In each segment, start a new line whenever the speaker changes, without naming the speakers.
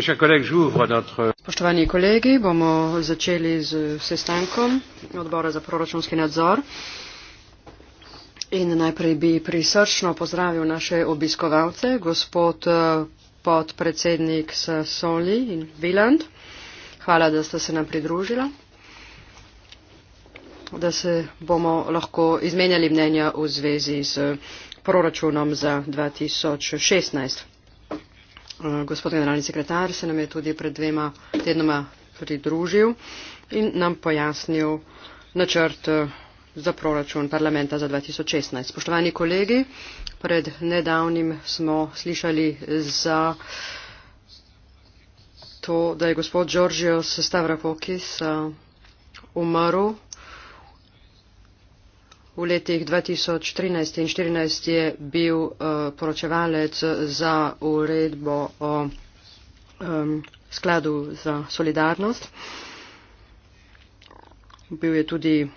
Spoštovani
kolegi, bomo začeli z sestankom odbora za proračunski nadzor. In najprej bi prisrčno pozdravil naše obiskovalce, gospod eh, podpredsednik Soli in Viland. Hvala, da ste se nam pridružila, da se bomo lahko izmenjali mnenja v zvezi z proračunom za 2016. Eh, gospod generalni sekretar se nam je tudi pred dvema tednoma pridružil in nam pojasnil načrt eh, za proračun parlamenta za 2016. Spoštovani kolegi, pred nedavnim smo slišali za to, da je gospod Giorgio Stavrapokis eh, umrl V letih 2013 in 2014 je bil uh, poročevalec za uredbo o um, skladu za solidarnost. Bil je tudi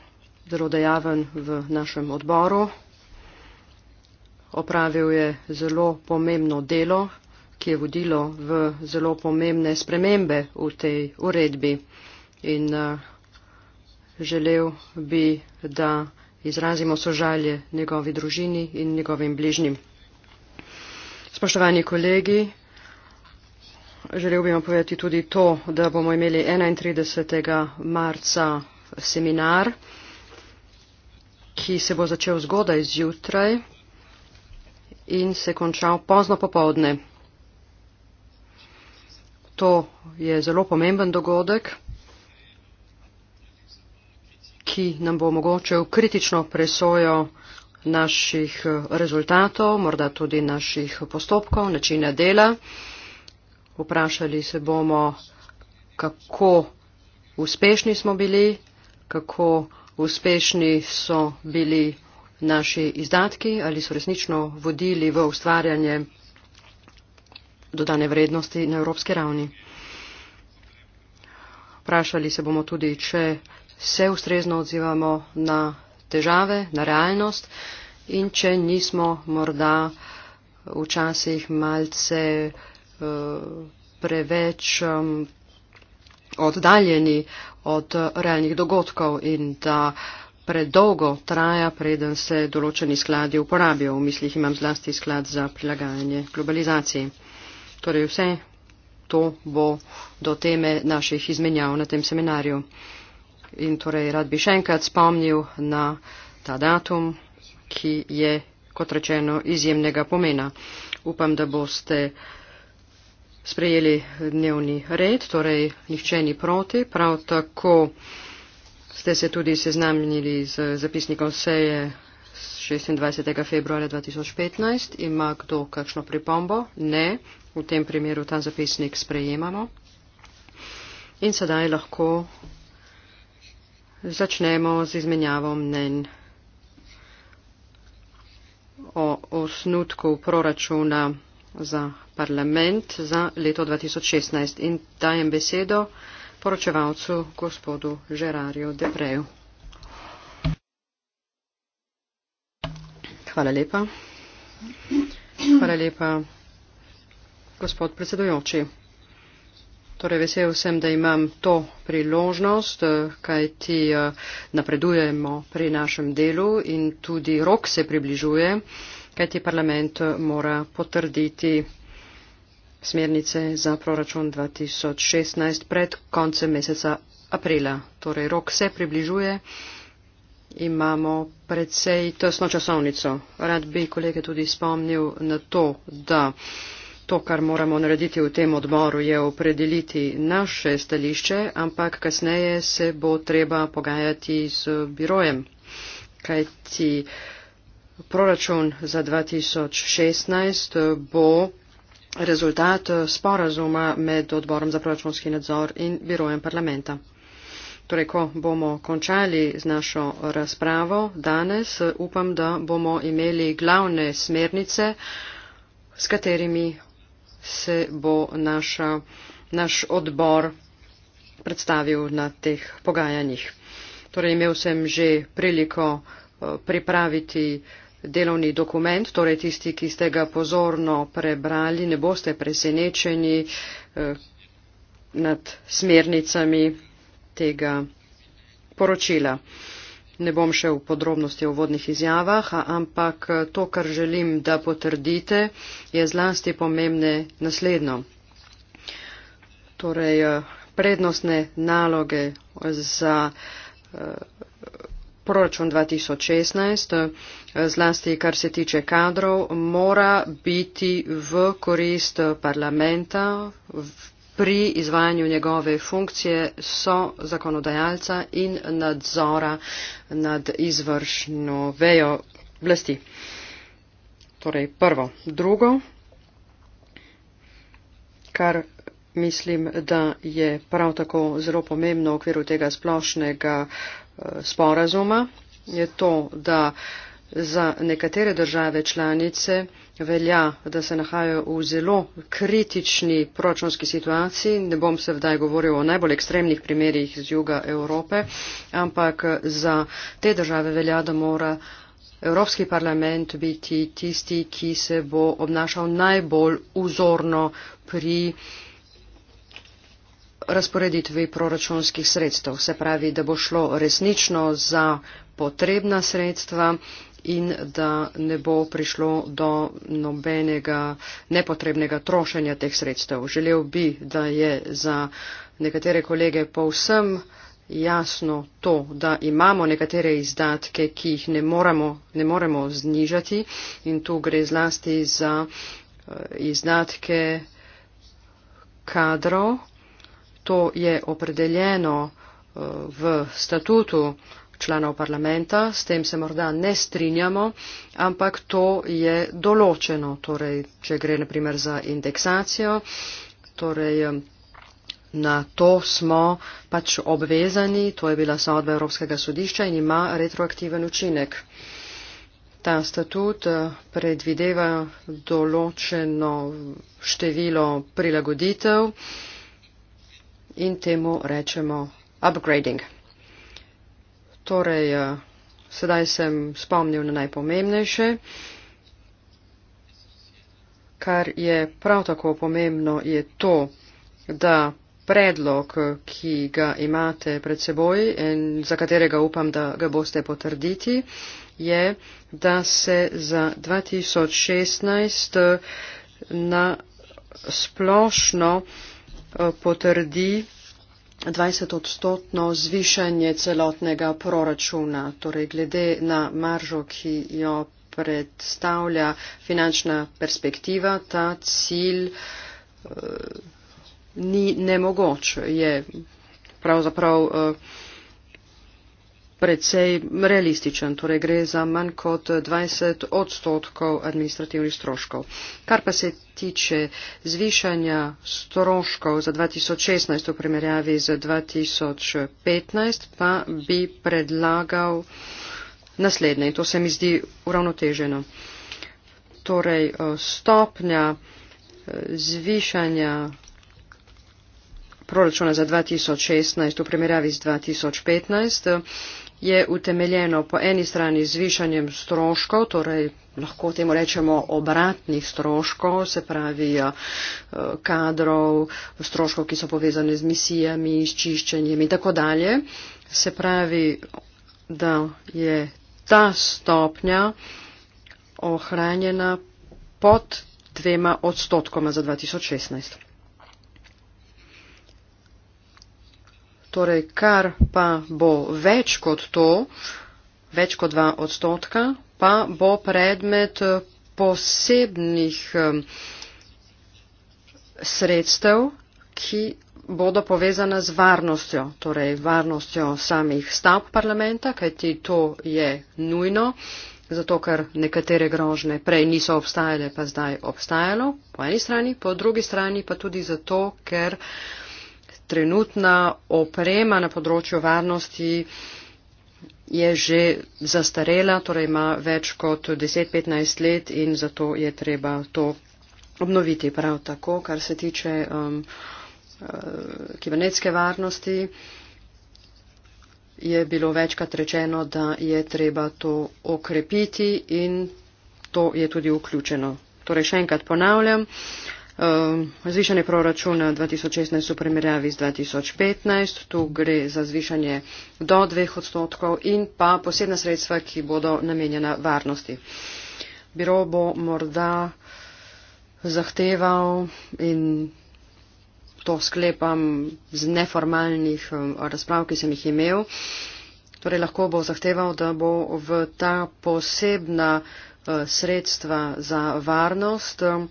zelo dejaven v našem odboru. Opravil je zelo pomembno delo, ki je vodilo v zelo pomembne spremembe v tej uredbi. In uh, želel bi, da izrazimo sožalje njegovi družini in njegovim bližnjim. Spoštovani kolegi, želel bi vam povedati tudi to, da bomo imeli 31. marca seminar, ki se bo začel zgodaj zjutraj in se končal pozno popovdne. To je zelo pomemben dogodek ki nam bo omogočil kritično presojo naših eh, rezultatov, morda tudi naših postopkov, načina dela. Vprašali se bomo, kako uspešni smo bili, kako uspešni so bili naši izdatki, ali so resnično vodili v ustvarjanje dodane vrednosti na evropski ravni. Vprašali se bomo tudi, če se ustrezno odzivamo na težave, na realnost in če nismo morda včasih malce eh, preveč oddaljeni od realnih dogodkov in da predolgo traja, preden se določeni skladi uporabijo. V mislih imam zlasti sklad za prilagajanje globalizaciji. Torej vse to bo do teme naših izmenjav na tem seminarju in torej rad bi še enkrat spomnil na ta datum, ki je, kot rečeno, izjemnega pomena. Upam, da boste sprejeli dnevni red, torej nihče ni proti, prav tako ste se tudi seznamnili z zapisnikom seje 26. februarja 2015. Ima kdo kakšno pripombo? Ne, v tem primeru ta zapisnik sprejemamo. In sedaj lahko začnemo z izmenjavo mnen o osnutku proračuna za parlament za leto 2016 in dajem besedo poročevalcu gospodu Žerarju Depreju. Hvala lepa. Hvala lepa, gospod predsedujoči. Torej, vesel sem, da imam to priložnost, eh, kaj ti eh, napredujemo pri našem delu in tudi rok se približuje, kaj ti parlament eh, mora potrditi smernice za proračun 2016 pred koncem meseca aprila. Torej, rok se približuje, imamo predvsej tesno časovnico. Rad bi kolege tudi spomnil na to, da to, kar moramo narediti v tem odboru, je opredeliti naše stališče, ampak kasneje se bo treba pogajati z birojem. Kajti proračun za 2016 bo rezultat sporazuma med odborom za proračunski nadzor in birojem parlamenta. Torej, ko bomo končali z našo razpravo danes, upam, da bomo imeli glavne smernice, s katerimi se bo naša, naš odbor predstavil na teh pogajanjih. Torej, imel sem že priliko eh, pripraviti delovni dokument, torej tisti, ki ste ga pozorno prebrali, ne boste presenečeni eh, nad smernicami tega poročila ne bom še v podrobnosti o vodnih izjavah, ampak eh, to, kar želim, da potrdite, je zlasti pomembne naslednjo. Torej, eh, prednostne naloge za eh, proračun 2016, zlasti kar se tiče kadrov, mora biti v korist parlamenta, v pri izvajanju njegove funkcije so zakonodajalca in nadzora nad izvršno vejo oblasti. Torej prvo. Drugo, kar mislim, da je prav tako zelo pomembno v okviru tega splošnega eh, sporazuma, je to, da za nekatere države članice velja, da se nahajajo v zelo kritični proračunski situaciji. Ne bom se vdaj govoril o najbolj ekstremnih primerjih z juga Evrope, ampak za te države velja, da mora Evropski parlament biti tisti, ki se bo obnašal najbolj vzorno pri razporeditvi proračunskih sredstev. Se pravi, da bo šlo resnično za potrebna sredstva in da ne bo prišlo do nobenega nepotrebnega trošenja teh sredstev. Želel bi, da je za nekatere kolege povsem jasno to, da imamo nekatere izdatke, ki jih ne moremo, ne moremo znižati in tu gre zlasti za eh, izdatke kadrov. To je opredeljeno eh, v statutu uh, članov parlamenta, s tem se morda ne strinjamo, ampak to je določeno. Torej, če gre naprimer za indeksacijo, torej, na to smo pač obvezani, to je bila sodba Evropskega sodišča in ima retroaktiven učinek. Ta statut eh, predvideva določeno število prilagoditev in temu rečemo upgrading. Torej, eh, sedaj sem spomnil na najpomembnejše. Kar je prav tako pomembno, je to, da predlog, ki ga imate pred seboj in za katerega upam, da ga boste potrditi, je, da se za 2016 eh, na splošno eh, potrdi 20 odstotno zvišanje celotnega proračuna, torej glede na maržo, ki jo predstavlja finančna perspektiva, ta cilj uh, ni nemogoč, je pravzaprav uh, predvsej realističen, torej gre za manj kot 20 odstotkov administrativnih stroškov. Kar pa se tiče zvišanja stroškov za 2016 v primerjavi z 2015, pa bi predlagal naslednje in to se mi zdi uravnoteženo. Torej eh, stopnja eh, zvišanja proračuna za 2016 v primerjavi z 2015 je utemeljeno po eni strani zvišanjem stroškov, torej lahko temu rečemo obratnih stroškov, se pravi eh, kadrov, stroškov, ki so povezane z misijami, s čiščenjem in tako dalje. Se pravi, da je ta stopnja ohranjena pod dvema odstotkoma za 2016. torej kar pa bo več kot to, več kot dva odstotka, pa bo predmet eh, posebnih eh, sredstev, ki bodo povezana z varnostjo, torej varnostjo samih stavb parlamenta, kajti to je nujno, zato ker nekatere grožne prej niso obstajale, pa zdaj obstajalo po eni strani, po drugi strani pa tudi zato, ker trenutna oprema na področju varnosti je že zastarela, torej ima več kot 10-15 let in zato je treba to obnoviti prav tako, kar se tiče um, uh, kibernetske varnosti. Je bilo večkrat rečeno, da je treba to okrepiti in to je tudi vključeno. Torej, še enkrat ponavljam. Uh, Ehm, zvišanje proračuna 2016 v primerjavi z 2015, tu gre za zvišanje do dveh odstotkov in pa posebna sredstva, ki bodo namenjena varnosti. Biro bo morda zahteval in to sklepam z neformalnih ehm, razprav, ki sem jih imel, torej lahko bo zahteval, da bo v ta posebna eh, sredstva za varnost ehm,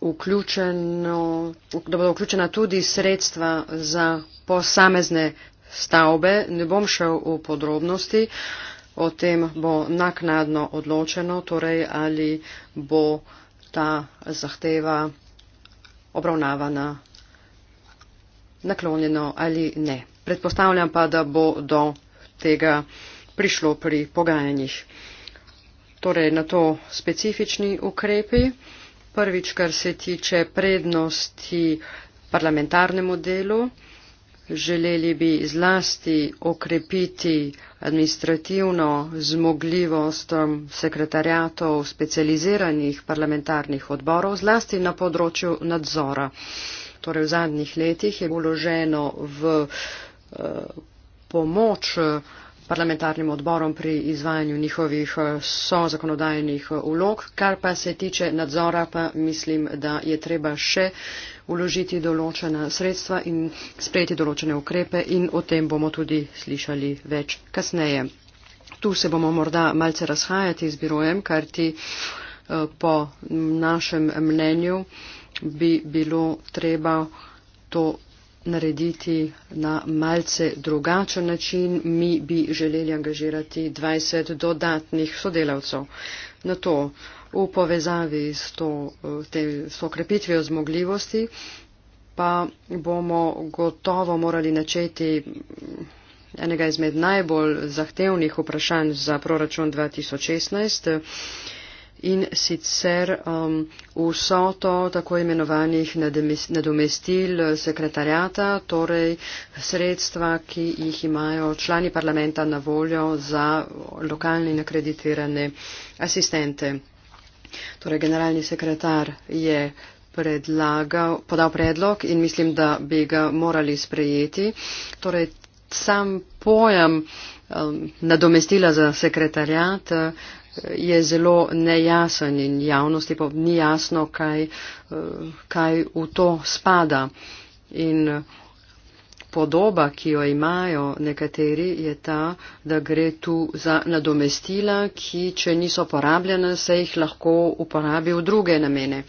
vključeno, da bodo vključena tudi sredstva za posamezne stavbe. Ne bom šel v podrobnosti, o tem bo naknadno odločeno, torej ali bo ta zahteva obravnavana naklonjeno ali ne. Predpostavljam pa, da bo do tega prišlo pri pogajanjih. Torej, na to specifični ukrepi. Prvič, kar se tiče prednosti parlamentarnemu delu, želeli bi zlasti okrepiti administrativno zmogljivost um, sekretarjatov specializiranih parlamentarnih odborov, zlasti na področju nadzora. Torej, v zadnjih letih je uloženo v uh, pomoč parlamentarnim odborom pri izvajanju njihovih eh, sozakonodajnih eh, vlog. Kar pa se tiče nadzora, pa mislim, da je treba še uložiti določena sredstva in sprejeti določene ukrepe in o tem bomo tudi slišali več kasneje. Tu se bomo morda malce razhajati z birojem, kar ti eh, po našem mnenju bi bilo treba to narediti na malce drugačen način. Mi bi želeli angažirati 20 dodatnih sodelavcev. Na to v povezavi s to, te, s to krepitvijo zmogljivosti pa bomo gotovo morali načeti enega izmed najbolj zahtevnih vprašanj za proračun 2016 in sicer um, vso to tako imenovanih nadomestil eh, sekretarjata, torej sredstva, ki jih imajo člani parlamenta na voljo za lokalne in akreditirane asistente. Torej, generalni sekretar je predlagal, podal predlog in mislim, da bi ga morali sprejeti. Torej, sam pojem um, nadomestila za sekretarjat. Uh, je zelo nejasen in javnosti pa ni jasno, kaj, kaj v to spada. In podoba, ki jo imajo nekateri, je ta, da gre tu za nadomestila, ki, če niso porabljene, se jih lahko uporabi v druge namene.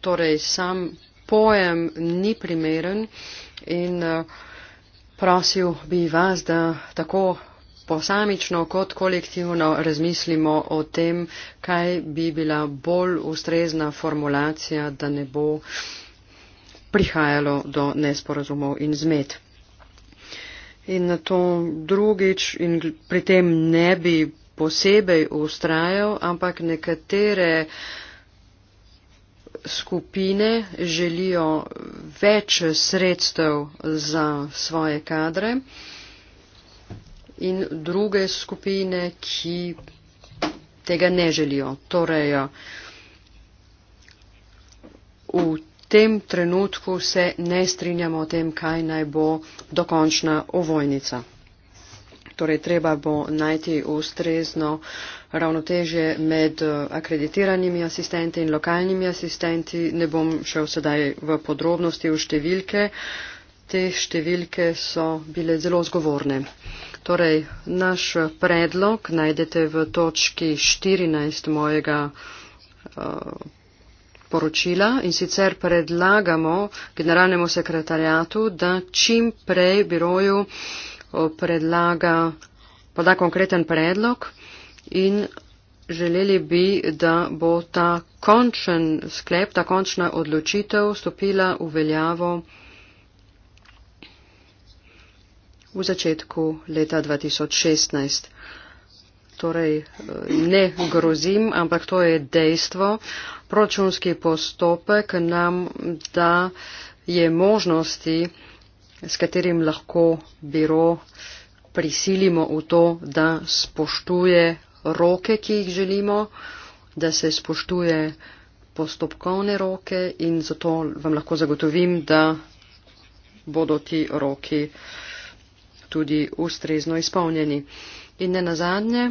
Torej, sam pojem ni primeren in eh, prosil bi vas, da tako posamično kot kolektivno razmislimo o tem, kaj bi bila bolj ustrezna formulacija, da ne bo prihajalo do nesporazumov in zmed. In na to drugič, in pri tem ne bi posebej ustrajal, ampak nekatere skupine želijo več sredstev za svoje kadre in druge skupine, ki tega ne želijo. Torej, v tem trenutku se ne strinjamo o tem, kaj naj bo dokončna ovojnica. Torej, treba bo najti ustrezno ravnotežje med eh, akreditiranimi asistenti in lokalnimi asistenti. Ne bom šel sedaj v podrobnosti v številke. Te številke so bile zelo zgovorne. Torej, naš predlog najdete v točki 14 mojega eh, poročila in sicer predlagamo generalnemu sekretarjatu, da čim prej biroju eh, predlaga, poda konkreten predlog in želeli bi, da bo ta končen sklep, ta končna odločitev stopila v veljavo v začetku leta 2016. Torej, eh, ne grozim, ampak to je dejstvo. Proračunski postopek nam da je možnosti, s katerim lahko biro prisilimo v to, da spoštuje roke, ki jih želimo, da se spoštuje postopkovne roke in zato vam lahko zagotovim, da bodo ti roki tudi ustrezno izpolnjeni. In ne nazadnje,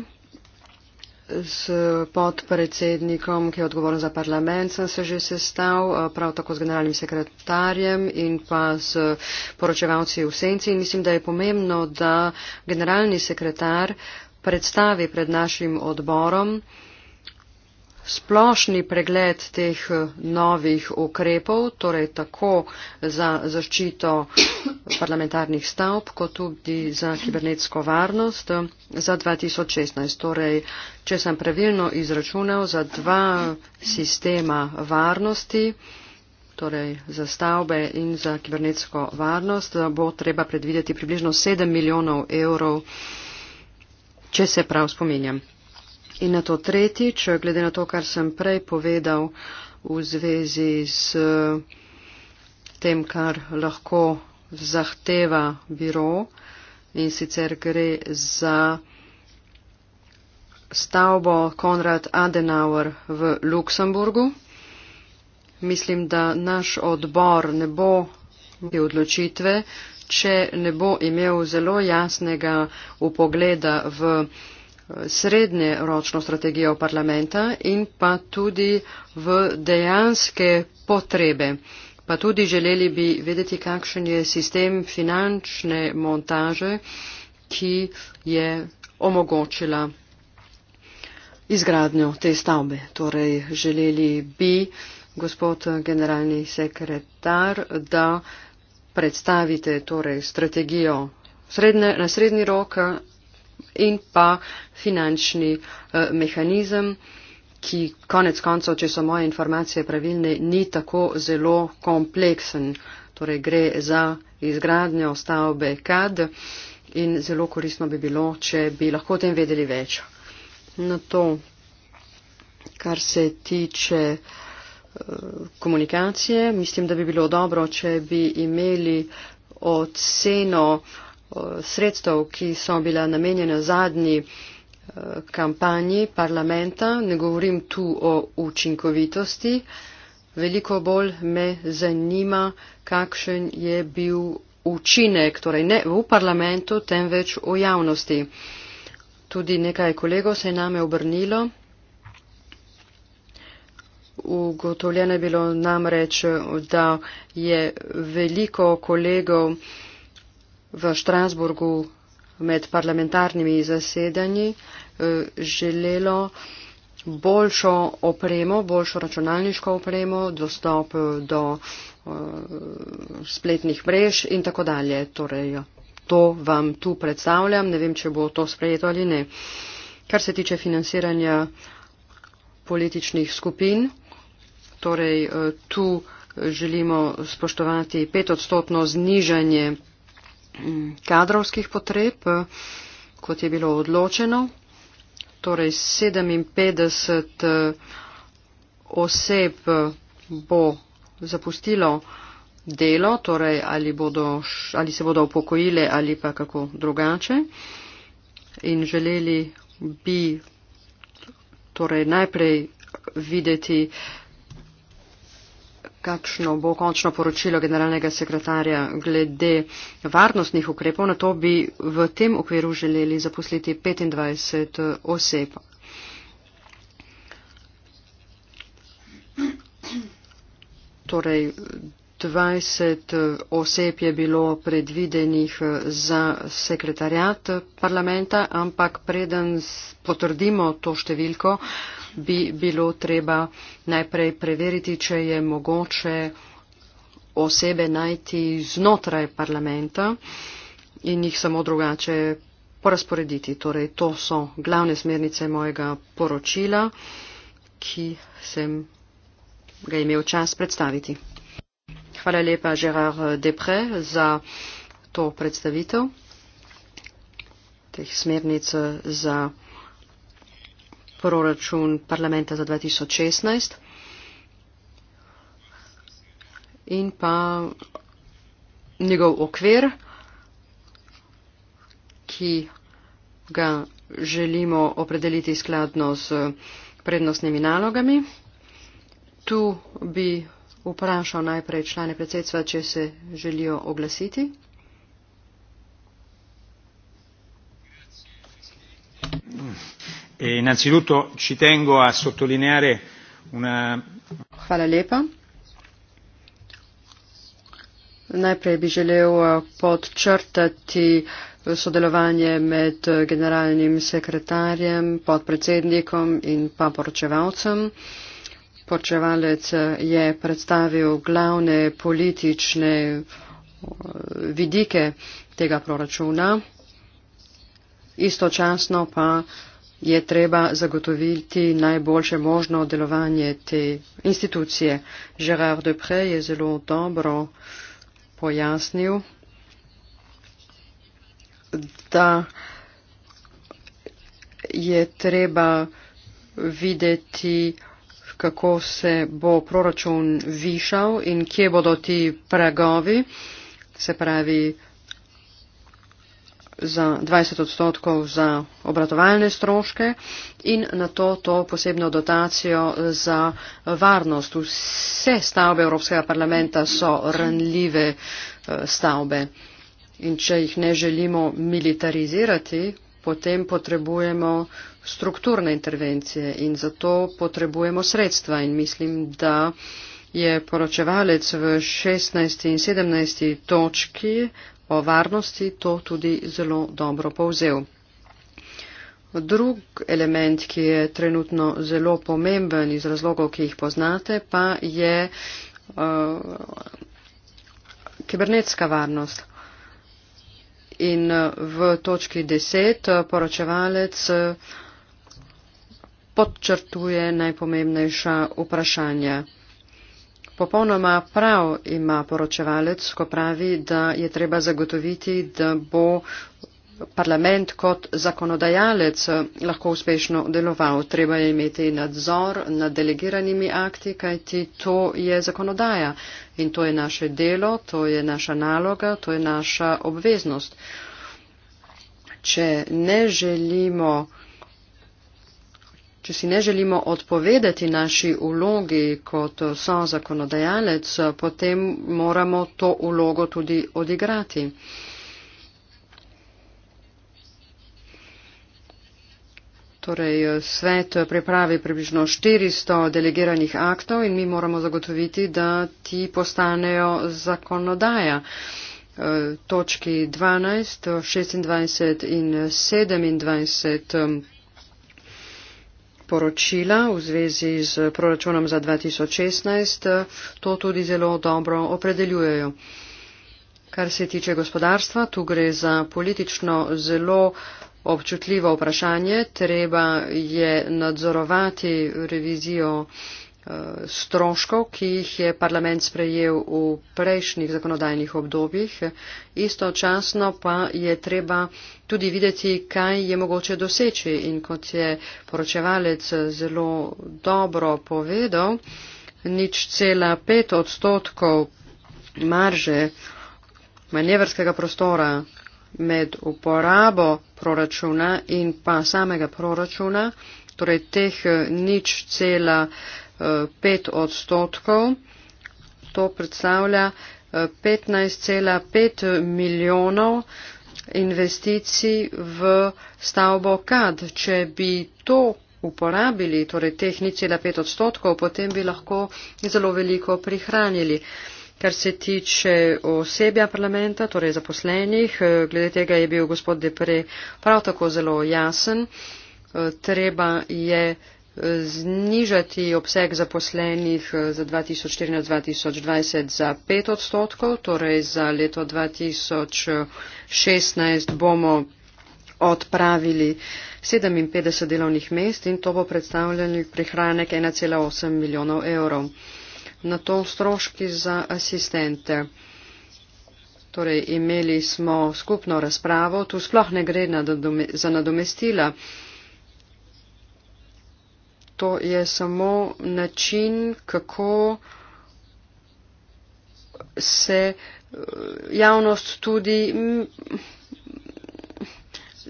s podpredsednikom, ki je odgovoren za parlament, sem se že sestal, eh, prav tako s generalnim sekretarjem in pa s poročevalci v senci. In mislim, da je pomembno, da generalni sekretar predstavi pred našim odborom, splošni pregled teh eh, novih ukrepov, torej tako za zaščito eh, parlamentarnih stavb, kot tudi za kibernetsko varnost eh, za 2016. Torej, če sem pravilno izračunal, za dva sistema varnosti, torej za stavbe in za kibernetsko varnost, bo treba predvideti približno 7 milijonov evrov, če se prav spominjam. In na to tretjič, glede na to, kar sem prej povedal v zvezi s eh, tem, kar lahko zahteva biro in sicer gre za stavbo Konrad Adenauer v Luksemburgu. Mislim, da naš odbor ne bo imel odločitve, če ne bo imel zelo jasnega upogleda v srednjeročno strategijo parlamenta in pa tudi v dejanske potrebe. Pa tudi želeli bi vedeti, kakšen je sistem finančne montaže, ki je omogočila izgradnjo te stavbe. Torej, želeli bi, gospod generalni sekretar, da predstavite torej, strategijo srednje, na srednji rok in pa finančni eh, mehanizem, ki konec koncev, če so moje informacije pravilne, ni tako zelo kompleksen. Torej gre za izgradnjo stavbe KAD in zelo korisno bi bilo, če bi lahko o tem vedeli več. Na to, kar se tiče eh, komunikacije, mislim, da bi bilo dobro, če bi imeli oceno, Eh, sredstev, ki so bila namenjena zadnji eh, kampanji parlamenta, ne govorim tu o učinkovitosti, veliko bolj me zanima, kakšen je bil učinek, torej ne v parlamentu, temveč v javnosti. Tudi nekaj kolegov se je name obrnilo. Ugotovljeno je bilo namreč, da je veliko kolegov v Štrasburgu med parlamentarnimi zasedanji eh, želelo boljšo opremo, boljšo računalniško opremo, dostop eh, do eh, spletnih mrež in tako dalje. Torej, ja, to vam tu predstavljam, ne vem, če bo to sprejeto ali ne. Kar se tiče financiranja političnih skupin, torej tu želimo spoštovati petodstotno znižanje kadrovskih potreb, eh, kot je bilo odločeno, torej 57 eh, oseb eh, bo zapustilo delo, torej ali, bodo, ali se bodo upokojile ali pa kako drugače in želeli bi torej najprej videti uh, kakšno bo končno poročilo generalnega sekretarja glede varnostnih ukrepov, na to bi v tem okviru želeli zaposliti 25 oseb. Torej, 20 oseb je bilo predvidenih za sekretarjat parlamenta, ampak preden potrdimo to številko, bi bilo treba najprej preveriti, če je mogoče osebe najti znotraj parlamenta in jih samo drugače porazporediti. Torej, to so glavne smernice mojega poročila, ki sem ga imel čas predstaviti. Hvala lepa, Gerard Depre, za to predstavitev teh smernic za proračun parlamenta za 2016 in pa njegov okvir, ki ga želimo opredeliti skladno z prednostnimi nalogami. Tu bi vprašal najprej člane predsedstva, če se želijo oglasiti.
E, innanzitutto ci tengo a sottolineare una. Hvala lepa.
Najprej bi želel eh, podčrtati eh, sodelovanje med eh, generalnim sekretarjem, podpredsednikom in pa poročevalcem. Poročevalec je predstavil glavne politične vidike tega proračuna, istočasno pa je treba zagotoviti najboljše možno delovanje te institucije. Gerard Depre je zelo dobro pojasnil, da je treba videti, kako se bo proračun višal in kje bodo ti pragovi, se pravi za 20 odstotkov za obratovalne stroške in na to to posebno dotacijo za varnost. Vse stavbe Evropskega parlamenta so ranljive eh, stavbe in če jih ne želimo militarizirati, potem potrebujemo strukturne intervencije in zato potrebujemo sredstva in mislim, da je poročevalec v 16. in 17. točki o varnosti to tudi zelo dobro povzel. Drug element, ki je trenutno zelo pomemben iz razlogov, ki jih poznate, pa je uh, kibernetska varnost. In eh, v točki 10 eh, poročevalec podčrtuje najpomembnejša vprašanja. Popolnoma prav ima poročevalec, ko pravi, da je treba zagotoviti, da bo parlament kot zakonodajalec lahko uspešno deloval. Treba je imeti nadzor nad delegiranimi akti, kajti to je zakonodaja in to je naše delo, to je naša naloga, to je naša obveznost. Če ne želimo če si ne želimo odpovedati naši ulogi kot so zakonodajalec, potem moramo to ulogo tudi odigrati. Torej, svet pripravi približno 400 delegiranih aktov in mi moramo zagotoviti, da ti postanejo zakonodaja. Točki 12, 26 in 27 poročila v zvezi z proračunom za 2016 to tudi zelo dobro opredeljujejo. Kar se tiče gospodarstva, tu gre za politično zelo občutljivo vprašanje. Treba je nadzorovati revizijo Eh, stroškov, ki jih je parlament sprejel v prejšnjih zakonodajnih obdobjih. Istočasno pa je treba tudi videti, kaj je mogoče doseči. In kot je poročevalec zelo dobro povedal, nič cela pet odstotkov marže manevrskega prostora med uporabo proračuna in pa samega proračuna, torej teh nič cela pet odstotkov. To predstavlja 15,5 eh, milijonov investicij v stavbo KAD. Če bi to uporabili, torej teh ni cela pet odstotkov, potem bi lahko zelo veliko prihranili. Kar se tiče osebja parlamenta, torej zaposlenih, eh, glede tega je bil gospod Depre prav tako zelo jasen. Eh, treba je znižati obseg zaposlenih eh, za 2014-2020 za 5 odstotkov, torej za leto 2016 bomo odpravili 57 delovnih mest in to bo predstavljeno prihranek 1,8 milijonov evrov. Na to stroški za asistente. Torej, imeli smo skupno razpravo, tu sploh ne gre nadome, za nadomestila to je samo način, kako se eh, javnost tudi mm,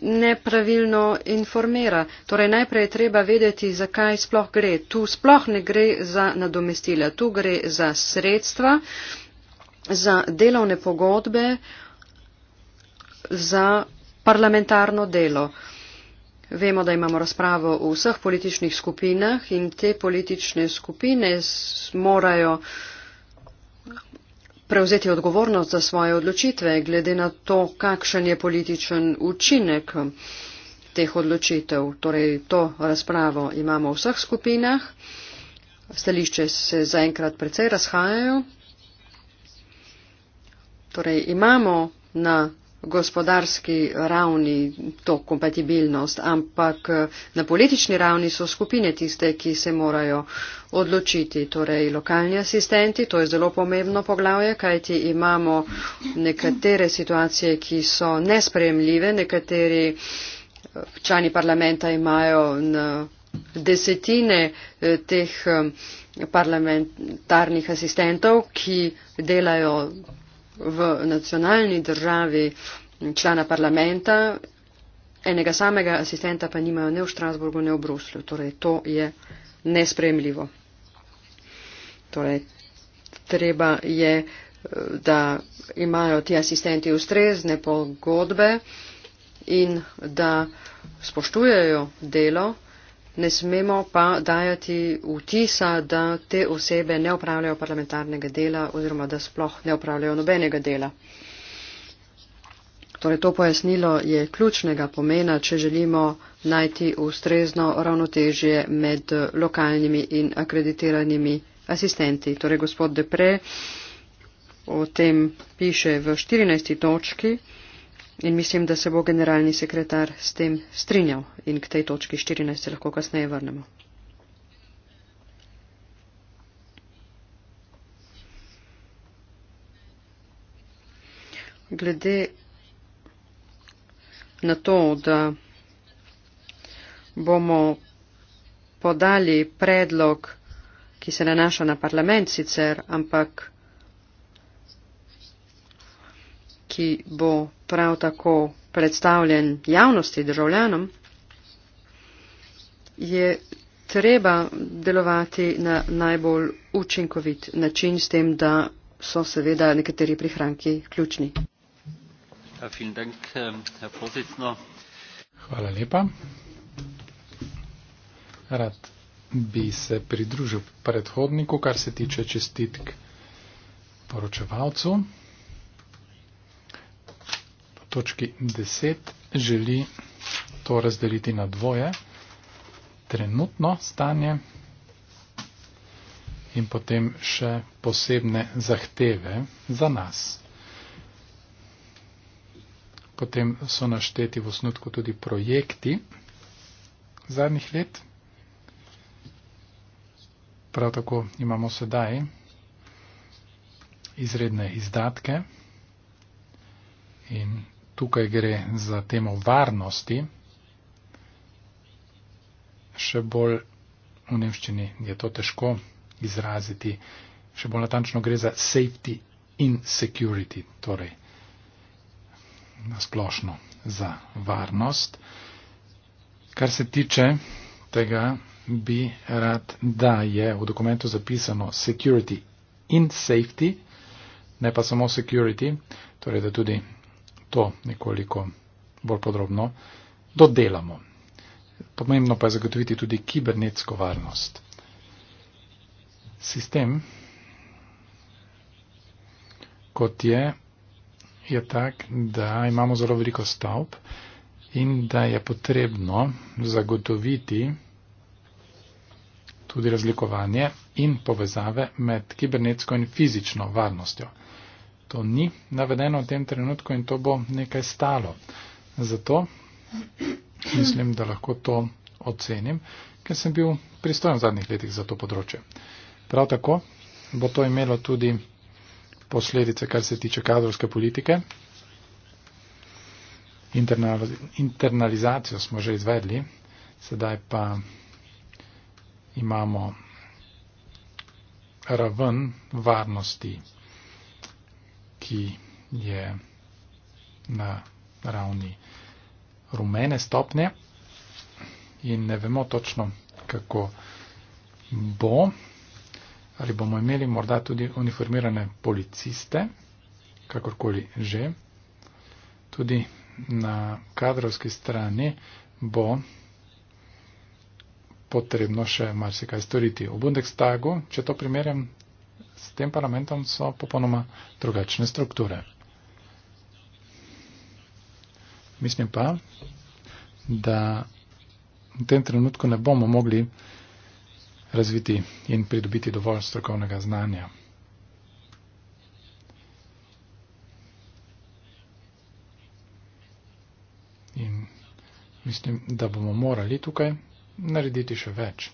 nepravilno informira. Torej, najprej je treba vedeti, zakaj sploh gre. Tu sploh ne gre za nadomestila, tu gre za sredstva, za delovne pogodbe, za parlamentarno delo. Uh, Vemo, da imamo razpravo v vseh političnih skupinah in te politične skupine morajo prevzeti odgovornost za svoje odločitve, glede na to, kakšen je političen učinek teh odločitev. Torej, to razpravo imamo v vseh skupinah. Stališče se zaenkrat precej razhajajo. Torej, imamo na gospodarski ravni to kompatibilnost, ampak eh, na politični ravni so skupine tiste, ki se morajo odločiti, torej lokalni asistenti, to je zelo pomembno poglavje, kajti imamo nekatere situacije, ki so nespremljive, nekateri eh, člani parlamenta imajo desetine eh, teh parlamentarnih asistentov, ki delajo v nacionalni državi člana parlamenta, enega samega asistenta pa nimajo ne v Štrasburgu, ne v Bruslju. Torej, to je nespremljivo. Torej, treba je, eh, da imajo ti asistenti ustrezne pogodbe in da spoštujejo delo ne smemo pa dajati vtisa, da te osebe ne upravljajo parlamentarnega dela oziroma da sploh ne upravljajo nobenega dela. Torej, to pojasnilo je ključnega pomena, če želimo najti ustrezno ravnotežje med lokalnimi in akreditiranimi asistenti. Torej, gospod Depre o tem piše v 14. točki in mislim, da se bo generalni sekretar s tem strinjal in k tej točki 14 se lahko kasneje vrnemo. Glede na to, da bomo podali predlog, ki se nanaša na parlament sicer, ampak ki bo prav tako predstavljen javnosti državljanom, je treba delovati na najbolj učinkovit način s tem, da so seveda nekateri prihranki ključni.
Ja, ähm,
Hvala lepa. Rad bi se pridružil predhodniku, kar se tiče čestitk poročevalcu točki 10 želi to razdeliti na dvoje. Trenutno stanje in potem še posebne zahteve za nas. Potem so našteti v osnutku tudi projekti zadnjih let. Prav tako imamo sedaj izredne izdatke in tukaj gre za temo varnosti, še bolj v nemščini je to težko izraziti, še bolj natančno gre za safety in security, torej nasplošno za varnost. Kar se tiče tega, bi rad, da je v dokumentu zapisano security in safety, ne pa samo security, torej da tudi to nekoliko bolj podrobno dodelamo. Pomembno pa je zagotoviti tudi kibernetsko varnost. Sistem, kot je, je tak, da imamo zelo veliko stavb in da je potrebno zagotoviti tudi razlikovanje in povezave med kibernetsko in fizično varnostjo to ni navedeno v tem trenutku in to bo nekaj stalo. Zato mislim, da lahko to ocenim, ker sem bil pristojen v zadnjih letih za to področje. Prav tako bo to imelo tudi posledice, kar se tiče kadrovske politike. Internalizacijo smo že izvedli, sedaj pa imamo raven varnosti ki je na ravni rumene stopnje in ne vemo točno, kako bo, ali bomo imeli morda tudi uniformirane policiste, kakorkoli že. Tudi na kadrovski strani bo potrebno še marsikaj storiti. V Bundestagu, če to primerjam S tem parlamentom so popolnoma drugačne strukture. Mislim pa, da v tem trenutku ne bomo mogli razviti in pridobiti dovolj strokovnega znanja. In mislim, da bomo morali tukaj narediti še več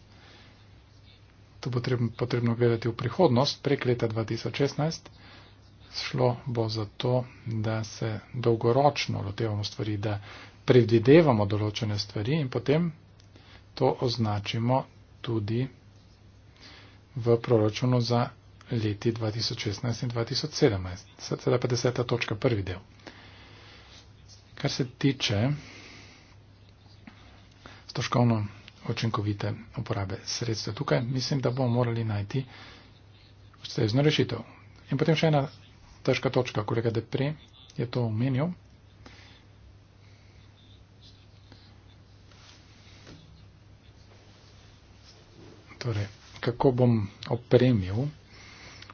to bo potrebno gledati v prihodnost, prek leta 2016. Šlo bo za to, da se dolgoročno lotevamo stvari, da predvidevamo določene stvari in potem to označimo tudi v proračunu za leti 2016 in 2017. Sedaj pa deseta točka, prvi del. Kar se tiče stroškovno učinkovite uporabe sredstva. Tukaj mislim, da bomo morali najti ustrezno rešitev. In potem še ena težka točka, kolega Depre je to omenil. Torej, kako bom opremil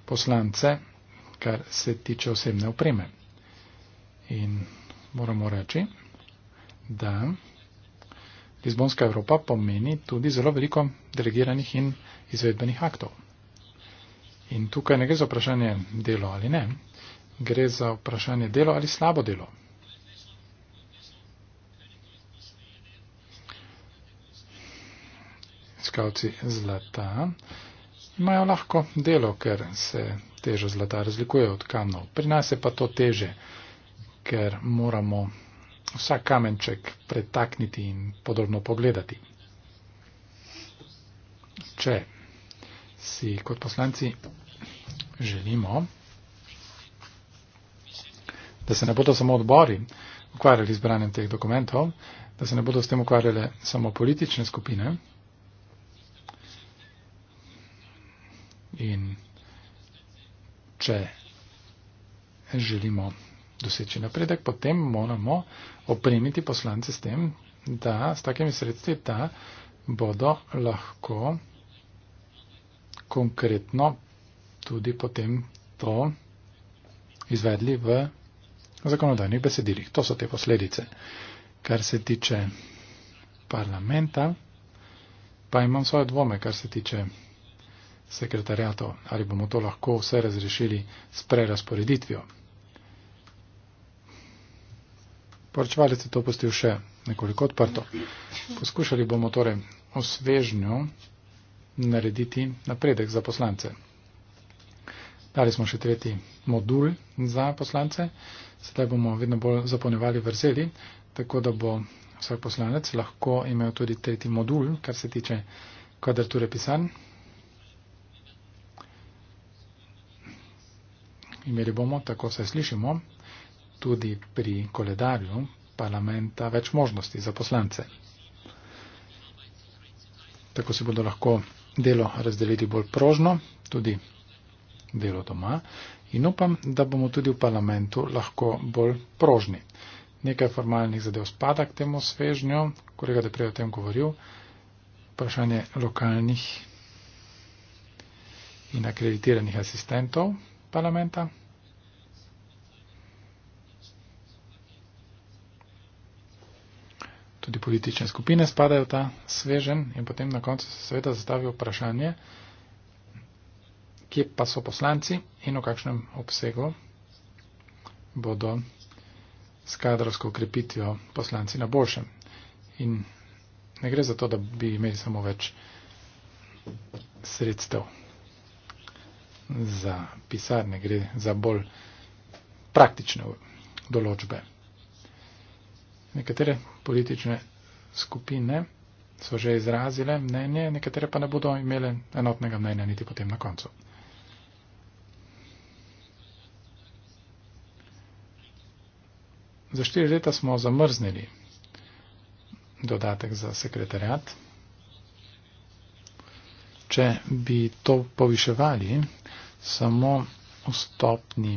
poslance, kar se tiče osebne opreme. In moramo reči, da. Lizbonska Evropa pomeni tudi zelo veliko delegiranih in izvedbenih aktov. In tukaj ne gre za vprašanje delo ali ne, gre za vprašanje delo ali slabo delo. Iskalci zlata imajo lahko delo, ker se teža zlata razlikuje od kamnov. Pri nas je pa to teže, ker moramo vsak kamenček pretakniti in podrobno pogledati. Če si kot poslanci želimo, da se ne bodo samo odbori ukvarjali z branjem teh dokumentov, da se ne bodo s tem ukvarjale samo politične skupine in če želimo doseči napredek, potem moramo opremiti poslance s tem, da s takimi sredstvi, da bodo lahko konkretno tudi potem to izvedli v zakonodajnih besedilih. To so te posledice. Kar se tiče parlamenta, pa imam svoje dvome, kar se tiče sekretarjato, ali bomo to lahko vse razrešili s prerasporeditvijo. poročevalec je to postil še nekoliko odprto. Poskušali bomo torej osvežnjo narediti napredek za poslance. Dali smo še tretji modul za poslance, sedaj bomo vedno bolj zapolnjevali vrzeli, tako da bo vsak poslanec lahko imel tudi tretji modul, kar se tiče kvadrature pisanj. Imeli bomo, tako se slišimo, tudi pri koledarju parlamenta več možnosti za poslance. Tako si bodo lahko delo razdelili bolj prožno, tudi delo doma in upam, da bomo tudi v parlamentu lahko bolj prožni. Nekaj formalnih zadev spada k temu svežnju, kolega, da prej o tem govoril, vprašanje lokalnih in akreditiranih asistentov parlamenta. tudi politične skupine spadajo v ta svežen in potem na koncu se seveda zastavi vprašanje, kje pa so poslanci in v kakšnem obsegu bodo s kadrovsko ukrepitvijo poslanci na boljšem. In ne gre za to, da bi imeli samo več sredstev za pisarne, gre za bolj praktične določbe. Nekatere politične skupine so že izrazile mnenje, nekatere pa ne bodo imele enotnega mnenja niti potem na koncu. Za štiri leta smo zamrznili dodatek za sekretarjat. Če bi to poviševali samo v stopni,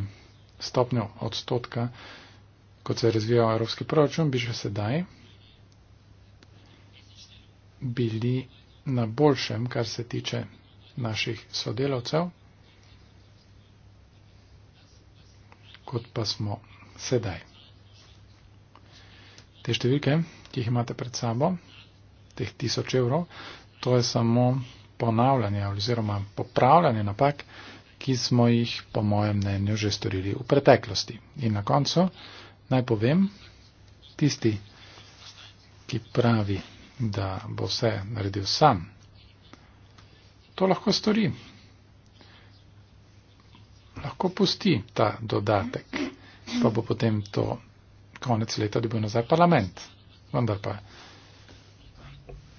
stopnjo odstotka, kot se je razvijal evropski proračun, bi že sedaj bili na boljšem, kar se tiče naših sodelavcev, kot pa smo sedaj. Te številke, ki jih imate pred sabo, teh tisoč evrov, to je samo ponavljanje oziroma popravljanje napak, ki smo jih, po mojem mnenju, že storili v preteklosti. In na koncu, Naj povem, tisti, ki pravi, da bo vse naredil sam, to lahko stori. Lahko pusti ta dodatek, pa bo potem to konec leta dobil nazaj parlament. Vendar pa,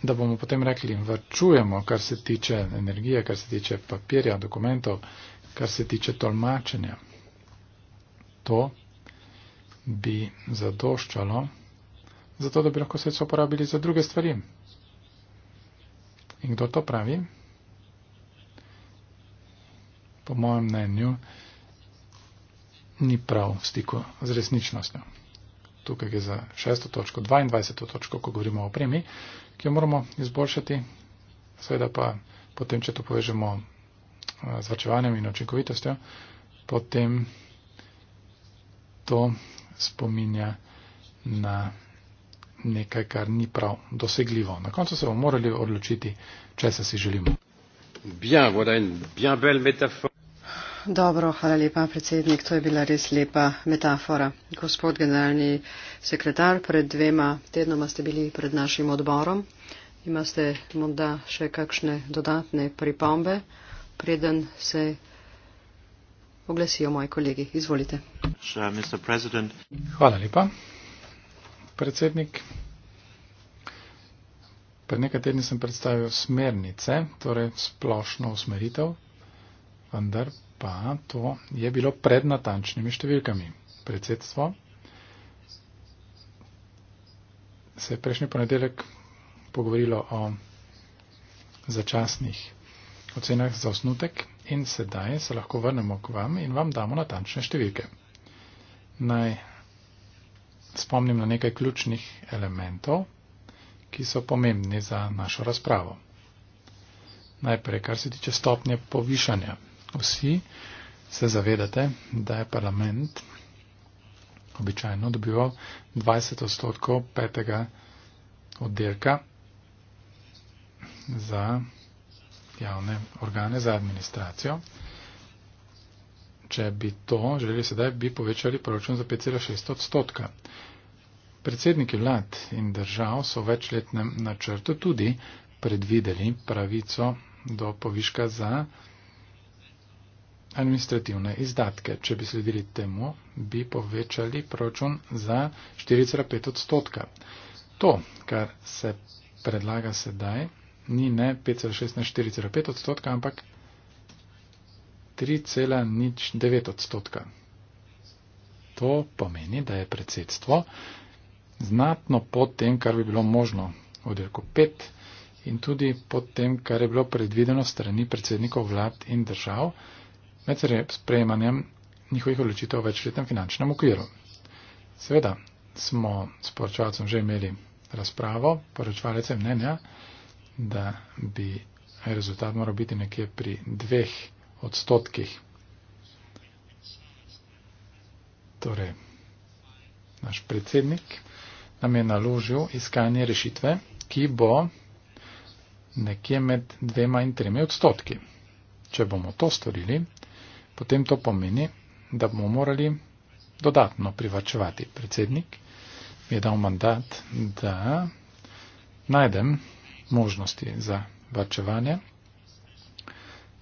da bomo potem rekli, vrčujemo, kar se tiče energije, kar se tiče papirja, dokumentov, kar se tiče tolmačenja. To bi zadoščalo, zato da bi lahko sredstvo uporabili za druge stvari. In kdo to pravi? Po mojem mnenju ni prav v stiku z resničnostjo. Tukaj je za 6. točko, 22. točko, ko govorimo o opremi, ki jo moramo izboljšati, seveda pa potem, če to povežemo eh, z vrčevanjem in očinkovitostjo, potem to spominja na nekaj, kar ni prav dosegljivo. Na koncu se bomo morali odločiti, če se si želimo.
Bien, voilà une bien belle métaphore.
Dobro, hvala lepa, predsednik. To je bila res lepa metafora. Gospod generalni sekretar, pred dvema tednoma ste bili pred našim odborom. Imate morda še kakšne dodatne pripombe, preden se oglasijo moji kolegi. Izvolite.
Hvala lepa, predsednik. Pred nekaj tedni sem predstavil smernice, torej splošno usmeritev, vendar pa to je bilo pred natančnimi številkami. Predsedstvo se je prejšnji ponedeljek pogovorilo o začasnih ocenah za osnutek in sedaj se lahko vrnemo k vam in vam damo natančne številke. Naj spomnim na nekaj ključnih elementov, ki so pomembni za našo razpravo. Najprej, kar se tiče stopnje povišanja. Vsi se zavedate, da je parlament običajno dobival 20 odstotkov petega oddelka za javne organe za administracijo. Če bi to želeli sedaj, bi povečali proračun za 5,6 odstotka. Predsedniki vlad in držav so v večletnem načrtu tudi predvideli pravico do poviška za administrativne izdatke. Če bi sledili temu, bi povečali proračun za 4,5 odstotka. To, kar se predlaga sedaj, ni ne 5,16,4,5 odstotka, ampak 3,09 odstotka. To pomeni, da je predsedstvo znatno pod tem, kar bi bilo možno od 5 in tudi pod tem, kar je bilo predvideno strani predsednikov vlad in držav med sprejemanjem njihovih odločitev v večletnem finančnem okviru. Seveda smo s poročevalcem že imeli razpravo, poročevalcem mnenja, ne, da bi rezultat moral biti nekje pri dveh odstotkih. Torej, naš predsednik nam je naložil iskanje rešitve, ki bo nekje med dvema in tremi odstotki. Če bomo to storili, potem to pomeni, da bomo morali dodatno privačevati. Predsednik mi je dal mandat, da najdem možnosti za varčevanje.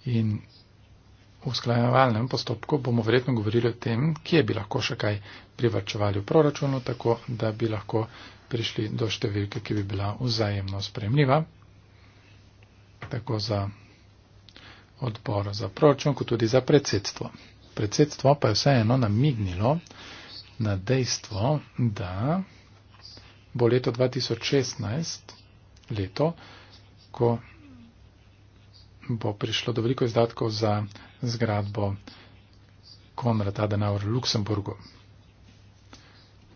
In v sklajevalnem postopku bomo verjetno govorili o tem, kje bi lahko še kaj privrčevali v proračunu, tako da bi lahko prišli do številke, ki bi bila vzajemno spremljiva, tako za odbor za proračun, kot tudi za predsedstvo. Predsedstvo pa je vseeno namignilo na dejstvo, da bo leto 2016 leto, ko bo prišlo do veliko izdatkov za zgradbo Konrad Adenauer v Luksemburgu.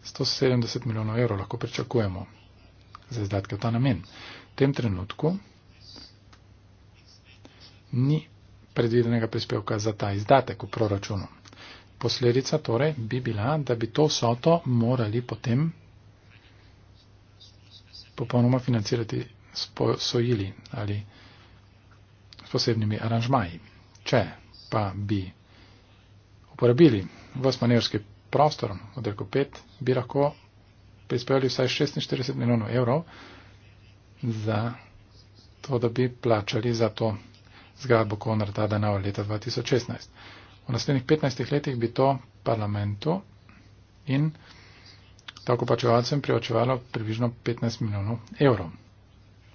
170 milijonov evrov lahko pričakujemo za izdatke v ta namen. V tem trenutku ni predvidenega prispevka za ta izdatek v proračunu. Posledica torej bi bila, da bi to soto morali potem popolnoma financirati s sojili ali s posebnimi aranžmaji. Če pa bi uporabili vas manevrski prostor v Delko 5, bi lahko prispevali vsaj 46 milijonov evrov za to, da bi plačali za to zgradbo Konrada Danao leta 2016. V naslednjih 15 letih bi to parlamentu in davkoplačevalcem privačevalo približno 15 milijonov evrov.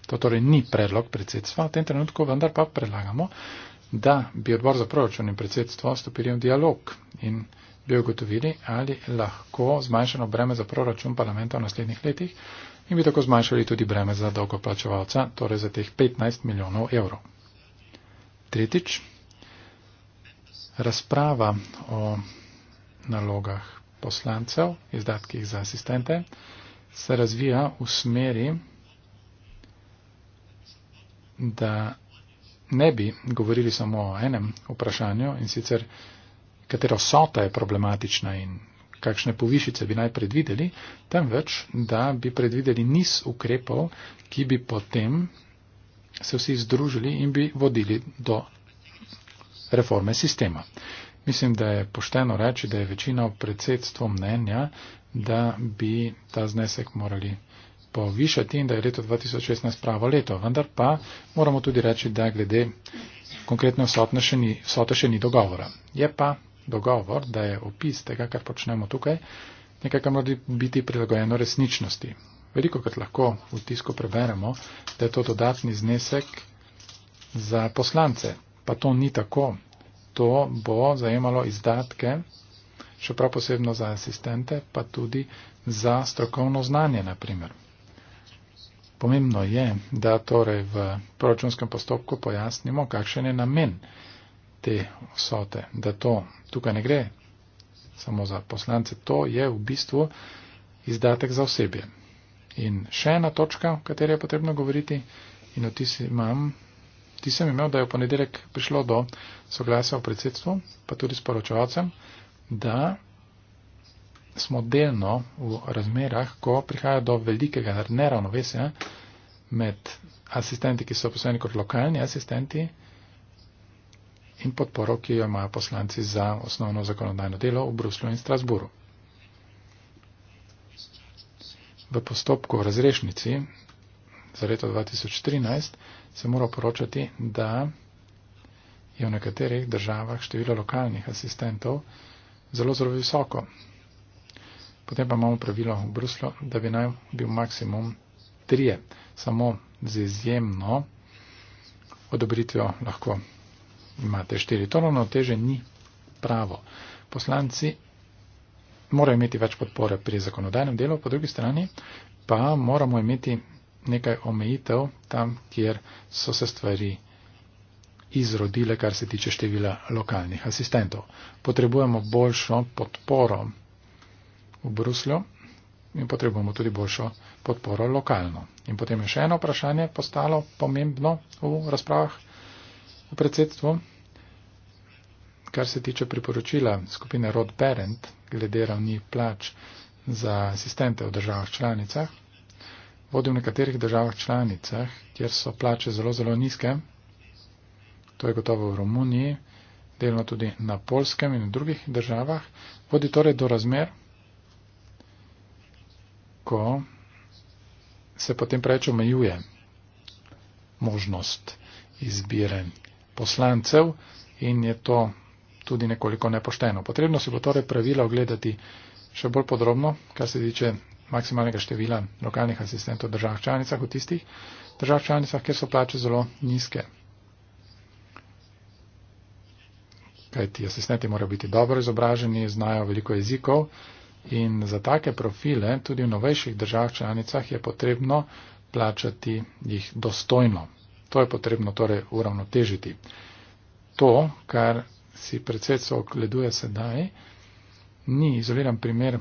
To torej ni predlog predsedstva v tem trenutku, vendar pa predlagamo, da bi odbor za proračun in predsedstvo stopili v dialog in bi ugotovili, ali lahko zmanjšano breme za proračun parlamenta v naslednjih letih in bi tako zmanjšali tudi breme za davkoplačevalca, torej za teh 15 milijonov evrov. Tretjič, razprava o nalogah poslancev, izdatkih za asistente, se razvija v smeri, da ne bi govorili samo o enem vprašanju in sicer, katero sota je problematična in kakšne povišice bi naj predvideli, temveč, da bi predvideli niz ukrepov, ki bi potem se vsi združili in bi vodili do reforme sistema. Mislim, da je pošteno reči, da je večina predsedstvo mnenja, da bi ta znesek morali povišati in da je leto 2016 pravo leto. Vendar pa moramo tudi reči, da glede konkretne vsote še ni dogovora. Je pa dogovor, da je opis tega, kar počnemo tukaj, nekaj, kar mora biti prilagojeno resničnosti. Veliko krat lahko v tisku preberemo, da je to dodatni znesek za poslance. Pa to ni tako to bo zajemalo izdatke, še prav posebno za asistente, pa tudi za strokovno znanje, naprimer. Pomembno je, da torej v proračunskem postopku pojasnimo, kakšen je namen te vsote, da to tukaj ne gre samo za poslance, to je v bistvu izdatek za osebje. In še ena točka, o kateri je potrebno govoriti, in o tisi imam Ti sem imel, da je v ponedeljek prišlo do soglasja v predsedstvu, pa tudi s poročevalcem, da smo delno v razmerah, ko prihaja do velikega neravnovesja med asistenti, ki so posleni kot lokalni asistenti in podporo, ki jo imajo poslanci za osnovno zakonodajno delo v Bruslju in Strasburu. V postopku v razrešnici za leto 2013 se mora poročati, da je v nekaterih državah število lokalnih asistentov zelo zelo visoko. Potem pa imamo pravilo v Bruslu, da bi naj bil maksimum trije, samo z izjemno odobritvijo lahko imate štiri. To ravno teže ni pravo. Poslanci morajo imeti več podpore pri zakonodajnem delu, po drugi strani pa moramo imeti nekaj omejitev tam, kjer so se stvari izrodile, kar se tiče števila lokalnih asistentov. Potrebujemo boljšo podporo v Bruslju in potrebujemo tudi boljšo podporo lokalno. In potem je še eno vprašanje postalo pomembno v razpravah v predsedstvu, kar se tiče priporočila skupine Rod Berend glede ravni plač za asistente v državah članicah. Vodi v nekaterih državah članicah, kjer so plače zelo, zelo nizke. To je gotovo v Romuniji, delno tudi na Polskem in v drugih državah. Vodi torej do razmer, ko se potem preveč omejuje možnost izbire poslancev in je to tudi nekoliko nepošteno. Potrebno se bo torej pravila ogledati še bolj podrobno, kar se tiče maksimalnega števila lokalnih asistentov v državah članicah, v tistih državah članicah, kjer so plače zelo nizke. Kaj ti asistenti morajo biti dobro izobraženi, znajo veliko jezikov in za take profile tudi v novejših državah članicah je potrebno plačati jih dostojno. To je potrebno torej uravnotežiti. To, kar si predsedstvo ogleduje sedaj, ni izoliran primer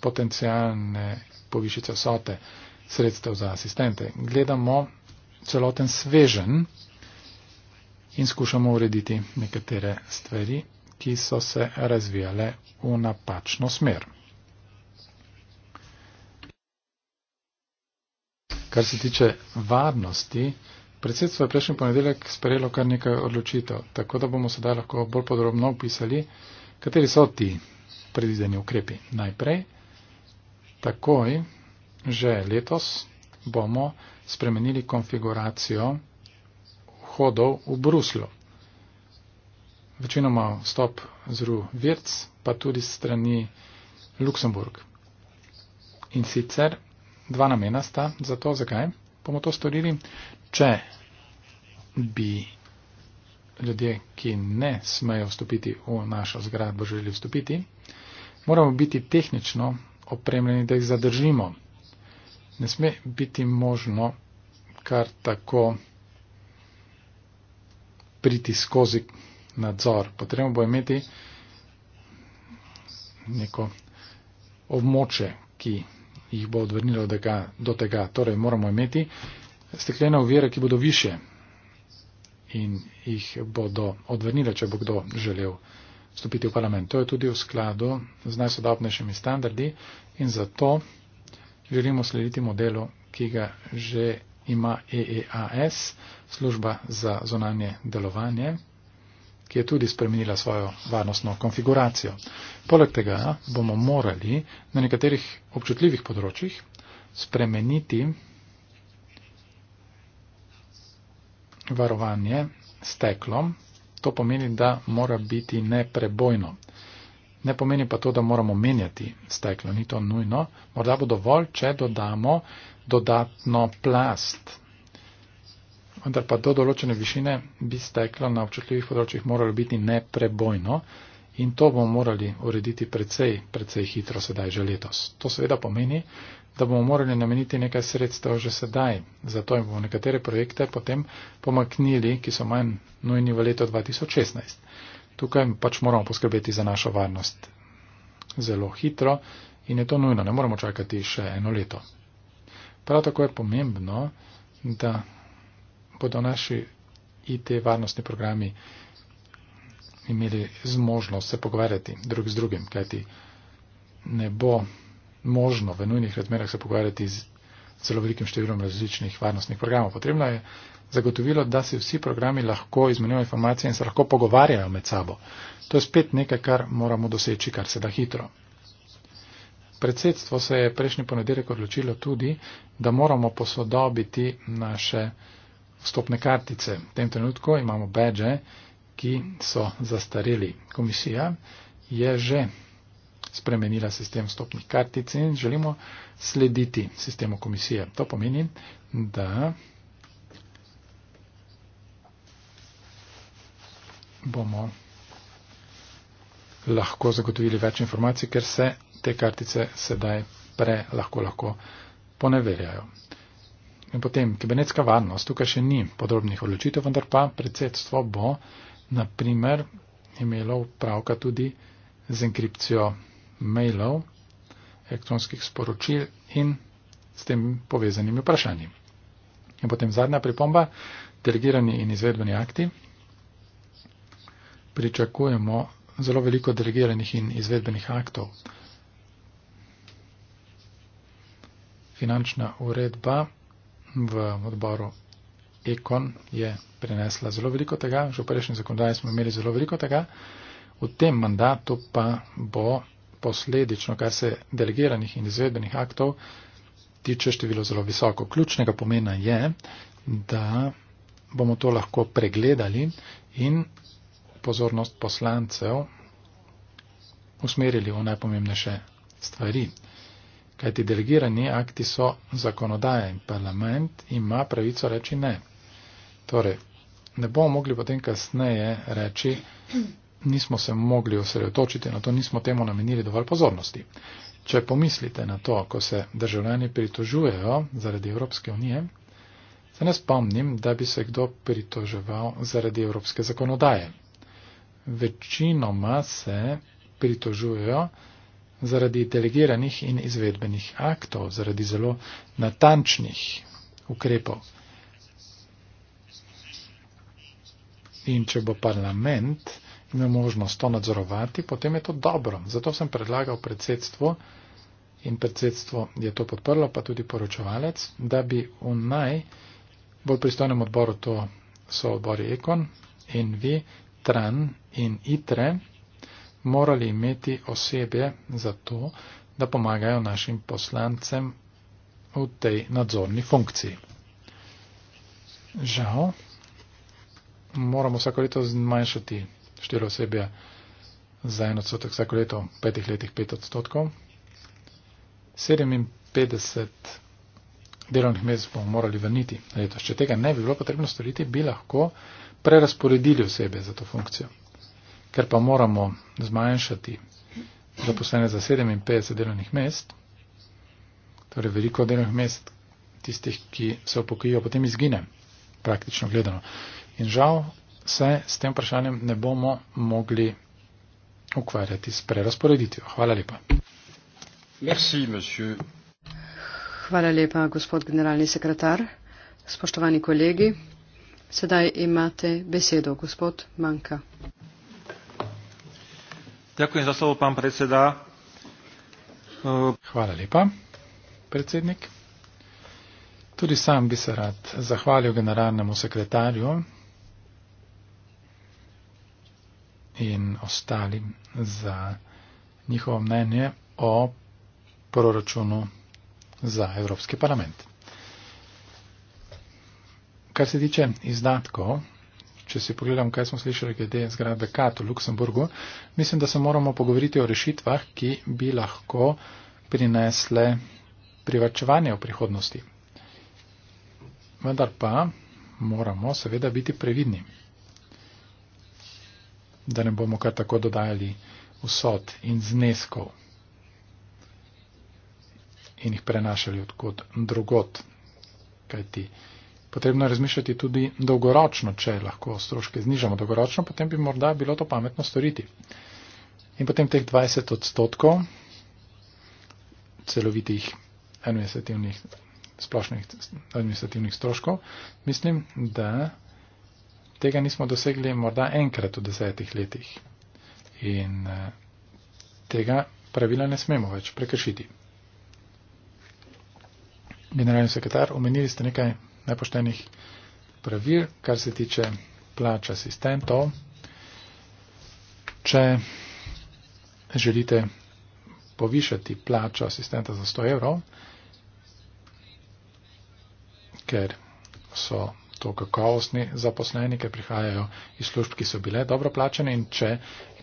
potencijalne povišice vsote sredstev za asistente. Gledamo celoten svežen in skušamo urediti nekatere stvari, ki so se razvijale v napačno smer. Kar se tiče varnosti, predsedstvo je prejšnji ponedeljek sprejelo kar nekaj odločitev, tako da bomo sedaj lahko bolj podrobno opisali, kateri so ti predvideni ukrepi. Najprej takoj, že letos, bomo spremenili konfiguracijo vhodov v Bruslju. Večinoma stop z Ruvirc, pa tudi strani Luksemburg. In sicer dva namena sta za to, zakaj bomo to storili. Če bi ljudje, ki ne smejo vstopiti v našo zgradbo, želeli vstopiti, moramo biti tehnično opremljeni, da jih zadržimo. Ne sme biti možno kar tako priti skozi nadzor. Potrebno bo imeti neko območje, ki jih bo odvrnilo do tega. Torej moramo imeti steklene uvire, ki bodo više in jih bodo odvrnile, če bo kdo želel vstopiti v parlament. To je tudi v skladu z najsodobnejšimi standardi in zato želimo slediti modelu, ki ga že ima EEAS, služba za zonanje delovanje, ki je tudi spremenila svojo varnostno konfiguracijo. Poleg tega bomo morali na nekaterih občutljivih področjih spremeniti varovanje steklom, to pomeni, da mora biti neprebojno. Ne pomeni pa to, da moramo menjati steklo, ni to nujno. Morda bo dovolj, če dodamo dodatno plast. Vendar pa do določene višine bi steklo na občutljivih področjih moralo biti neprebojno in to bomo morali urediti precej, precej hitro sedaj že letos. To seveda pomeni, da bomo morali nameniti nekaj sredstev že sedaj. Zato bomo nekatere projekte potem pomaknili, ki so manj nujni v leto 2016. Tukaj pač moramo poskrbeti za našo varnost zelo hitro in je to nujno, ne moramo čakati še eno leto. Prav tako je pomembno, da bodo naši IT varnostni programi imeli zmožnost se pogovarjati drug z drugim, kajti ne bo možno v nujnih razmerah se pogovarjati z zelo velikim številom različnih varnostnih programov. Potrebno je zagotovilo, da se vsi programi lahko izmenjujejo informacije in se lahko pogovarjajo med sabo. To je spet nekaj, kar moramo doseči, kar se da hitro. Predsedstvo se je prejšnji ponedeljek odločilo tudi, da moramo posodobiti naše vstopne kartice. V tem trenutku imamo beže, ki so zastareli. Komisija je že spremenila sistem stopnih kartic in želimo slediti sistemu komisije. To pomeni, da bomo lahko zagotovili več informacij, ker se te kartice sedaj pre lahko lahko poneverjajo. In potem kibernetska varnost, tukaj še ni podrobnih odločitev, vendar pa predsedstvo bo, na primer, imelo upravka tudi z enkripcijo mailov, elektronskih sporočil in s tem povezanimi vprašanji. In potem zadnja pripomba, delegirani in izvedbeni akti. Pričakujemo zelo veliko delegiranih in izvedbenih aktov. Finančna uredba v odboru Ekon je prinesla zelo veliko tega, že v prejšnji zakonodaji smo imeli zelo veliko tega, v tem mandatu pa bo posledično, kar se delegiranih in izvedbenih aktov tiče število zelo visoko. Ključnega pomena je, da bomo to lahko pregledali in pozornost poslancev usmerili v najpomembnejše stvari. Kajti delegirani akti so zakonodaje in parlament ima pravico reči ne. Torej, ne bomo mogli potem kasneje reči, nismo se mogli osredotočiti na to, nismo temu namenili dovolj pozornosti. Če pomislite na to, ko se državljani pritožujejo zaradi Evropske unije, se ne spomnim, da bi se kdo pritoževal zaradi evropske zakonodaje. Večinoma se pritožujejo zaradi delegiranih in izvedbenih aktov, zaradi zelo natančnih ukrepov. In če bo parlament ima možnost to nadzorovati, potem je to dobro. Zato sem predlagal predsedstvu in predsedstvo je to podprlo, pa tudi poročevalec, da bi v naj bolj pristojnem odboru, to so odbori Ekon in vi, Tran in ITRE, morali imeti osebe za to, da pomagajo našim poslancem v tej nadzorni funkciji. Žal, moramo vsako leto zmanjšati štiri osebje za en odstotek vsako leto, v petih letih pet odstotkov. 57 delovnih mest bomo morali vrniti letos. Če tega ne bi bilo potrebno storiti, bi lahko prerasporedili osebe za to funkcijo. Ker pa moramo zmanjšati zaposlene za 57 delovnih mest, torej veliko delovnih mest, tistih, ki se upokojijo, potem izgine, praktično gledano. In žal se s tem vprašanjem ne bomo mogli ukvarjati s prerasporeditvijo. Hvala lepa.
Merci,
Hvala lepa, gospod generalni sekretar. Spoštovani kolegi, sedaj imate besedo, gospod Manka.
Dakujem za slovo, pan predseda.
Hvala lepa, predsednik. Tudi sam bi se rad zahvalil generalnemu sekretarju in ostalim za njihovo mnenje o proračunu za Evropski parlament. Kar se tiče izdatkov, če si pogledam, kaj smo slišali glede zgradbe Kat v Luksemburgu, mislim, da se moramo pogovoriti o rešitvah, ki bi lahko prinesle privačevanje v prihodnosti. Vendar pa moramo seveda biti previdni da ne bomo kar tako dodajali vsot in zneskov in jih prenašali odkot drugot. Kajti potrebno je razmišljati tudi dolgoročno, če lahko stroške znižamo dolgoročno, potem bi morda bilo to pametno storiti. In potem teh 20 odstotkov celovitih administrativnih, splošnih administrativnih stroškov, mislim, da tega nismo dosegli morda enkrat v desetih letih. In eh, tega pravila ne smemo več prekršiti. Generalni sekretar, omenili ste nekaj nepoštenih pravil, kar se tiče plač asistentov. Če želite povišati plačo asistenta za 100 evrov, ker so to kakovostni zaposleni, ki prihajajo iz služb, ki so bile dobro plačene in če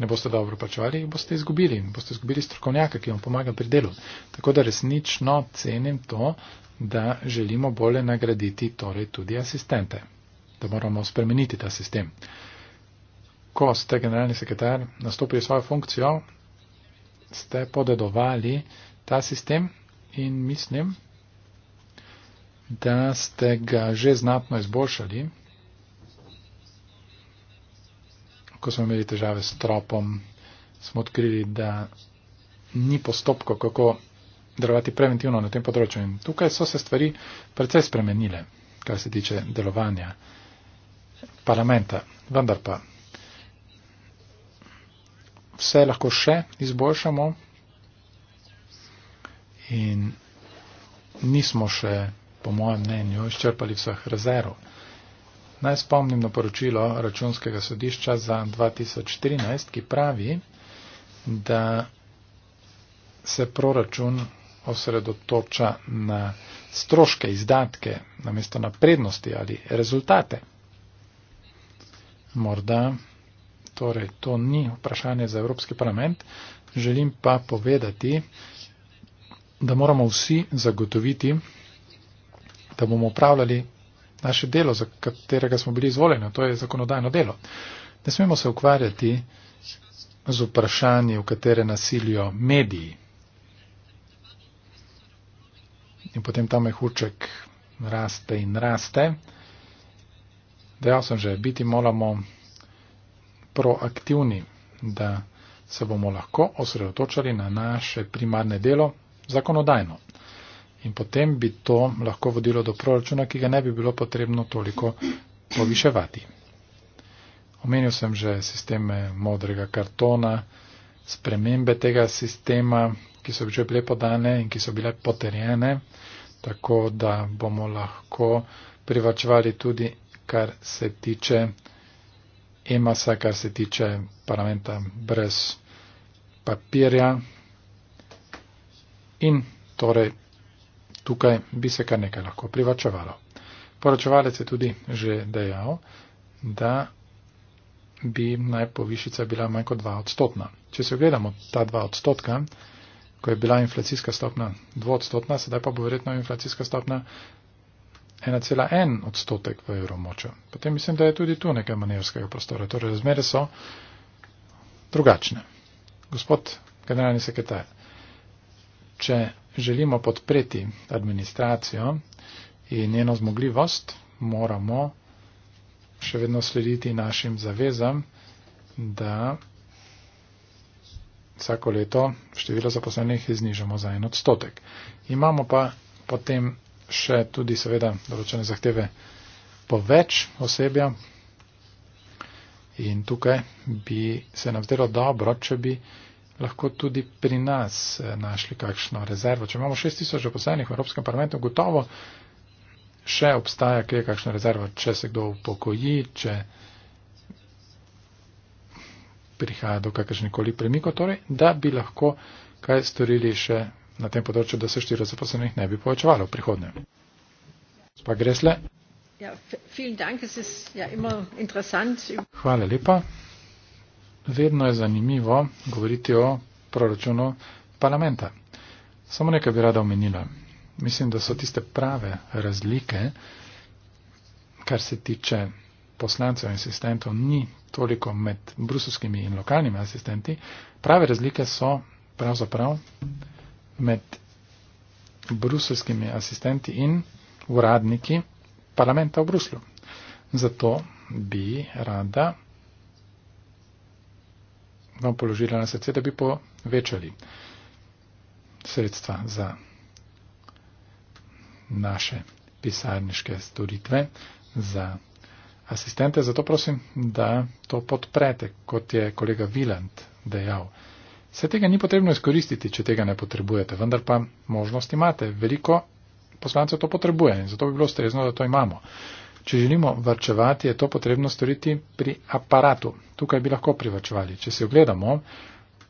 ne boste dobro plačevali, jih boste izgubili in boste izgubili strokovnjaka, ki vam pomaga pri delu. Tako da resnično cenim to, da želimo bolje nagraditi torej tudi asistente, da moramo spremeniti ta sistem. Ko ste generalni sekretar nastopili svojo funkcijo, ste podedovali ta sistem in mislim, da ste ga že znatno izboljšali, ko smo imeli težave s tropom, smo odkrili, da ni postopko, kako delovati preventivno na tem področju. In tukaj so se stvari precej spremenile, kar se tiče delovanja parlamenta. Vendar pa vse lahko še izboljšamo in nismo še po mojem mnenju, izčrpali vseh rezerv. Naj spomnim na poročilo računskega sodišča za 2013, ki pravi, da se proračun osredotoča na stroške, izdatke, namesto na prednosti ali rezultate. Morda torej, to ni vprašanje za Evropski parlament, želim pa povedati, da moramo vsi zagotoviti da bomo upravljali naše delo, za katerega smo bili izvoljeni, to je zakonodajno delo. Ne smemo se ukvarjati z vprašanji, v katere nasilijo mediji. In potem ta mehurček raste in raste. Dejal sem že, biti moramo proaktivni, da se bomo lahko osredotočali na naše primarne delo zakonodajno in potem bi to lahko vodilo do proračuna, ki ga ne bi bilo potrebno toliko poviševati. Omenil sem že sisteme modrega kartona, spremembe tega sistema, ki so že bile podane in ki so bile poterjene, tako da bomo lahko privačevali tudi, kar se tiče EMAS-a, kar se tiče parlamenta brez papirja in torej tukaj bi se kar nekaj lahko privačevalo. Poročevalec je tudi že dejal, da bi najpovišica bila manj kot 2 odstotna. Če se gledamo ta 2 odstotka, ko je bila inflacijska stopna 2 odstotna, sedaj pa bo verjetno inflacijska stopna 1,1 odstotek v evromočju. Potem mislim, da je tudi tu nekaj manevrskega prostora. Torej, razmere so drugačne. Gospod generalni sekretar, če želimo podpreti administracijo in njeno zmogljivost, moramo še vedno slediti našim zavezam, da vsako leto število zaposlenih iznižamo za en odstotek. Imamo pa potem še tudi seveda določene zahteve po več osebja in tukaj bi se nam zdelo dobro, če bi lahko tudi pri nas eh, našli kakšno rezervo. Če imamo 6000 zaposlenih v Evropskem parlamentu, gotovo še obstaja kje kakšna rezerva, če se kdo upokoji, če prihaja do kakršnikoli premiko, torej, da bi lahko kaj storili še na tem področju, da se število zaposlenih ne bi povečevalo v prihodnje. Spa Gresle.
Ja,
vielen Dank, es ist ja immer interessant.
Hvala lepa vedno je zanimivo govoriti o proračunu parlamenta. Samo nekaj bi rada omenila. Mislim, da so tiste prave razlike, kar se tiče poslancev in asistentov, ni toliko med brusovskimi in lokalnimi asistenti. Prave razlike so pravzaprav med brusovskimi asistenti in uradniki parlamenta v Bruslju. Zato bi rada vam položila na srce, da bi povečali sredstva za naše pisarniške storitve, za asistente. Zato prosim, da to podprete, kot je kolega Viland dejal. Se tega ni potrebno izkoristiti, če tega ne potrebujete, vendar pa možnost imate. Veliko poslancev to potrebuje in zato bi bilo ustrezno, da to imamo. Če želimo varčevati, je to potrebno storiti pri aparatu. Tukaj bi lahko privrčevali. Če si ogledamo,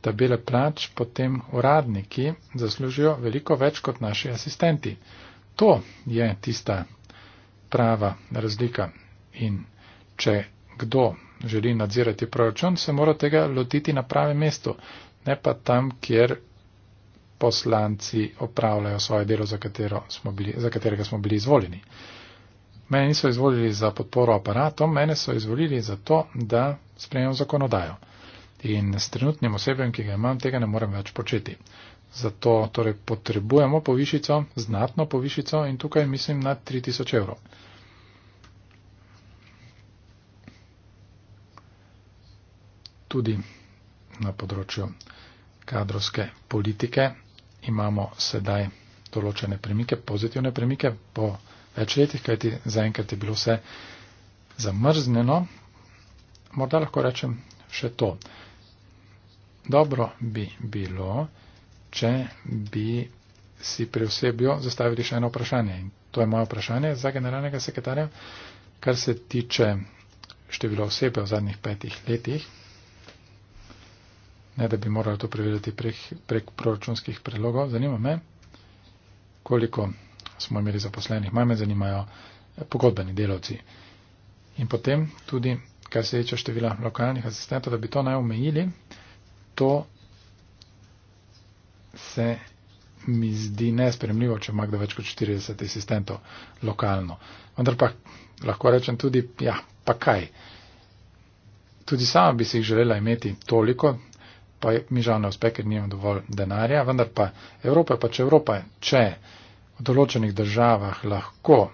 da bele plač potem uradniki zaslužijo veliko več kot naši asistenti. To je tista prava razlika. In če kdo želi nadzirati proračun, se mora tega lotiti na pravem mestu, ne pa tam, kjer poslanci opravljajo svoje delo, za, smo bili, za katerega smo bili izvoljeni. Mene niso izvolili za podporo aparatom, mene so izvolili za to, da sprejemam zakonodajo. In s trenutnim osebjem, ki ga imam, tega ne morem več početi. Zato torej, potrebujemo povišico, znatno povišico in tukaj mislim na 3000 evrov. Tudi na področju kadrovske politike imamo sedaj določene premike, pozitivne premike po več letih, kajti zaenkrat je bilo vse zamrzneno. Morda lahko rečem še to. Dobro bi bilo, če bi si pri osebju zastavili še eno vprašanje. In to je moje vprašanje za generalnega sekretarja, kar se tiče števila osebe v zadnjih petih letih. Ne, da bi morali to preveriti prek, prek proračunskih predlogov. Zanima me, koliko smo imeli zaposlenih, manj me zanimajo eh, pogodbeni delavci. In potem tudi, kar se reče števila lokalnih asistentov, da bi to naj omejili, to se mi zdi nespremljivo, če ima kdo več kot 40 asistentov lokalno. Vendar pa lahko rečem tudi, ja, pa kaj. Tudi sama bi si jih želela imeti toliko, pa mi žal ne uspe, ker nimam dovolj denarja, vendar pa Evropa je pač Evropa, če. Je v določenih državah lahko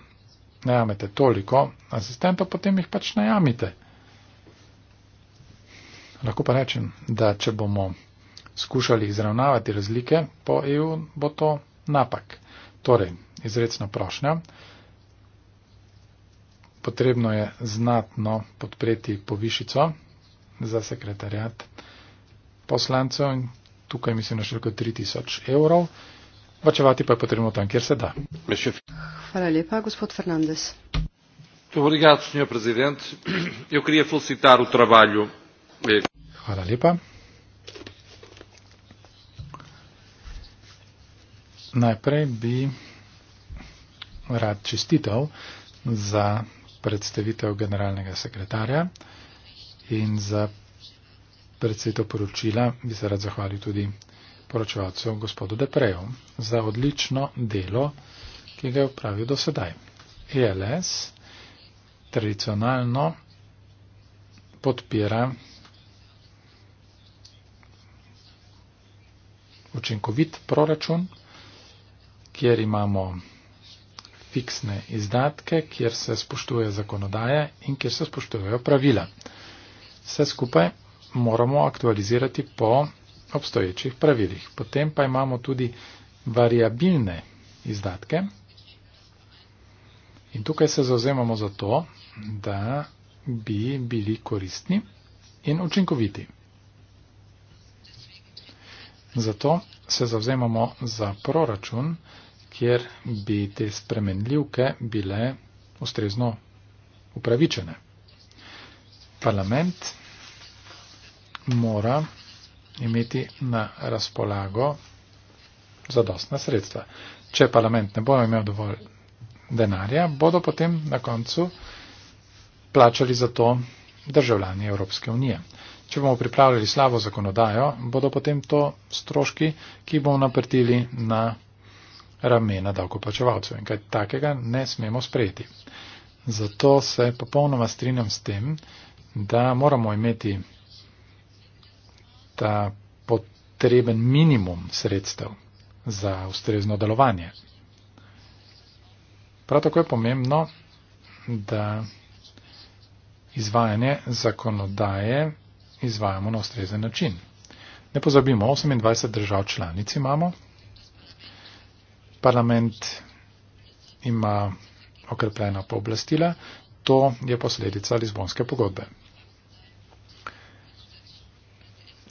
najamete toliko, asistentov potem jih pač najamite. Lahko pa rečem, da če bomo skušali izravnavati razlike po EU, bo to napak. Torej, izredna prošnja. Potrebno je znatno podpreti povišico za sekretarjat poslancev in tukaj mislim na še oko 3000 evrov. Vrčevati pa je potrebno tam, kjer se da.
Hvala lepa, gospod Fernandez.
Obrigado, senjor predsednik. Jaz bi želel felicitar v trabalju.
Hvala lepa. Najprej bi rad čestitev za predstavitev generalnega sekretarja in za predstavitev poročila bi se rad zahvalil tudi poročevalcu gospodu Depreju za odlično delo, ki ga je upravil do sedaj. ELS tradicionalno podpira učinkovit proračun, kjer imamo fiksne izdatke, kjer se spoštuje zakonodaje in kjer se spoštujejo pravila. Vse skupaj moramo aktualizirati po obstoječih pravilih. Potem pa imamo tudi variabilne izdatke. In tukaj se zauzemamo za to, da bi bili koristni in učinkoviti. Zato se zauzemamo za proračun, kjer bi te spremenljivke bile ustrezno upravičene. Parlament mora imeti na razpolago zadostna sredstva. Če parlament ne bo imel dovolj denarja, bodo potem na koncu plačali za to državljani Evropske unije. Če bomo pripravljali slabo zakonodajo, bodo potem to stroški, ki bomo naprtili na ramena davkoplačevalcev in kaj takega ne smemo sprejeti. Zato se popolnoma strinjam s tem, da moramo imeti sta potreben minimum sredstev za ustrezno delovanje. Prav tako je pomembno, da izvajanje zakonodaje izvajamo na ustrezen način. Ne pozabimo, 28 držav članic imamo, parlament ima okrepljena pooblastila, to je posledica Lizbonske pogodbe.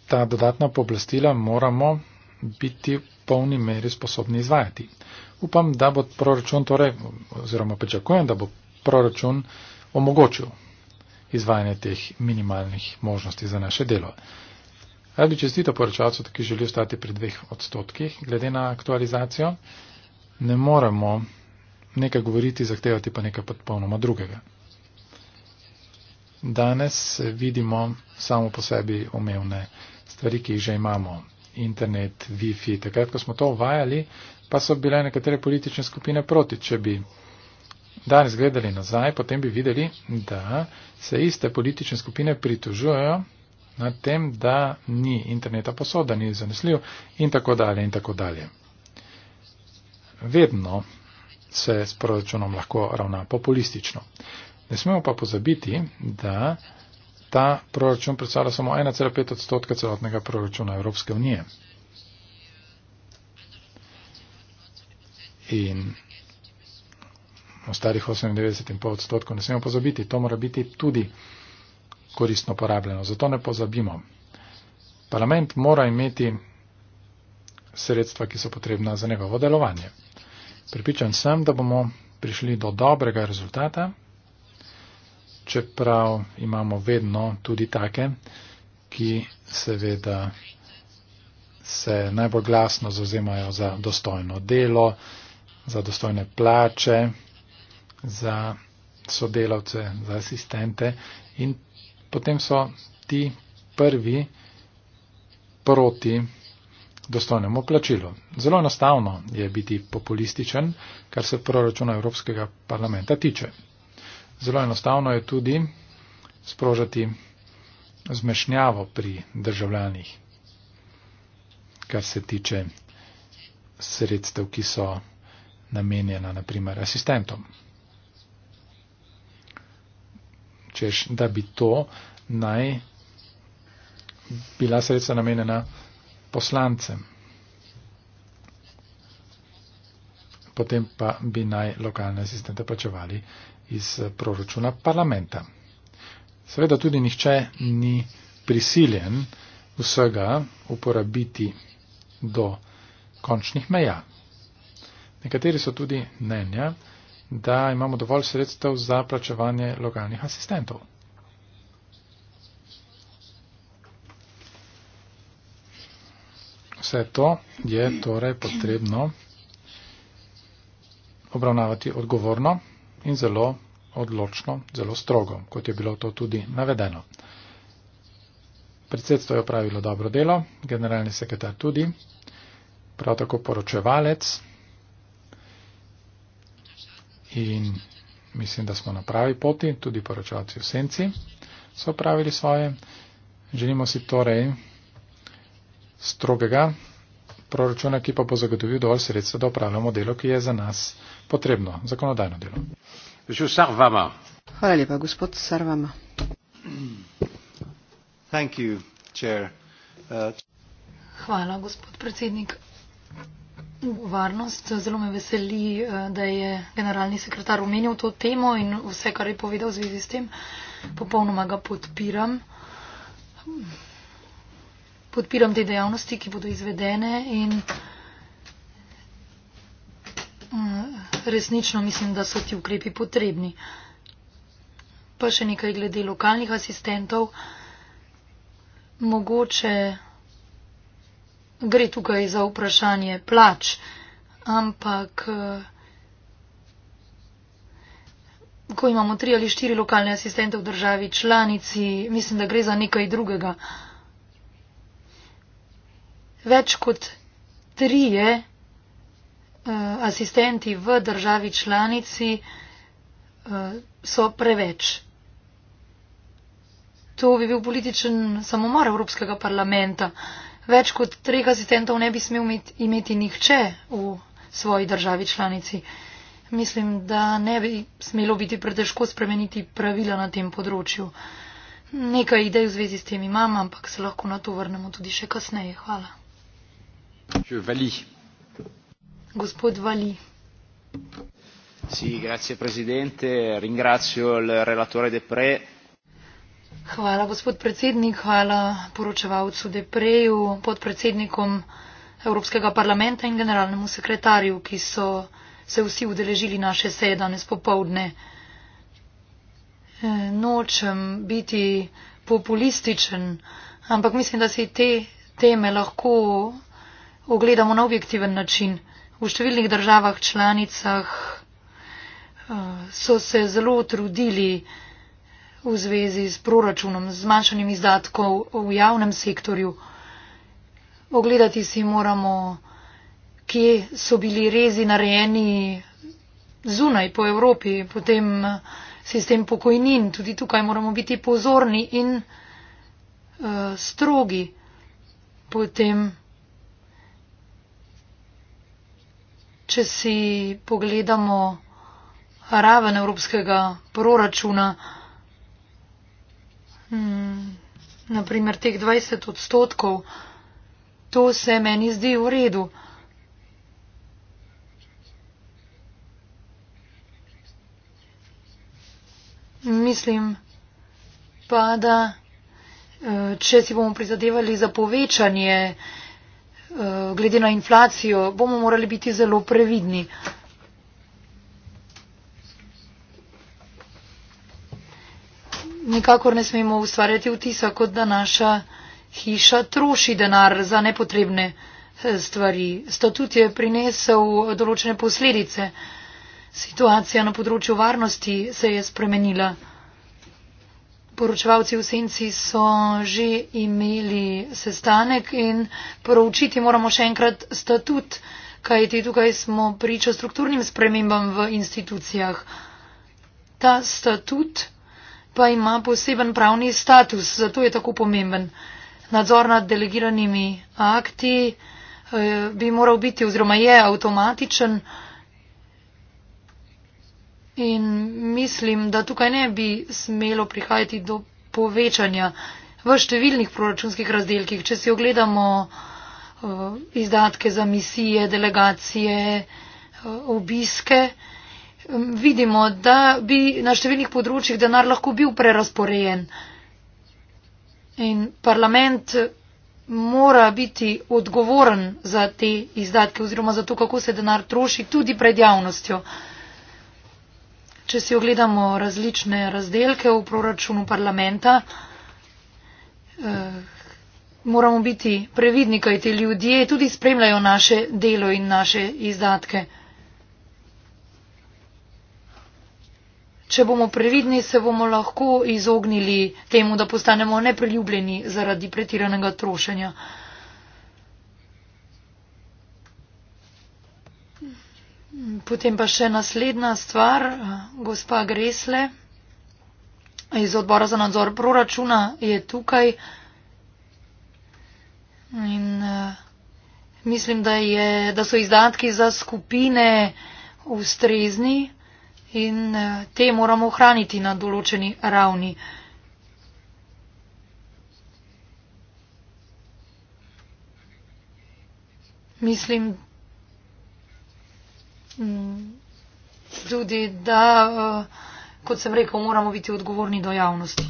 ta dodatna pooblastila moramo biti v polni meri sposobni izvajati. Upam, da bo proračun torej, oziroma pričakujem, da bo proračun omogočil izvajanje teh minimalnih možnosti za naše delo. Rad bi čestito poročalcu, ki želi ostati pri dveh odstotkih, glede na aktualizacijo. Ne moremo nekaj govoriti, zahtevati pa nekaj popolnoma drugega. Danes vidimo samo po sebi omevne stvari, ki jih že imamo. Internet, Wi-Fi, takrat, ko smo to uvajali, pa so bile nekatere politične skupine proti. Če bi danes gledali nazaj, potem bi videli, da se iste politične skupine pritožujejo na tem, da ni interneta posod, da ni zanesljiv in tako dalje in tako dalje. Vedno se s proračunom lahko ravna populistično. Ne smemo pa pozabiti, da ta proračun predstavlja samo 1,5 odstotka celotnega proračuna Evropske unije. In ostalih 98,5 odstotkov ne smemo pozabiti, to mora biti tudi koristno porabljeno. Zato ne pozabimo. Parlament mora imeti sredstva, ki so potrebna za njegovo delovanje. Pripričan sem, da bomo prišli do dobrega rezultata čeprav imamo vedno tudi take, ki seveda se najbolj glasno zauzemajo za dostojno delo, za dostojne plače, za sodelavce, za asistente in potem so ti prvi proti dostojnemu plačilu. Zelo enostavno je biti populističen, kar se proračuna Evropskega parlamenta tiče. Zelo enostavno je tudi sprožati zmešnjavo pri državljanih, kar se tiče sredstev, ki so namenjena naprimer asistentom. Češ, da bi to naj bila sredstva namenjena poslancem, potem pa bi naj lokalne asistente plačevali iz eh, proračuna parlamenta. Seveda tudi nihče ni prisiljen vsega uporabiti do končnih meja. Nekateri so tudi mnenja, da imamo dovolj sredstev za plačevanje lokalnih asistentov. Vse to je torej potrebno obravnavati odgovorno in zelo odločno, zelo strogo, kot je bilo to tudi navedeno. Predsedstvo je opravilo dobro delo, generalni sekretar tudi, prav tako poročevalec in mislim, da smo na pravi poti, tudi poročevalci v senci so opravili svoje. Želimo si torej strogega proračuna, ki pa bo zagotovil dovolj sredstva, da opravljamo delo, ki je za nas potrebno, zakonodajno delo.
Hvala lepa, gospod Sarvama.
Uh,
Hvala, gospod predsednik. Varnost. Zelo me veseli, uh, da je generalni sekretar omenil to temo in vse, kar je povedal v zvezi s tem, popolnoma ga podpiram podpiram te dejavnosti, ki bodo izvedene in mm, resnično mislim, da so ti ukrepi potrebni. Pa še nekaj glede lokalnih asistentov. Mogoče gre tukaj za vprašanje plač, ampak ko imamo tri ali štiri lokalne asistente v državi članici, mislim, da gre za nekaj drugega več kot trije eh, asistenti v državi članici eh, so preveč. To bi bil političen samomor Evropskega parlamenta. Več kot treh asistentov ne bi smel imeti nihče v svoji državi članici. Mislim, da ne bi smelo biti pretežko spremeniti pravila na tem področju. Nekaj idej v zvezi s tem imam, ampak se lahko na to vrnemo tudi še kasneje. Hvala
signora presidente ringrazio il relatore deprez.
hvala gospod predsednik hvala poročevalcu depreju podpredsednikom evropskega parlamenta in generalnemu sekretarju ki so se vsi udeležili naše seje danes popovdne. Eh, nočem biti populističen ampak mislim da si te teme lahko ogledamo na objektiven način. V številnih državah članicah eh, so se zelo trudili v zvezi s proračunom, z manjšanjem izdatkov v javnem sektorju. Ogledati si moramo, kje so bili rezi narejeni zunaj po Evropi, potem sistem pokojnin, tudi tukaj moramo biti pozorni in uh, strogi. Potem če si pogledamo raven evropskega proračuna, hmm, naprimer teh 20 odstotkov, to se meni zdi v redu. Mislim pa, da eh, če si bomo prizadevali za povečanje Eh, glede na inflacijo, bomo morali biti zelo previdni. Nikakor ne smemo ustvarjati vtisa, kot da naša hiša troši denar za nepotrebne eh, stvari. Statut je prinesel določene posledice. Situacija na področju varnosti se je spremenila poročevalci v senci so že imeli sestanek in poročiti moramo še enkrat statut, kajti tukaj smo priča strukturnim spremembam v institucijah. Ta statut pa ima poseben pravni status, zato je tako pomemben. Nadzor nad delegiranimi akti eh, bi moral biti oziroma je avtomatičen. In mislim, da tukaj ne bi smelo prihajati do povečanja v številnih proračunskih razdelkih. Če si ogledamo eh, izdatke za misije, delegacije, eh, obiske, vidimo, da bi na številnih področjih denar lahko bil prerasporejen. In parlament mora biti odgovoren za te izdatke oziroma za to, kako se denar troši tudi pred javnostjo če si ogledamo različne razdelke v proračunu parlamenta, eh, moramo biti previdni, kaj ti ljudje tudi spremljajo naše delo in naše izdatke. Če bomo previdni, se bomo lahko izognili temu, da postanemo nepriljubljeni zaradi pretiranega trošenja. Potem pa še naslednja stvar, gospa Gresle iz odbora za nadzor proračuna je tukaj in eh, mislim, da, je, da so izdatki za skupine ustrezni in eh, te moramo ohraniti na določeni ravni. Mislim, Mm. Tudi, da, eh, kot sem rekel, moramo biti odgovorni do javnosti.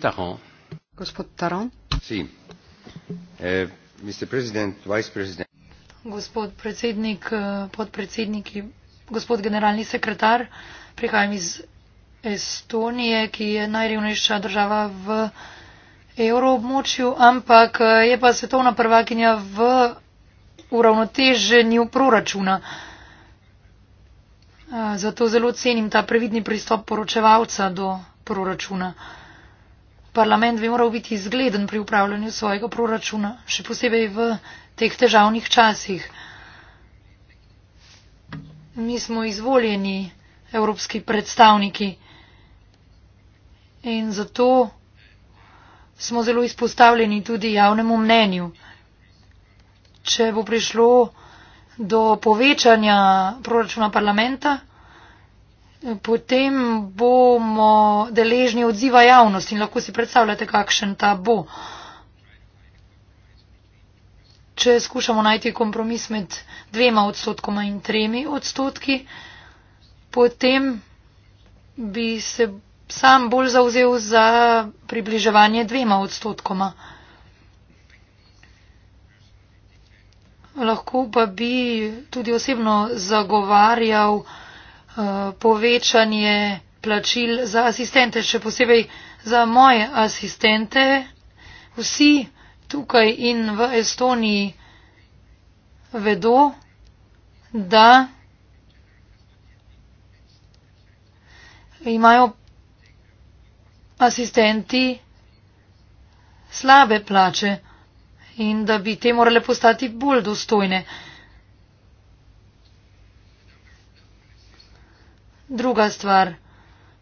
Taron. Gospod Taron.
Si. Eh, president, president.
Gospod predsednik, eh, podpredsednik, gospod generalni sekretar, prihajam iz Estonije, ki je najrevnejša država v evroobmočju, ampak eh, je pa svetovna prvakinja v uravnoteženju proračuna. Zato zelo cenim ta previdni pristop poročevalca do proračuna. Parlament bi moral biti izgleden pri upravljanju svojega proračuna, še posebej v teh težavnih časih. Mi smo izvoljeni evropski predstavniki in zato smo zelo izpostavljeni tudi javnemu mnenju če bo prišlo do povečanja proračuna parlamenta, potem bomo deležni odziva javnosti in lahko si predstavljate, kakšen ta bo. Če skušamo najti kompromis med dvema odstotkoma in tremi odstotki, potem bi se sam bolj zauzel za približevanje dvema odstotkoma. Lahko pa bi tudi osebno zagovarjal eh, povečanje plačil za asistente, še posebej za moje asistente. Vsi tukaj in v Estoniji vedo, da imajo asistenti slabe plače in da bi te morale postati bolj dostojne. Druga stvar.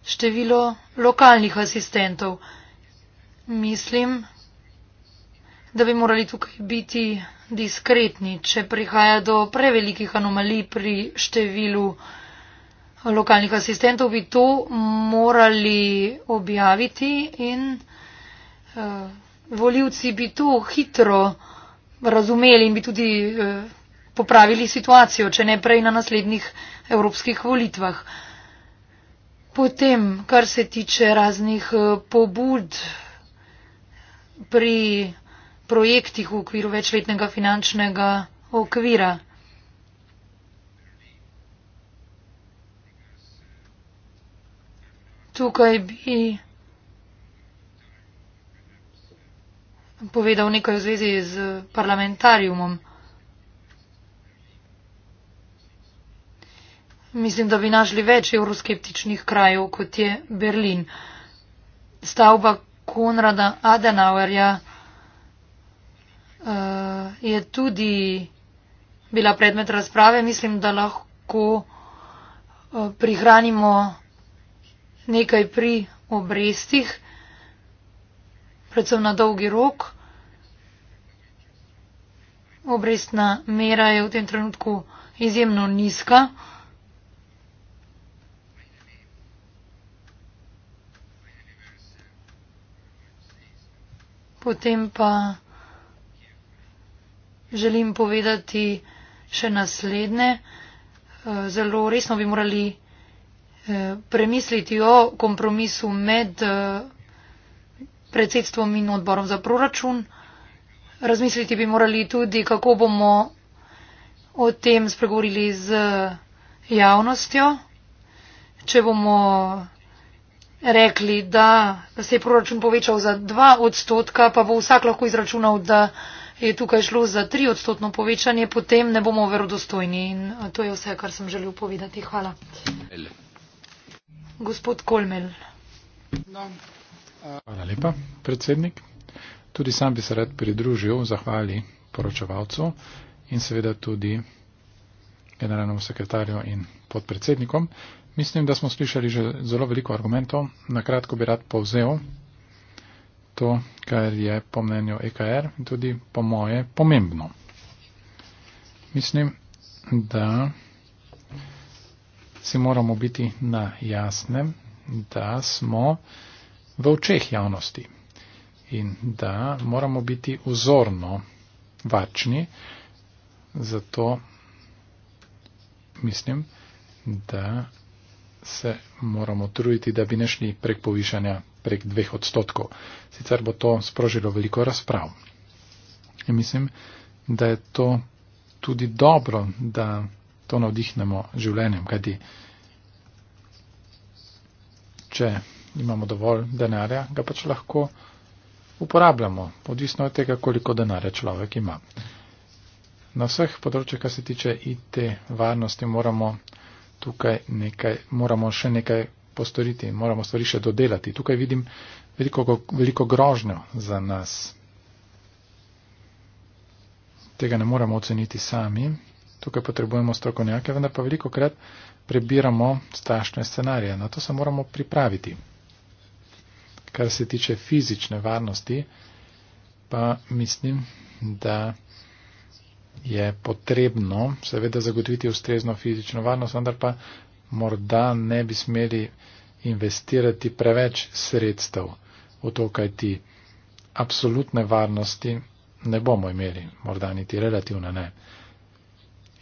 Število lokalnih asistentov. Mislim, da bi morali tukaj biti diskretni, če prihaja do prevelikih anomalij pri številu lokalnih asistentov, bi to morali objaviti in uh, voljivci bi to hitro razumeli in bi tudi eh, popravili situacijo, če ne prej na naslednjih evropskih volitvah. Potem, kar se tiče raznih eh, pobud pri projektih v okviru večletnega finančnega okvira. Tukaj bi povedal nekaj v zvezi z parlamentarjumom. Mislim, da bi našli več evroskeptičnih krajev, kot je Berlin. Stavba Konrada Adenauerja uh, je tudi bila predmet razprave. Mislim, da lahko uh, prihranimo nekaj pri obrestih predvsem na dolgi rok. Obrestna mera je v tem trenutku izjemno nizka. Potem pa želim povedati še naslednje. Eh, zelo resno bi morali eh, premisliti o kompromisu med eh, predsedstvom in odborom za proračun. Razmisliti bi morali tudi, kako bomo o tem spregovorili z javnostjo, če bomo rekli, da se je proračun povečal za dva odstotka, pa bo vsak lahko izračunal, da je tukaj šlo za tri odstotno povečanje, potem ne bomo verodostojni. In to je vse, kar sem želel povedati. Hvala. Gospod Kolmel.
No. Hvala lepa, predsednik. Tudi sam bi se rad pridružil zahvali poročevalcu in seveda tudi generalnemu sekretarju in podpredsednikom. Mislim, da smo slišali že zelo veliko argumentov. Na kratko bi rad povzel to, kar je po mnenju EKR in tudi po moje pomembno. Mislim, da si moramo biti na jasnem, da smo v očeh javnosti in da moramo biti vzorno vačni, zato mislim, da se moramo truditi, da bi ne šli prek povišanja prek dveh odstotkov. Sicer bo to sprožilo veliko razprav. In mislim, da je to tudi dobro, da to navdihnemo življenjem, kajti če imamo dovolj denarja, ga pač lahko uporabljamo, odvisno od tega, koliko denarja človek ima. Na vseh področjih, kar se tiče IT varnosti, moramo tukaj nekaj, moramo še nekaj postoriti, moramo stvari še dodelati. Tukaj vidim veliko, veliko grožnjo za nas. Tega ne moramo oceniti sami. Tukaj potrebujemo strokovnjake, vendar pa veliko krat prebiramo strašne scenarije. Na to se moramo pripraviti kar se tiče fizične varnosti, pa mislim, da je potrebno seveda zagotoviti ustrezno fizično varnost, vendar pa morda ne bi smeli investirati preveč sredstev v to, kaj ti absolutne varnosti ne bomo imeli, morda niti relativne ne.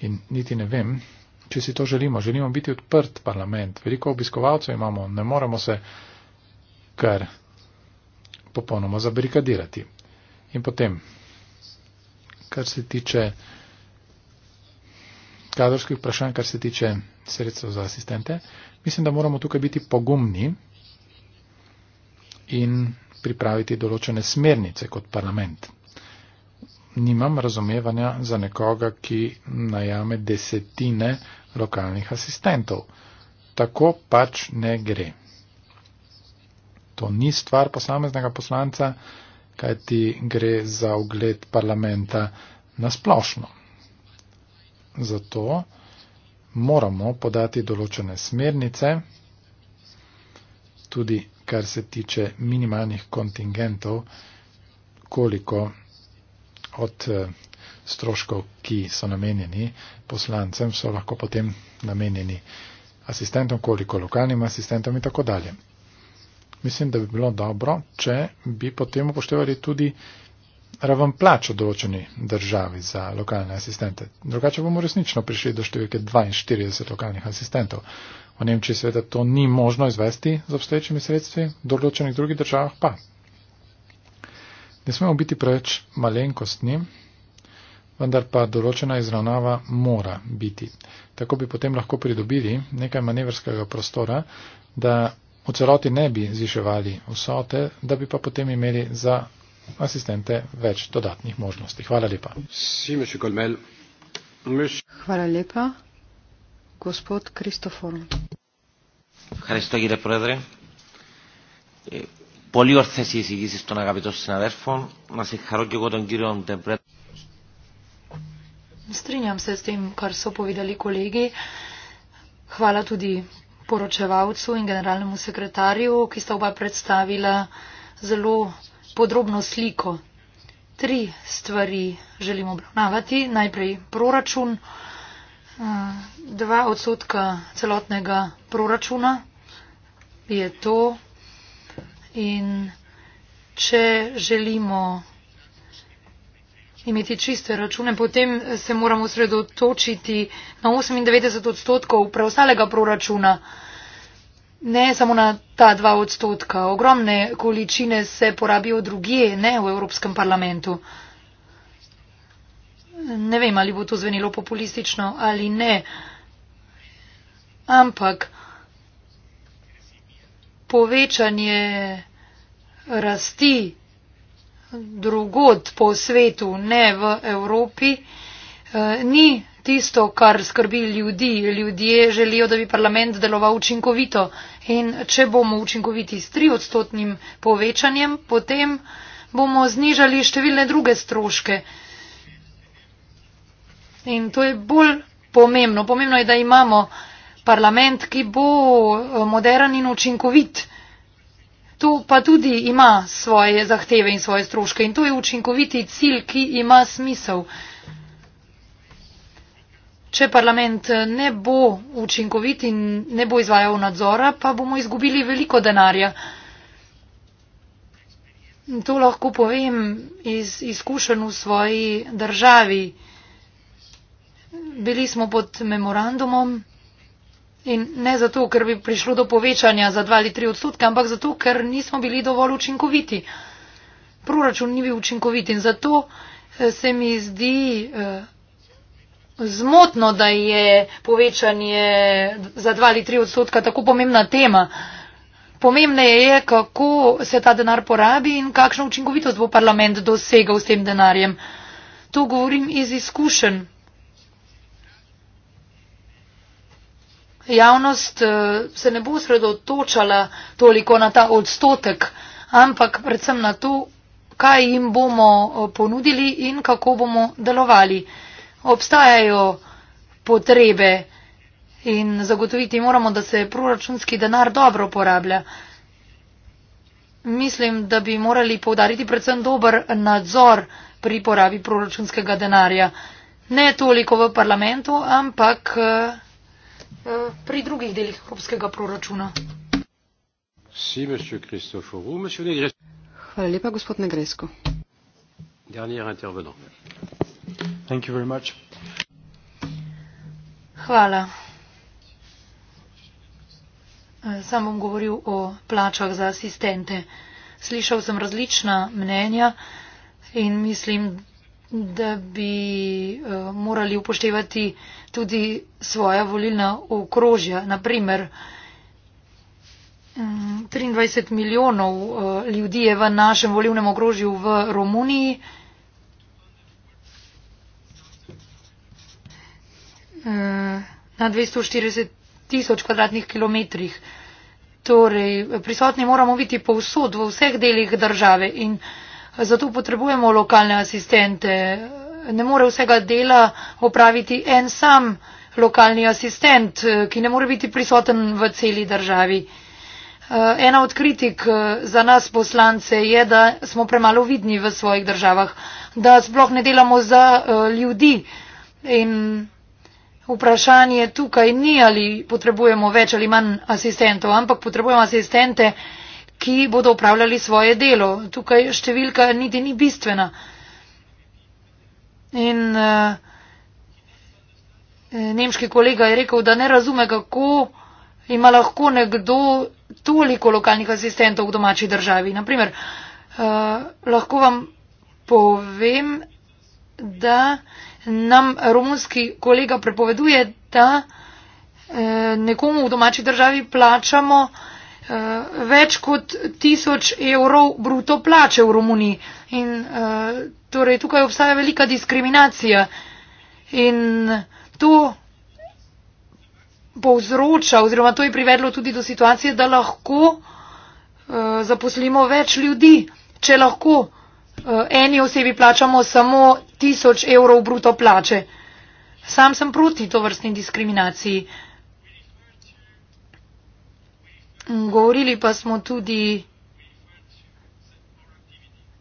In niti ne vem, če si to želimo. Želimo biti odprt parlament. Veliko obiskovalcev imamo, ne moremo se kar popolnoma zabrikadirati. In potem, kar se tiče kadrovskih vprašanj, kar se tiče sredstev za asistente, mislim, da moramo tukaj biti pogumni in pripraviti določene smernice kot parlament. Nimam razumevanja za nekoga, ki najame desetine lokalnih asistentov. Tako pač ne gre to ni stvar posameznega poslanca, kaj ti gre za ugled parlamenta nasplošno. Zato moramo podati določene smernice, tudi kar se tiče minimalnih kontingentov, koliko od eh, stroškov, ki so namenjeni poslancem, so lahko potem namenjeni asistentom, koliko lokalnim asistentom in tako dalje mislim, da bi bilo dobro, če bi potem upoštevali tudi raven plač v določeni državi za lokalne asistente. Drugače bomo resnično prišli do številke 42 lokalnih asistentov. V Nemčiji seveda to ni možno izvesti z obstoječimi sredstvi, v določenih drugih državah pa. Ne smemo biti preveč malenkostni, vendar pa določena izravnava mora biti. Tako bi potem lahko pridobili nekaj manevrskega prostora, da v celoti ne bi ziševali vsote, da bi pa potem imeli za asistente več dodatnih možnosti. Hvala lepa.
Hvala lepa. Gospod Kristofor.
Πολύ ορθέ οι εισηγήσει των αγαπητών συναδέρφων. Να συγχαρώ και εγώ τον κύριο Ντεμπρέτ.
Στρίνιαμ σε στην Καρσόποβιδαλή κολλήγη. Χαλά του poročevalcu in generalnemu sekretarju, ki sta oba predstavila zelo podrobno sliko. Tri stvari želimo obravnavati. Najprej proračun, eh, dva odsotka celotnega proračuna je to. In če želimo imeti čiste račune, potem se moramo sredotočiti na 98 odstotkov preostalega proračuna, ne samo na ta dva odstotka. Ogromne količine se porabijo drugje, ne v Evropskem parlamentu. Ne vem, ali bo to zvenilo populistično ali ne, ampak povečanje rasti drugod po svetu, ne v Evropi, eh, ni tisto, kar skrbi ljudi. Ljudje želijo, da bi parlament deloval učinkovito. In če bomo učinkoviti s tri odstotnim povečanjem, potem bomo znižali številne druge stroške. In to je bolj pomembno. Pomembno je, da imamo parlament, ki bo eh, moderan in učinkovit. To pa tudi ima svoje zahteve in svoje stroške in to je učinkoviti cilj, ki ima smisel. Če parlament ne bo učinkovit in ne bo izvajal nadzora, pa bomo izgubili veliko denarja. To lahko povem iz izkušenj v svoji državi. Bili smo pod memorandumom In ne zato, ker bi prišlo do povečanja za 2 ali 3 odstotke, ampak zato, ker nismo bili dovolj učinkoviti. Proračun ni bil učinkovit in zato eh, se mi zdi eh, zmotno, da je povečanje za 2 ali 3 odstotka tako pomembna tema. Pomembneje je, kako se ta denar porabi in kakšno učinkovitost bo parlament dosegal s tem denarjem. To govorim iz izkušenj. javnost eh, se ne bo sredotočala toliko na ta odstotek, ampak predvsem na to, kaj jim bomo eh, ponudili in kako bomo delovali. Obstajajo potrebe in zagotoviti moramo, da se proračunski denar dobro porablja. Mislim, da bi morali povdariti predvsem dober nadzor pri porabi proračunskega denarja. Ne toliko v parlamentu, ampak. Eh, Eh, pri drugih delih evropskega proračuna. Hvala lepa, gospod Negresko. Hvala. Eh, sam bom govoril o plačah za asistente. Slišal sem različna mnenja in mislim, da bi eh, morali upoštevati tudi svoja volilna okrožja. Naprimer, 23 mm, milijonov eh, ljudi je v našem volilnem okrožju v Romuniji. Eh, na 240 tisoč kvadratnih kilometrih. Torej, prisotni moramo biti povsod, v vseh delih države in zato potrebujemo lokalne asistente, ne more vsega dela opraviti en sam lokalni asistent, eh, ki ne more biti prisoten v celi državi. Eh, ena od kritik eh, za nas poslance je, da smo premalo vidni v svojih državah, da sploh ne delamo za ljudi. In vprašanje tukaj ni, ali potrebujemo več ali manj asistentov, ampak potrebujemo asistente, ki bodo upravljali svoje delo. Tukaj številka niti ni bistvena. In uh, nemški kolega je rekel, da ne razume, kako ima lahko nekdo toliko lokalnih asistentov v domači državi. Naprimer, uh, eh, lahko vam povem, da nam romunski kolega prepoveduje, da uh, nekomu v domači državi plačamo uh, uh, več kot tisoč evrov bruto plače v Romuniji. In uh, torej tukaj obstaja velika diskriminacija in to povzroča oziroma to je privedlo tudi do situacije, da lahko uh, zaposlimo več ljudi, če lahko uh, eni osebi plačamo samo tisoč evrov bruto plače. Sam sem proti to vrstni diskriminaciji. Uh, Govorili pa smo tudi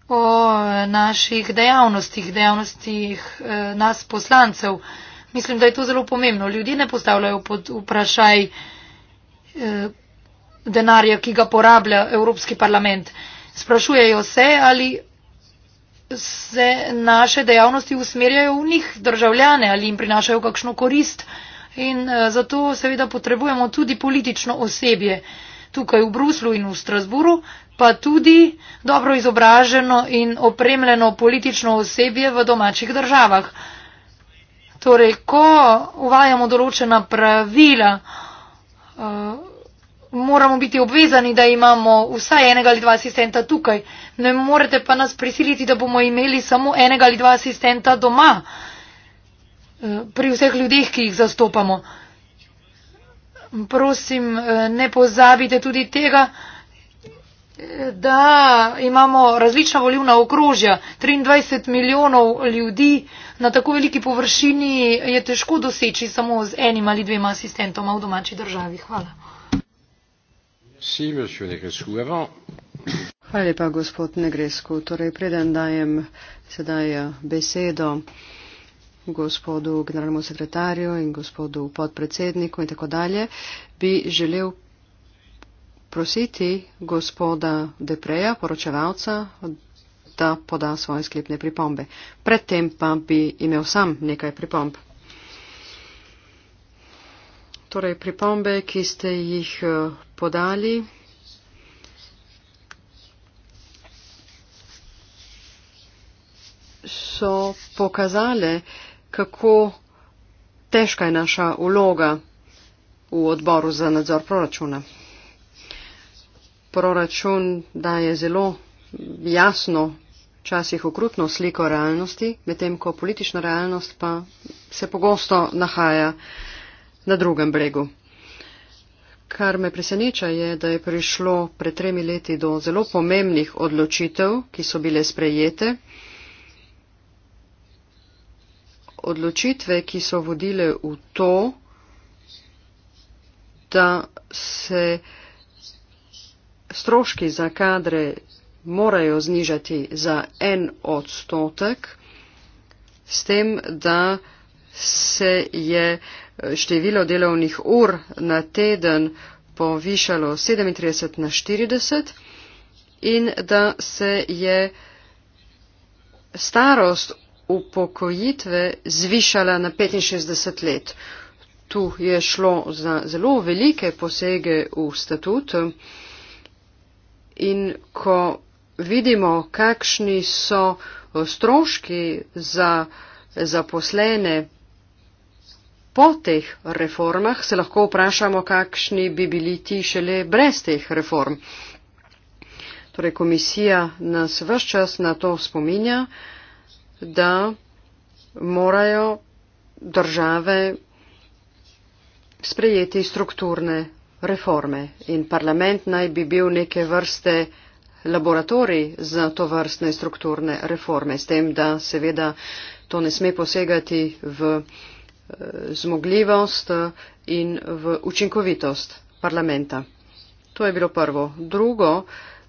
o naših dejavnostih, dejavnostih eh, nas poslancev. Mislim, da je to zelo pomembno. Ljudje ne postavljajo pod vprašaj eh, denarja, ki ga porablja Evropski parlament. Sprašujejo se, ali se naše dejavnosti usmerjajo v njih državljane, ali jim prinašajo kakšno korist. In eh, zato seveda potrebujemo tudi politično osebje tukaj v Bruslu in v Strasburu, pa tudi dobro izobraženo in opremljeno politično osebje v domačih državah. Torej, ko uvajamo določena pravila, eh, moramo biti obvezani, da imamo vsaj enega ali dva asistenta tukaj. Ne morete pa nas prisiliti, da bomo imeli samo enega ali dva asistenta doma eh, pri vseh ljudeh, ki jih zastopamo prosim, eh, ne pozabite tudi tega, eh, da imamo različna volivna okrožja. 23 milijonov ljudi na tako veliki površini je težko doseči samo z enim ali dvema asistentoma v domači državi. Hvala.
Hvala lepa, gospod Negresku. Torej,
preden dajem sedaj eh, besedo gospodu generalnemu sekretarju in gospodu podpredsedniku in tako dalje, bi želel prositi gospoda Depreja, poročevalca, da poda svoje sklepne pripombe. Predtem pa bi imel sam nekaj pripomb. Torej, pripombe, ki ste jih eh, podali. So pokazale, kako težka je naša vloga v odboru za nadzor proračuna. Proračun daje zelo jasno, včasih okrutno sliko realnosti, medtem ko politična realnost pa se pogosto nahaja na drugem bregu. Kar me preseneča je, da je prišlo pred tremi leti do zelo pomembnih odločitev, ki so bile sprejete odločitve, ki so vodile v to, da se stroški za kadre morajo znižati za en odstotek, s tem, da se je število delovnih ur na teden povišalo 37 na 40 in da se je starost upokojitve zvišala na 65 let. Tu je šlo za zelo velike posege v statut in ko vidimo, kakšni so eh, stroški za zaposlene po teh reformah, se lahko vprašamo, kakšni bi bili ti šele brez teh reform. Torej, komisija nas vse čas na to spominja da morajo države sprejeti strukturne reforme in parlament naj bi bil neke vrste laboratorij za to vrstne strukturne reforme, s tem, da seveda to ne sme posegati v eh, zmogljivost in v učinkovitost parlamenta. To je bilo prvo. Drugo,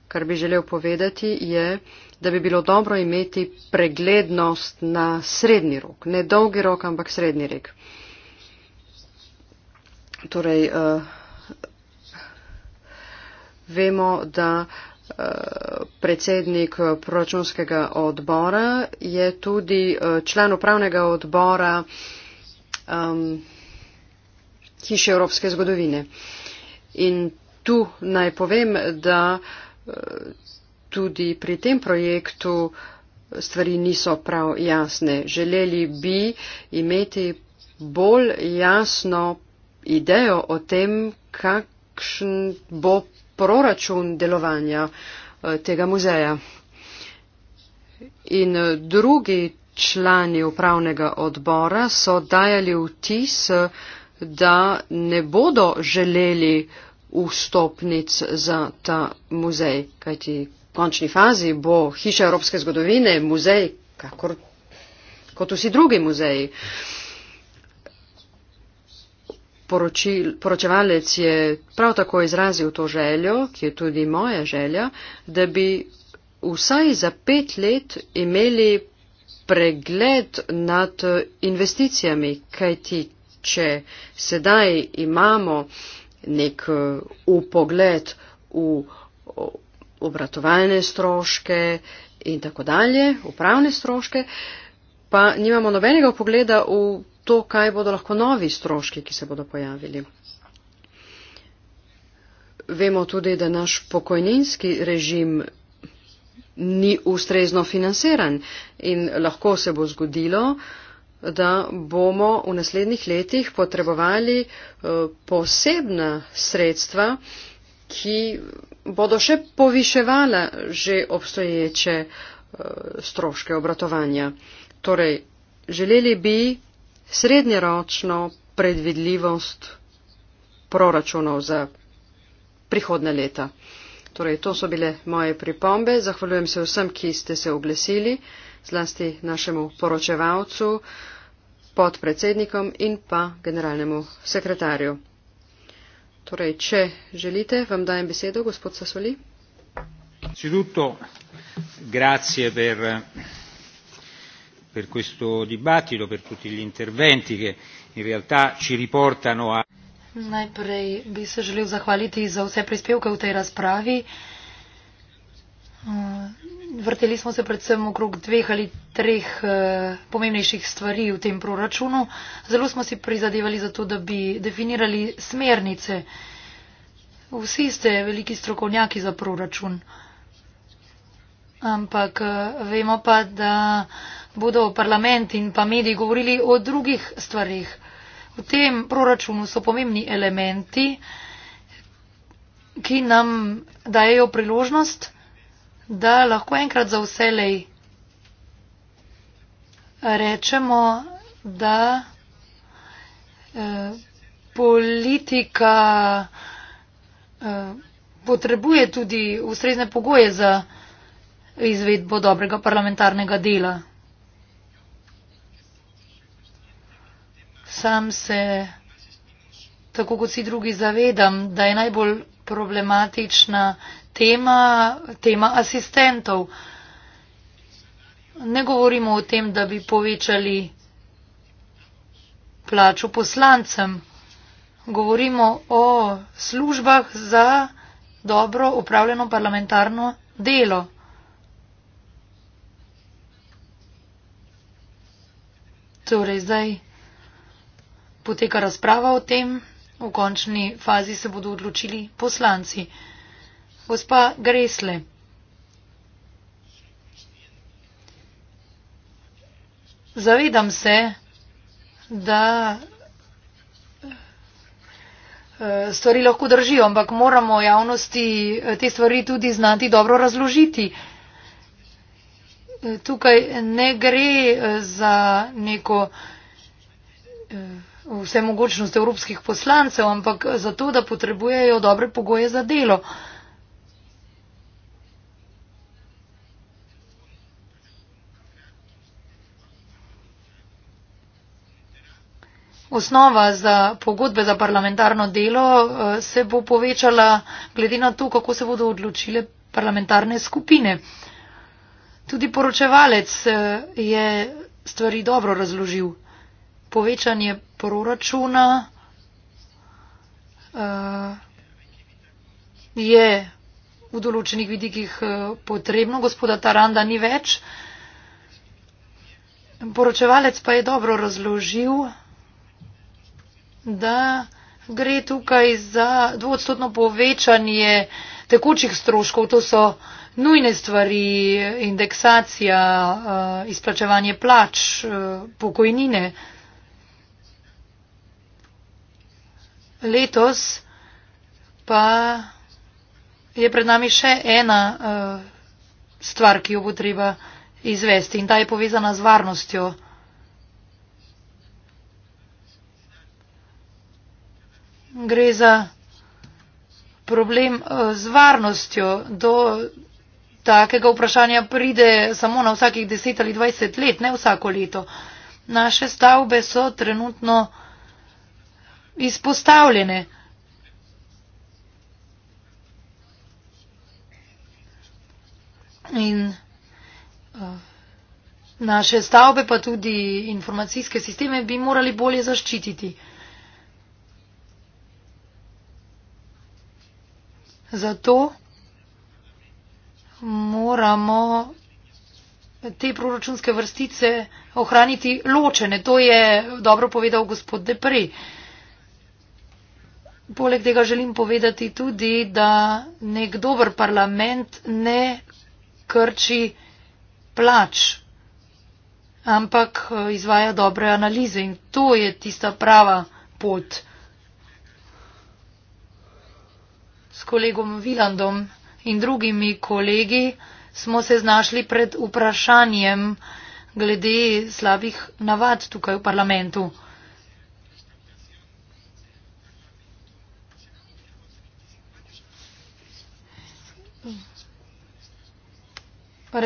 kar bi želel povedati, je, da bi bilo dobro imeti preglednost na srednji rok, ne dolgi rok, ampak srednji rek. Torej, uh, vemo, da uh, predsednik eh, proračunskega odbora je tudi uh, član upravnega odbora um, Hiše Evropske zgodovine. In tu naj povem, da uh, tudi pri tem projektu stvari niso prav jasne. Želeli bi imeti bolj jasno idejo o tem, kakšen bo proračun delovanja eh, tega muzeja. In eh, drugi člani upravnega odbora so dajali vtis, da ne bodo želeli vstopnic za ta muzej, kajti končni fazi bo hiša evropske zgodovine, muzej, kakor kot vsi drugi muzeji. Poročil, poročevalec je prav tako izrazil to željo, ki je tudi moja želja, da bi vsaj za pet let imeli pregled nad investicijami, kajti če sedaj imamo nek upogled uh, v obratovalne stroške in tako dalje, upravne stroške, pa nimamo nobenega pogleda v to, kaj bodo lahko novi stroški, ki se bodo pojavili. Vemo tudi, da naš pokojninski režim ni ustrezno financiran in lahko se bo zgodilo, da bomo v naslednjih letih potrebovali eh, posebna sredstva, ki bodo še poviševala že obstoječe eh, stroške obratovanja. Torej, želeli bi srednjeročno predvidljivost proračunov za prihodne leta. Torej, to so bile moje pripombe. Zahvaljujem se vsem, ki ste se oglesili, zlasti našemu poročevalcu, podpredsednikom in pa generalnemu sekretarju. Torej, če želite, vam dajem besedo, gospod Sasoli.
Innanzitutto grazie per, per questo dibattito, per tutti gli interventi che in realtà ci riportano a.
Najprej bi se želel zahvaliti za vse prispevke v tej razpravi. Uh, Vrteli smo se predvsem okrog dveh ali treh eh, pomembnejših stvari v tem proračunu. Zelo smo si prizadevali za to, da bi definirali smernice. Vsi ste veliki strokovnjaki za proračun. Ampak eh, vemo pa, da bodo parlament in pa mediji govorili o drugih stvarih. V tem proračunu so pomembni elementi, ki nam dajejo priložnost da lahko enkrat za vselej rečemo, da eh, politika eh, potrebuje tudi ustrezne pogoje za izvedbo dobrega parlamentarnega dela. Sam se, tako kot vsi drugi, zavedam, da je najbolj problematična tema, tema asistentov. Ne govorimo o tem, da bi povečali plačo poslancem. Govorimo o službah za dobro upravljeno parlamentarno delo. Torej, zdaj poteka razprava o tem, v končni fazi se bodo odločili poslanci. Gospa Gresle. Zavedam se, da eh, stvari lahko držijo, ampak moramo javnosti eh, te stvari tudi znati dobro razložiti. Eh, tukaj ne gre za neko vse mogočnost evropskih poslancev, ampak za to, da potrebujejo dobre pogoje za delo. Osnova za pogodbe za parlamentarno delo eh, se bo povečala glede na to, kako se bodo odločile parlamentarne skupine. Tudi poročevalec eh, je stvari dobro razložil. Povečanje proračuna eh, je v določenih vidikih potrebno, gospoda Taranda ni več. Poročevalec pa je dobro razložil, da gre tukaj za dvodstotno povečanje tekočih stroškov. To so nujne stvari, indeksacija, eh, izplačevanje plač, eh, pokojnine. Letos pa je pred nami še ena eh, stvar, ki jo bo treba izvesti in ta je povezana z varnostjo. gre za problem eh, z varnostjo. Do takega vprašanja pride samo na vsakih 10 ali 20 let, ne vsako leto. Naše stavbe so trenutno izpostavljene. In eh, naše stavbe, pa tudi informacijske sisteme, bi morali bolje zaščititi. Zato moramo te proračunske vrstice ohraniti ločene. To je dobro povedal gospod Depri. Poleg tega želim povedati tudi, da nek dober parlament ne krči plač, ampak eh, izvaja dobre analize in to je tista prava pot. S kolegom Vilandom in drugimi kolegi smo se znašli pred vprašanjem glede slabih navad tukaj v parlamentu.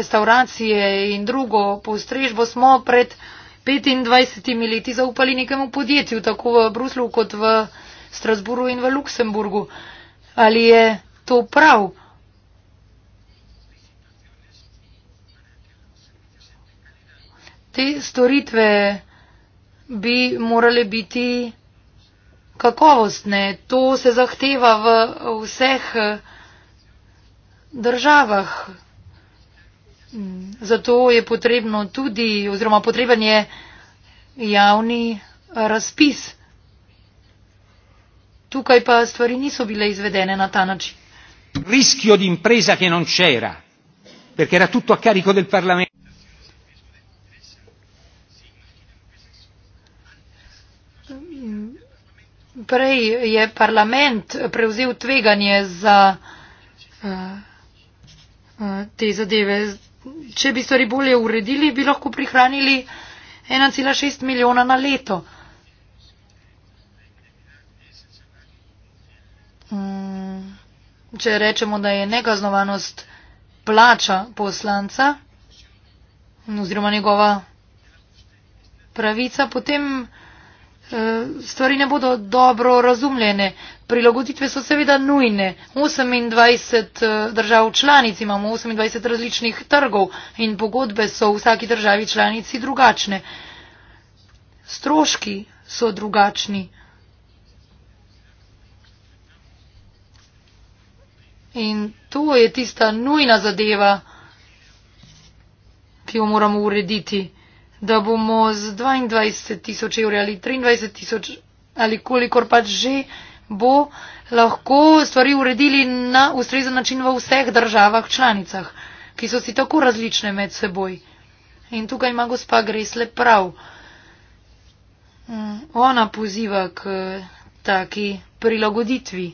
Restauracije in drugo postrežbo smo pred 25 leti zaupali nekemu podjetju, tako v Bruslu kot v Strasburu in v Luksemburgu ali je to prav. Te storitve bi morale biti kakovostne. To se zahteva v vseh državah. Zato je potrebno tudi, oziroma potreben je javni razpis tukaj pa stvari niso bile izvedene na ta način.
Rischio di impresa che non c'era, perché era tutto a carico del Parlamento.
Prej je parlament prevzel tveganje za uh, uh, te zadeve. Če bi stvari bolje uredili, bi lahko prihranili 1,6 milijona na leto. če rečemo, da je nekaznovanost plača poslanca oziroma njegova pravica, potem eh, stvari ne bodo dobro razumljene. Prilagoditve so seveda nujne. 28 eh, držav članic imamo, 28 različnih trgov in pogodbe so v vsaki državi članici drugačne. Stroški so drugačni. In to je tista nujna zadeva, ki jo moramo urediti, da bomo z 22 tisoč evri ali 23 tisoč ali kolikor pač že bo, lahko stvari uredili na ustrezen način v vseh državah članicah, ki so si tako različne med seboj. In tukaj ima gospa Gresle prav. Mm, ona poziva k taki prilagoditvi.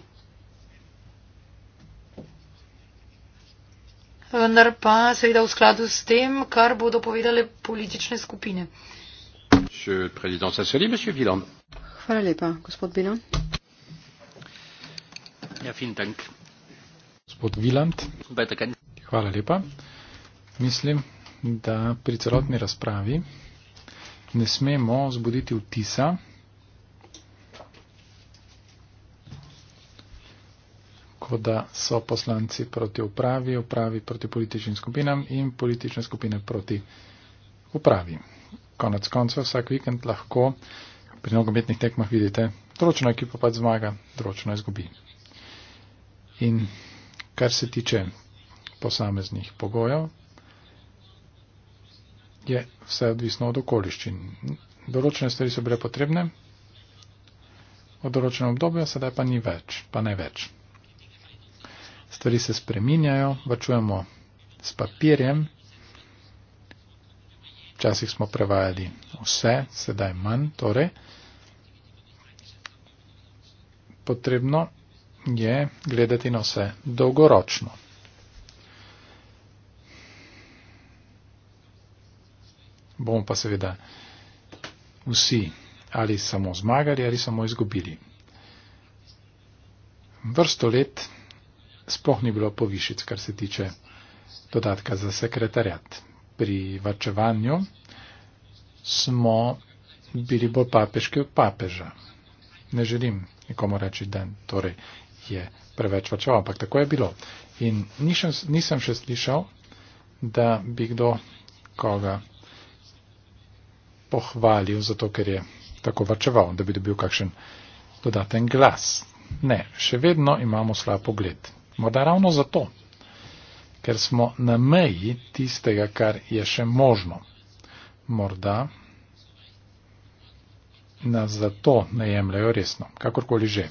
vendar pa seveda v skladu s tem, kar bodo povedale politične skupine.
Sassoli,
Hvala lepa, gospod
Bilan.
Ja,
gospod Viland. Hvala lepa. Mislim, da pri celotni razpravi ne smemo zbuditi vtisa, tako da so poslanci proti upravi, upravi proti političnim skupinam in politične skupine proti upravi. Konec koncev vsak vikend lahko pri nogometnih tekmah vidite, dročno ekipa pa zmaga, dročno izgubi. In kar se tiče posameznih pogojev, je vse odvisno od okoliščin. Določene stvari so bile potrebne, od določenem obdobju sedaj pa ni več, pa ne več stvari se spreminjajo, vačujemo s papirjem. Včasih smo prevajali vse, sedaj manj, torej potrebno je gledati na vse dolgoročno. Bomo pa seveda vsi ali samo zmagali ali samo izgubili. Vrsto let sploh ni bilo povišic, kar se tiče dodatka za sekretarjat. Pri vačevanju smo bili bolj papeški od papeža. Ne želim nikomu reči, da torej je preveč vačeval, ampak tako je bilo. In nisem, nisem še slišal, da bi kdo koga pohvalil za to, ker je tako vačeval, da bi dobil kakšen dodaten glas. Ne, še vedno imamo slab pogled. Morda ravno zato, ker smo na meji tistega, kar je še možno. Morda nas zato ne jemljajo resno, kakorkoli že.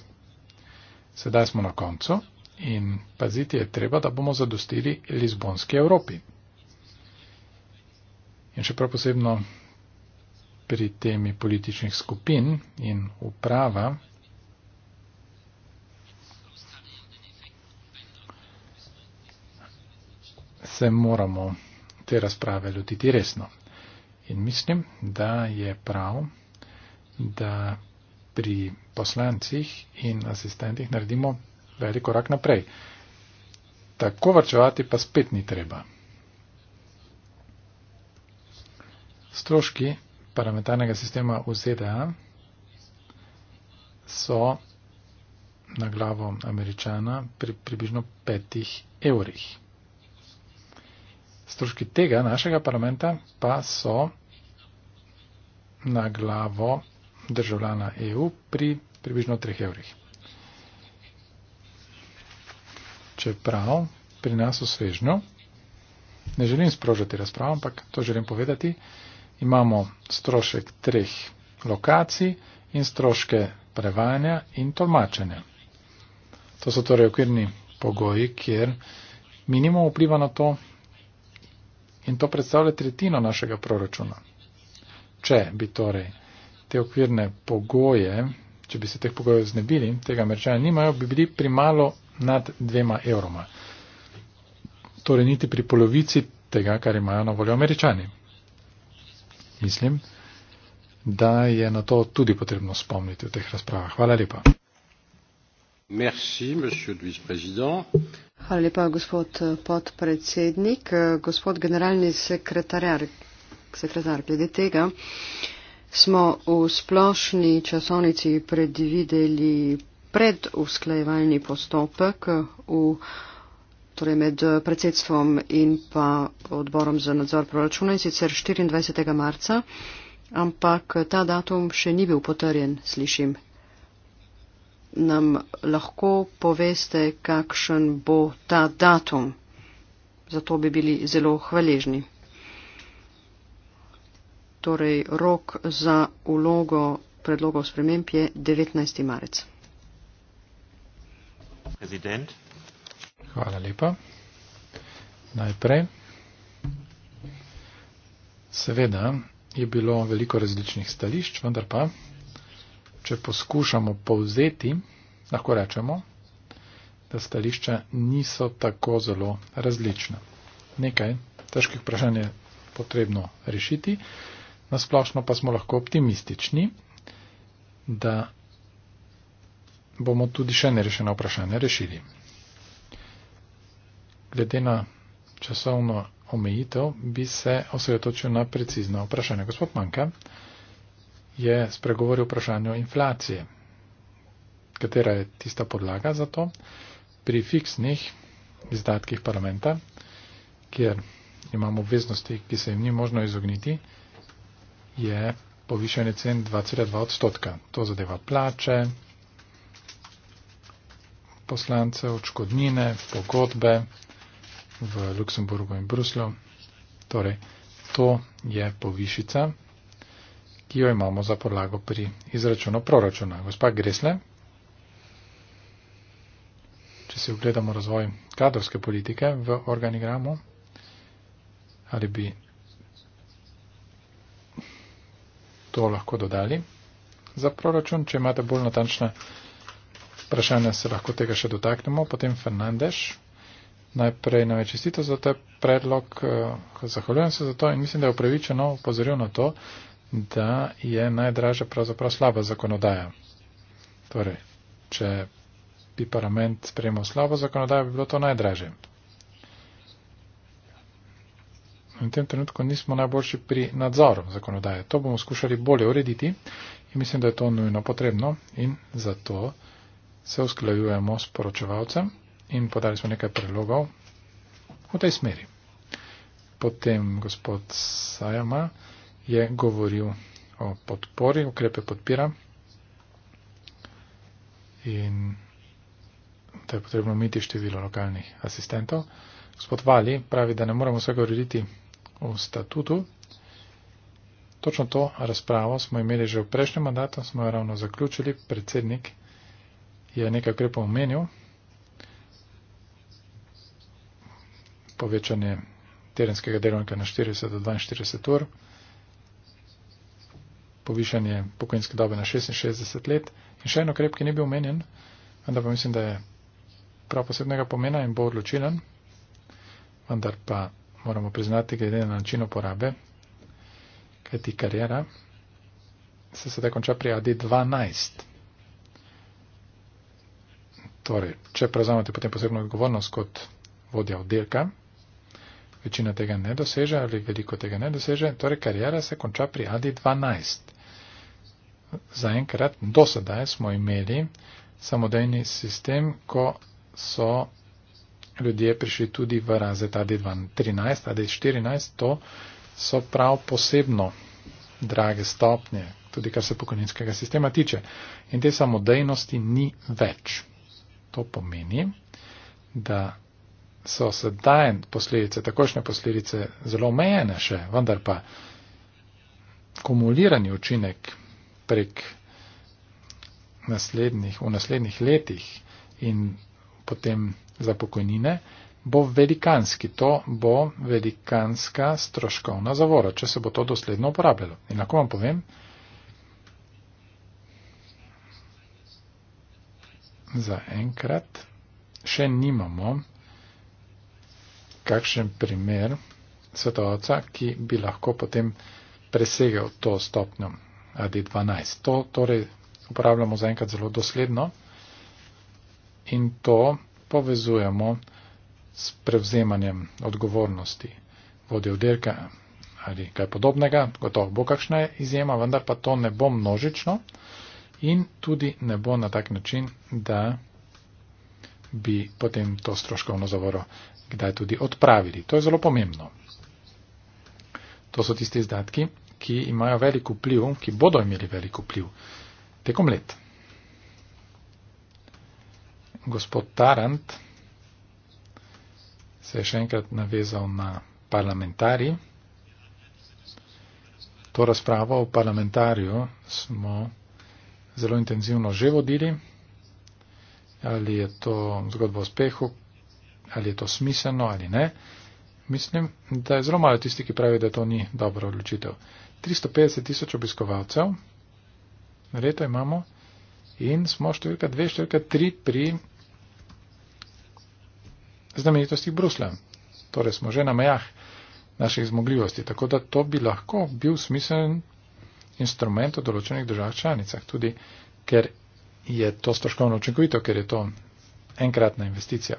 Sedaj smo na koncu in paziti je treba, da bomo zadostili Lizbonski Evropi. In še prav posebno pri temi političnih skupin in uprava se moramo te razprave lotiti resno. In mislim, da je prav, da pri poslancih in asistentih naredimo velik korak naprej. Tako vrčevati pa spet ni treba. Stroški parlamentarnega sistema v ZDA so na glavo američana pri približno petih evrih. Stroški tega našega parlamenta pa so na glavo državljana EU pri približno 3 evrih. Čeprav pri nas v svežnju, ne želim sprožiti razprav, ampak to želim povedati, imamo strošek treh lokacij in stroške prevajanja in tolmačenja. To so torej okvirni pogoji, kjer minimum vpliva na to, in to predstavlja tretjino našega proračuna. Če bi torej te okvirne pogoje, če bi se teh pogojev znebili, tega američani nimajo, bi bili pri malo nad dvema evroma. Torej niti pri polovici tega, kar imajo na voljo američani. Mislim, da je na to tudi potrebno spomniti v teh razpravah. Hvala lepa.
Merci,
Hvala lepa, gospod eh, podpredsednik. Eh, gospod generalni sekretar, sekretar, glede tega smo v splošni časovnici predvideli predusklajevalni postopek v, torej med eh, predsedstvom in pa odborom za nadzor proračuna in sicer 24. marca, ampak ta datum še ni bil potrjen, slišim nam lahko poveste, kakšen bo ta datum. Zato bi bili zelo hvaležni. Torej, rok za ulogo predlogov sprememb je 19. marec.
Prezident.
Hvala lepa. Najprej. Seveda je bilo veliko različnih stališč, vendar pa če poskušamo povzeti, lahko rečemo, da stališča niso tako zelo različna. Nekaj težkih vprašanj je potrebno rešiti, nasplošno pa smo lahko optimistični, da bomo tudi še nerešena vprašanja rešili. Glede na časovno omejitev bi se osredotočil na precizno vprašanje. Gospod Manka, je spregovoril o vprašanju inflacije. Katera je tista podlaga za to? Pri fiksnih izdatkih parlamenta, kjer imamo obveznosti, ki se jim ni možno izogniti, je povišanje cen 2,2 odstotka. To zadeva plače, poslance, očkodnine, pogodbe v Luksemburgu in Bruslju. Torej, to je povišica ki jo imamo za podlago pri izračunu proračuna. Gospa Gresle, če si ogledamo razvoj kadrovske politike v organigramu, ali bi to lahko dodali za proračun, če imate bolj natančne vprašanja, se lahko tega še dotaknemo. Potem Fernandeš. Najprej nam je čestito za ta predlog, eh, zahvaljujem se za to in mislim, da je upravičeno upozoril na to, da je najdraže pravzaprav slaba zakonodaja. Torej, če bi parlament sprejemal slabo zakonodajo, bi bilo to najdraže. In v tem trenutku nismo najboljši pri nadzoru zakonodaje. To bomo skušali bolje urediti in mislim, da je to nujno potrebno in zato se usklajujemo s poročevalcem in podali smo nekaj predlogov v tej smeri. Potem gospod Sajama je govoril o podpori, ukrepe podpira in da je potrebno imeti število lokalnih asistentov. Gospod Vali pravi, da ne moremo vsega urediti v statutu. Točno to razpravo smo imeli že v prejšnjem mandatu, smo jo ravno zaključili, predsednik je nekaj ukrepov omenil, povečanje terenskega delovnika na 40 do 42 ur povišanje pokojninske dobe na 66 let. In še eno ukrep, ki ni bil omenjen, vendar pa mislim, da je prav posebnega pomena in bo odločilen, vendar pa moramo priznati, glede na način uporabe, kaj ti karjera, se sedaj konča pri AD12. Torej, če prevzamete potem posebno odgovornost kot vodja oddelka, večina tega ne doseže ali veliko tega ne doseže, torej karjera se konča pri AD12 zaenkrat, do sedaj smo imeli samodejni sistem, ko so ljudje prišli tudi v razred AD12, AD14, to so prav posebno drage stopnje, tudi kar se pokojninskega sistema tiče. In te samodejnosti ni več. To pomeni, da so sedaj posledice, takošne posledice zelo omejene še, vendar pa kumulirani učinek prek naslednjih, v naslednjih letih in potem za pokojnine, bo velikanski. To bo velikanska stroškovna zavora, če se bo to dosledno uporabljalo. In lahko vam povem, za enkrat še nimamo kakšen primer svetovca, ki bi lahko potem presegel to stopnjo D12. To torej uporabljamo zaenkrat zelo dosledno in to povezujemo s prevzemanjem odgovornosti vodje oddelka ali kaj podobnega. Gotovo bo kakšna izjema, vendar pa to ne bo množično in tudi ne bo na tak način, da bi potem to stroškovno zavoro kdaj tudi odpravili. To je zelo pomembno. To so tisti izdatki, ki imajo velik vpliv, ki bodo imeli velik vpliv tekom let. Gospod Tarant se je še enkrat navezal na parlamentari. To razpravo v parlamentarju smo zelo intenzivno že vodili. Ali je to zgodba o uspehu, ali je to smiselno ali ne. Mislim, da je zelo malo tisti, ki pravi, da to ni dobro odločitev. 350 tisoč obiskovalcev, na leto imamo in smo številka 2, številka 3 pri znamenitostih Brusla. Torej smo že na mejah naših zmogljivosti, tako da to bi lahko bil smiseln instrument v določenih državah članicah, tudi ker je to stroškovno učinkovito, ker je to enkratna investicija.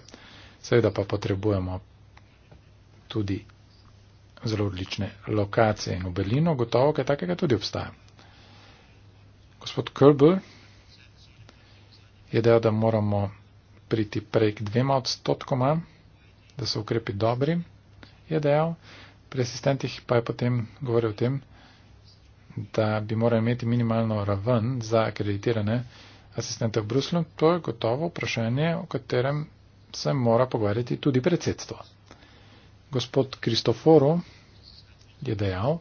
Seveda pa potrebujemo tudi zelo odlične lokacije in v Berlinu gotovo kaj takega tudi obstaja. Gospod Kerbel je dejal, da moramo priti prek dvema odstotkoma, da so ukrepi dobri, je dejal. Pri asistentih pa je potem govoril o tem, da bi morali imeti minimalno raven za akreditirane asistente v Bruslju. To je gotovo vprašanje, o katerem se mora pogovarjati tudi predsedstvo gospod Kristoforo je dejal,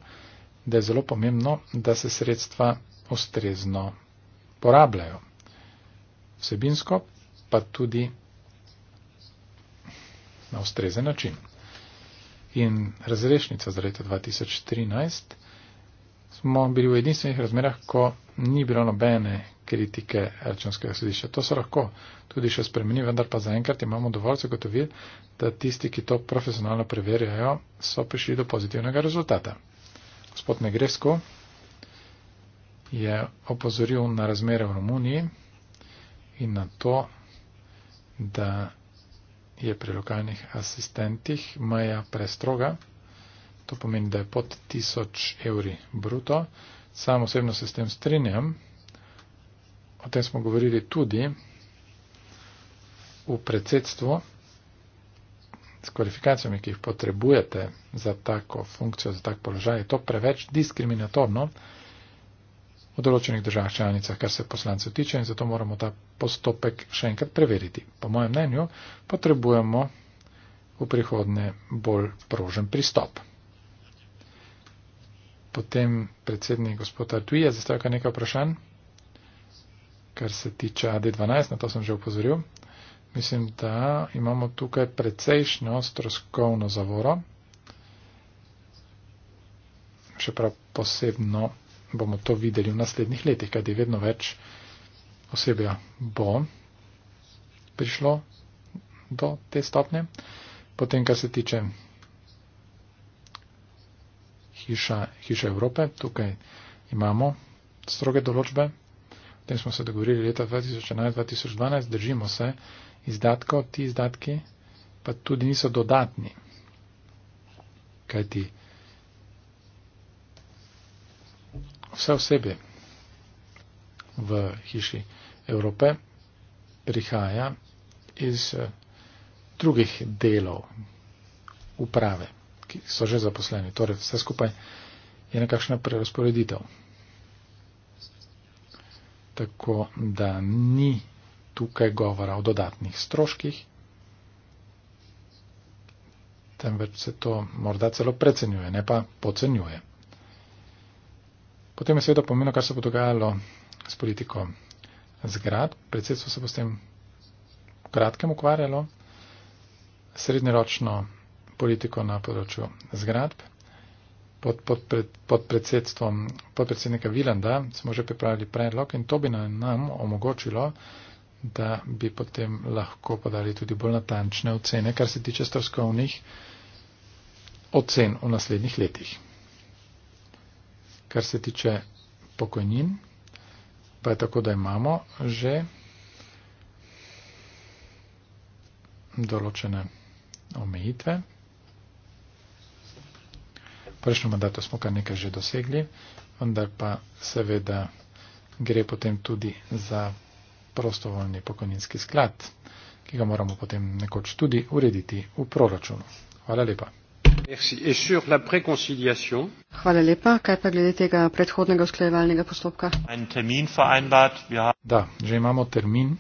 da je zelo pomembno, da se sredstva ustrezno porabljajo. Vsebinsko pa tudi na ustrezen način. In razrešnica za leto 2013 smo bili v edinstvenih razmerah, ko ni bilo nobene kritike računskega sodišča. To se lahko tudi še spremeni, vendar pa zaenkrat imamo dovolj zagotovil, da tisti, ki to profesionalno preverjajo, so prišli do pozitivnega rezultata. Gospod Negresko je opozoril na razmere v Romuniji in na to, da je pri lokalnih asistentih maja prestroga. To pomeni, da je pod 1000 evri bruto. Sam osebno se s tem strinjam. O tem smo govorili tudi v predsedstvu s kvalifikacijami, ki jih potrebujete za tako funkcijo, za tak položaj. Je to preveč diskriminatorno v določenih državah članicah, kar se poslancev tiče in zato moramo ta postopek še enkrat preveriti. Po mojem mnenju potrebujemo v prihodnje bolj prožen pristop. Potem predsednik gospod Artuija zastavlja nekaj vprašanj kar se tiče AD12, na to sem že upozoril. Mislim, da imamo tukaj precejšnjo stroškovno zavoro. Še prav posebno bomo to videli v naslednjih letih, kajti vedno več osebja bo prišlo do te stopnje. Potem, kar se tiče hiša, hiša Evrope, tukaj imamo stroge določbe, Potem smo se dogovorili leta 2011-2012, držimo se izdatkov, ti izdatki pa tudi niso dodatni. Kaj ti? Vse osebe v hiši Evrope prihaja iz eh, drugih delov uprave, ki so že zaposleni. Torej, vse skupaj je nekakšna prerasporeditev tako da ni tukaj govora o dodatnih stroških, temveč se to morda celo precenjuje, ne pa pocenjuje. Potem je seveda pomembno, kar se bo dogajalo s politiko zgrad. Predsedstvo se bo s tem kratkem ukvarjalo, srednjeročno politiko na področju zgradb pod, pod, pred, pod predsedstvom podpredsednika Vilanda, smo že pripravili predlog in to bi nam omogočilo, da bi potem lahko podali tudi bolj natančne ocene, kar se tiče stroškovnih ocen v naslednjih letih. Kar se tiče pokojnin, pa je tako, da imamo že določene omejitve prejšnjem mandatu smo kar nekaj že dosegli, vendar pa seveda gre potem tudi za prostovoljni pokojninski sklad, ki ga moramo potem nekoč tudi urediti v
proračunu. Hvala lepa.
Hvala lepa. Kaj pa glede tega predhodnega usklajevalnega postopka?
Ja.
Da, že imamo termin.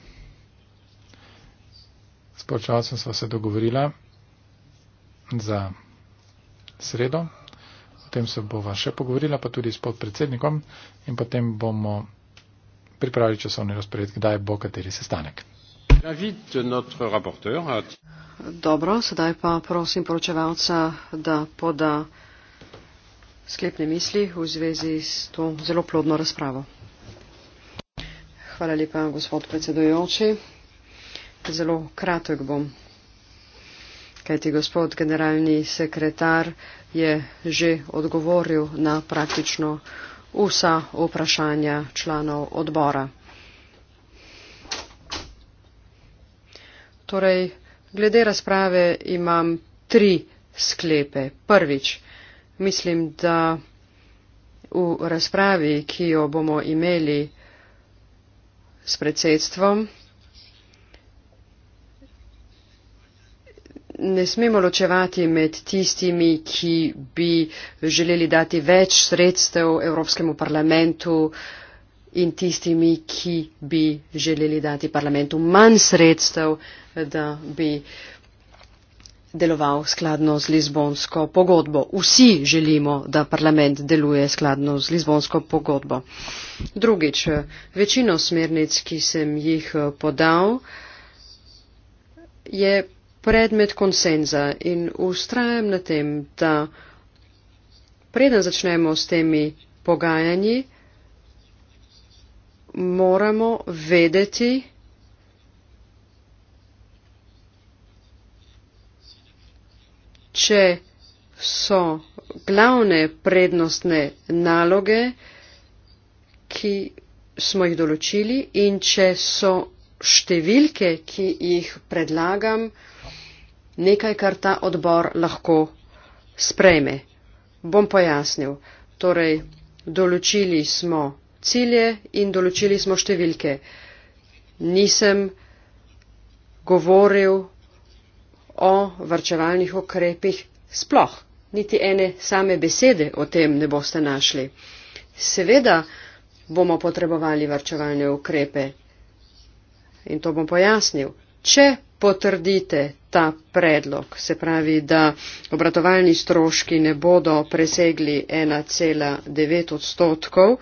Sporočala sem se dogovorila za sredo, tem se bova še pogovorila, pa tudi s podpredsednikom in potem bomo pripravili časovni razpored, kdaj bo kateri sestanek.
Dobro, sedaj pa prosim poročevalca, da poda sklepne misli v zvezi s to zelo plodno razpravo. Hvala lepa, gospod predsedujoči. Zelo kratek bom, kajti gospod generalni sekretar je že odgovoril na praktično vsa vprašanja članov odbora. Torej, glede razprave imam tri sklepe. Prvič, mislim, da v razpravi, ki jo bomo imeli s predsedstvom, ne smemo ločevati med tistimi, ki bi želeli dati več sredstev Evropskemu parlamentu in tistimi, ki bi želeli dati parlamentu manj sredstev, da bi deloval skladno z Lizbonsko pogodbo. Vsi želimo, da parlament deluje skladno z Lizbonsko pogodbo. Drugič, večino smernic, ki sem jih podal, je predmet konsenza in ustrajam na tem, da preden začnemo s temi pogajanji, moramo vedeti, če so glavne prednostne naloge, ki smo jih določili in če so številke, ki jih predlagam, nekaj, kar ta odbor lahko sprejme. Bom pojasnil. Torej, določili smo cilje in določili smo številke. Nisem govoril o varčevalnih okrepih sploh. Niti ene same besede o tem ne boste našli. Seveda bomo potrebovali varčevalne ukrepe. In to bom pojasnil če potrdite ta predlog, se pravi, da obratovalni stroški ne bodo presegli 1,9 odstotkov,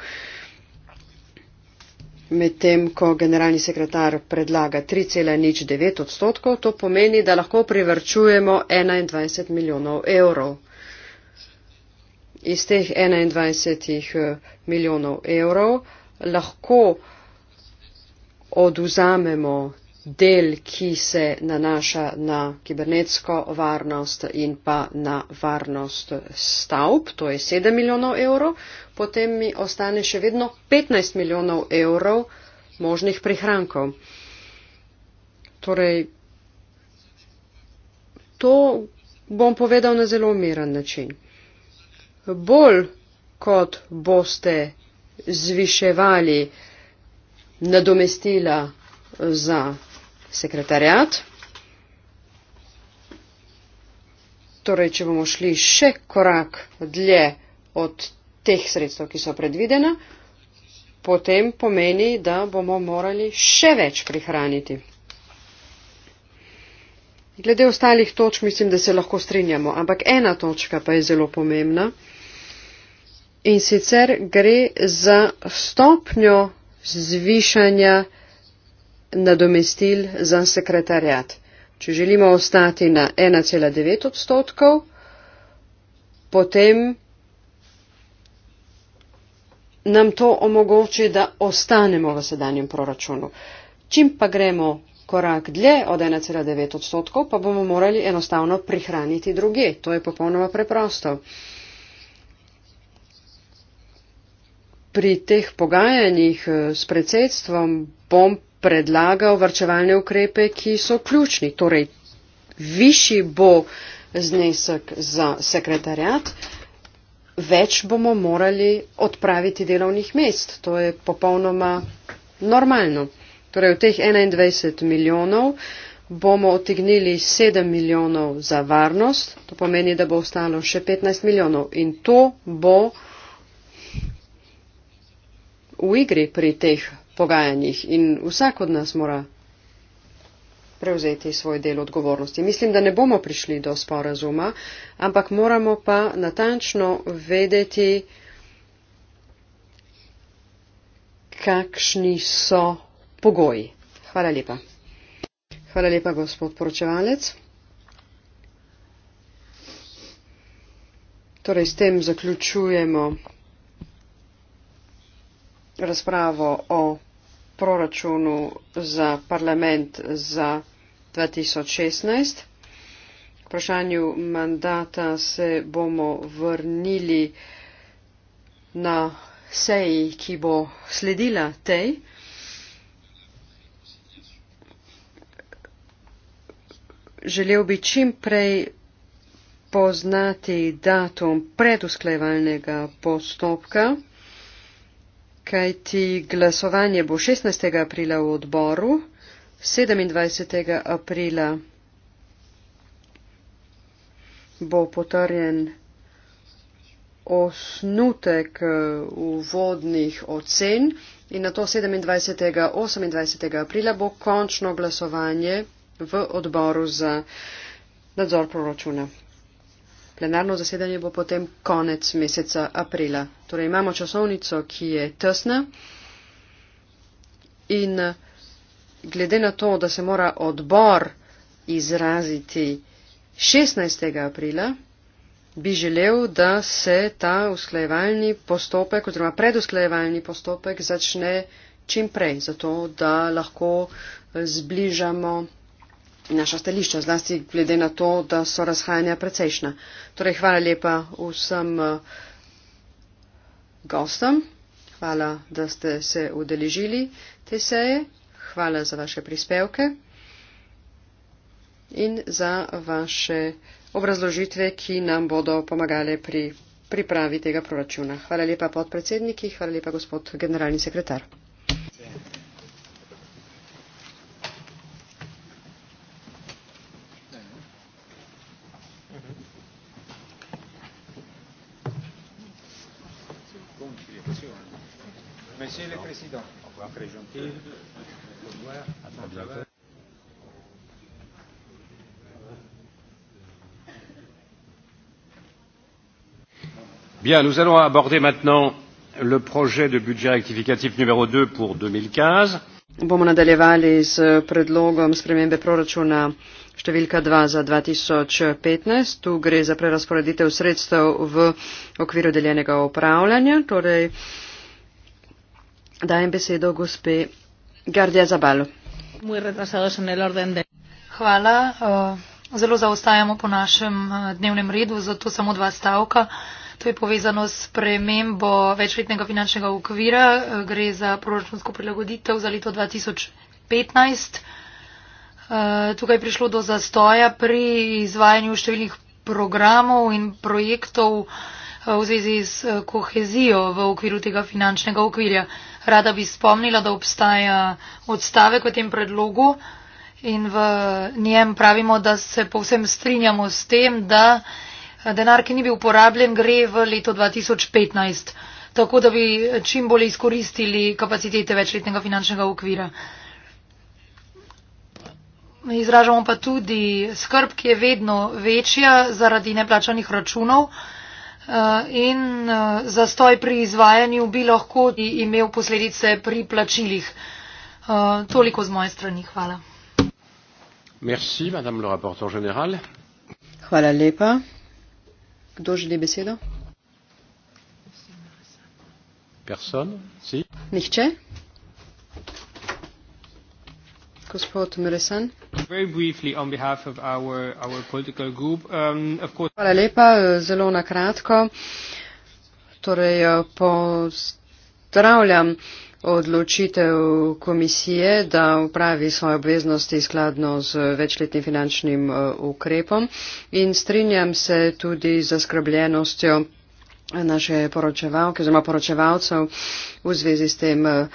medtem ko generalni sekretar predlaga 3,09 odstotkov, to pomeni, da lahko privrčujemo 21 milijonov evrov. Iz teh 21 eh, milijonov evrov lahko odvzamemo del, ki se nanaša na kibernetsko varnost in pa na varnost stavb, to je 7 milijonov evrov, potem mi ostane še vedno 15 milijonov evrov možnih prihrankov. Torej, to bom povedal na zelo umiren način. Bolj kot boste zviševali nadomestila za sekretarjat. Torej, če bomo šli še korak dlje od teh sredstev, ki so predvidena, potem pomeni, da bomo morali še več prihraniti. Glede ostalih točk mislim, da se lahko strinjamo, ampak ena točka pa je zelo pomembna in sicer gre za stopnjo zvišanja nadomestil za sekretarjat. Če želimo ostati na 1,9 odstotkov, potem nam to omogoči, da ostanemo v sedanjem proračunu. Čim pa gremo korak dlje od 1,9 odstotkov, pa bomo morali enostavno prihraniti druge. To je popolnoma preprosto. Pri teh pogajanjih eh, s predsedstvom bom predlagal vrčevalne ukrepe, ki so ključni. Torej, višji bo znesek za sekretarjat, več bomo morali odpraviti delovnih mest. To je popolnoma normalno. Torej, v teh 21 milijonov bomo otegnili 7 milijonov za varnost, to pomeni, da bo ostalo še 15 milijonov in to bo v igri pri teh pogajanjih in vsak od nas mora prevzeti svoj del odgovornosti. Mislim, da ne bomo prišli do sporazuma, ampak moramo pa natančno vedeti, kakšni so pogoji. Hvala lepa. Hvala lepa, gospod poročevalec. Torej, s tem zaključujemo razpravo o proračunu za parlament za 2016. K vprašanju mandata se bomo vrnili na seji, ki bo sledila tej. Želel bi čim prej poznati datum predusklevalnega postopka kaj ti glasovanje bo 16. aprila v odboru, 27. aprila bo potrjen osnutek eh, uvodnih ocen in na to 27. 28. aprila bo končno glasovanje v odboru za nadzor proračuna. Plenarno zasedanje bo potem konec meseca aprila. Torej imamo časovnico, ki je tesna in glede na to, da se mora odbor izraziti 16. aprila, bi želel, da se ta usklajevalni postopek oziroma predusklajevalni postopek začne čim prej, zato da lahko zbližamo naša stališča, zlasti glede na to, da so razhajanja precejšna. Torej, hvala lepa vsem eh, gostom, hvala, da ste se udeležili te seje, hvala za vaše prispevke in za vaše obrazložitve, ki nam bodo pomagale pri pripravi tega proračuna. Hvala lepa podpredsedniki, hvala lepa gospod generalni sekretar.
nous allons aborder maintenant le projet de budget rectificatif numéro deux pour deux mille quinze
bomo nadaljevali s predlogom spremembe proračuna številka dva za dva tisoč petnajst tu gre za prerasporeditev sredstev v okviru deljenega upravljanja torej dajem besedo gospe gardija zabalu
hvala eh, zelo zaostajamo po našem eh, dnevnem redu zato samo dva stavka To je povezano s premembo večletnega finančnega okvira. Eh, gre za proračunsko prilagoditev za leto 2015. Eh, tukaj je prišlo do zastoja pri izvajanju številnih programov in projektov eh, v zvezi s kohezijo v okviru tega finančnega okvirja. Rada bi spomnila, da obstaja odstavek v tem predlogu in v njem pravimo, da se povsem strinjamo s tem, da Denar, ki ni bil uporabljen, gre v leto 2015, tako da bi čim bolje izkoristili kapacitete večletnega finančnega okvira. Izražamo pa tudi skrb, ki je vedno večja zaradi neplačanih računov eh, in eh, zastoj pri izvajanju bi lahko imel posledice pri plačilih. Eh, toliko z moje strani. Hvala.
Merci, Hvala lepa.
Kdo želi besedo?
Person? Si?
Nihče? Gospod Meresan.
Um,
Hvala lepa, zelo nakratko. Torej, eh, pozdravljam odločitev komisije, da upravi svoje obveznosti skladno z večletnim finančnim eh, ukrepom in strinjam se tudi z zaskrbljenostjo naše poročevalke oziroma poročevalcev v zvezi s tem eh,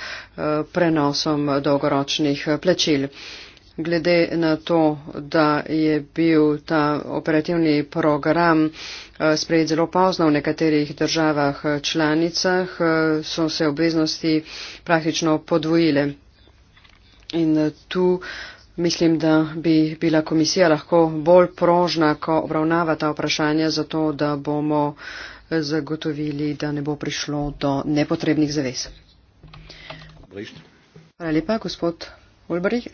prenosom dolgoročnih eh, plačil glede na to, da je bil ta operativni program eh, sprejet zelo pozno v nekaterih državah eh, članicah, eh, so se obveznosti praktično podvojile. In tu mislim, da bi bila komisija lahko bolj prožna, ko obravnava ta vprašanja, zato da bomo zagotovili, da ne bo prišlo do nepotrebnih zavez. Hvala lepa, gospod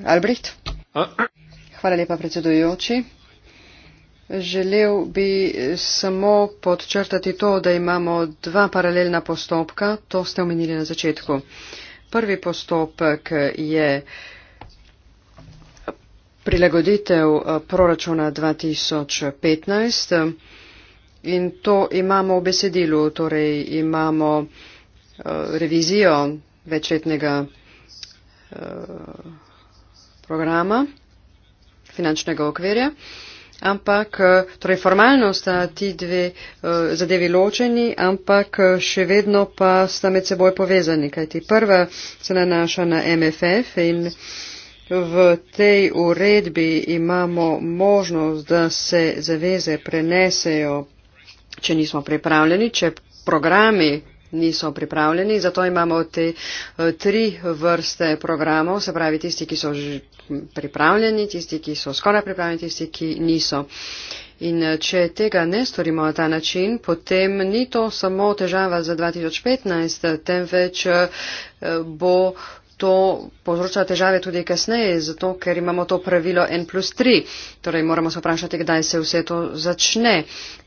Albrecht. Hvala lepa, predsedujoči. Želel bi samo podčrtati to, da imamo dva paralelna postopka. To ste omenili na začetku. Prvi postopek je prilagoditev eh, proračuna 2015 in to imamo v besedilu, torej imamo eh, revizijo večletnega eh, programa finančnega okvirja. Ampak, eh, torej formalno sta ti dve eh, zadevi ločeni, ampak eh, še vedno pa sta med seboj povezani, kajti prva se nanaša na MFF in v tej uredbi imamo možnost, da se zaveze prenesejo, če nismo pripravljeni, če programi niso pripravljeni. Zato imamo te eh, tri vrste programov, se pravi tisti, ki so že pripravljeni, tisti, ki so skoraj pripravljeni, tisti, ki niso. In eh, če tega ne storimo na ta način, potem ni to samo težava za 2015, temveč eh, bo to povzroča težave tudi kasneje, zato ker imamo to pravilo N plus 3. Torej moramo se vprašati, kdaj se vse to začne.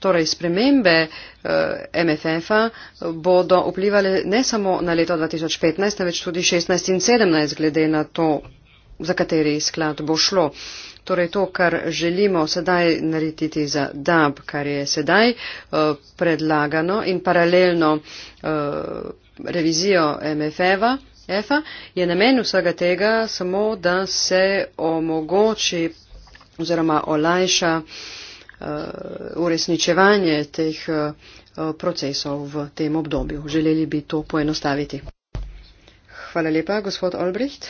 Torej spremembe uh, eh, MFF-a bodo vplivali ne samo na leto 2015, temveč tudi 16 in 17, glede na to, za kateri sklad bo šlo. Torej to, kar želimo sedaj narediti za DAB, kar je sedaj uh, predlagano in paralelno uh, revizijo MFF-a, EFA, je namen vsega tega samo, da se omogoči oziroma olajša eh, uresničevanje teh eh, procesov v tem obdobju. Želeli bi to poenostaviti. Hvala lepa, gospod Olbricht.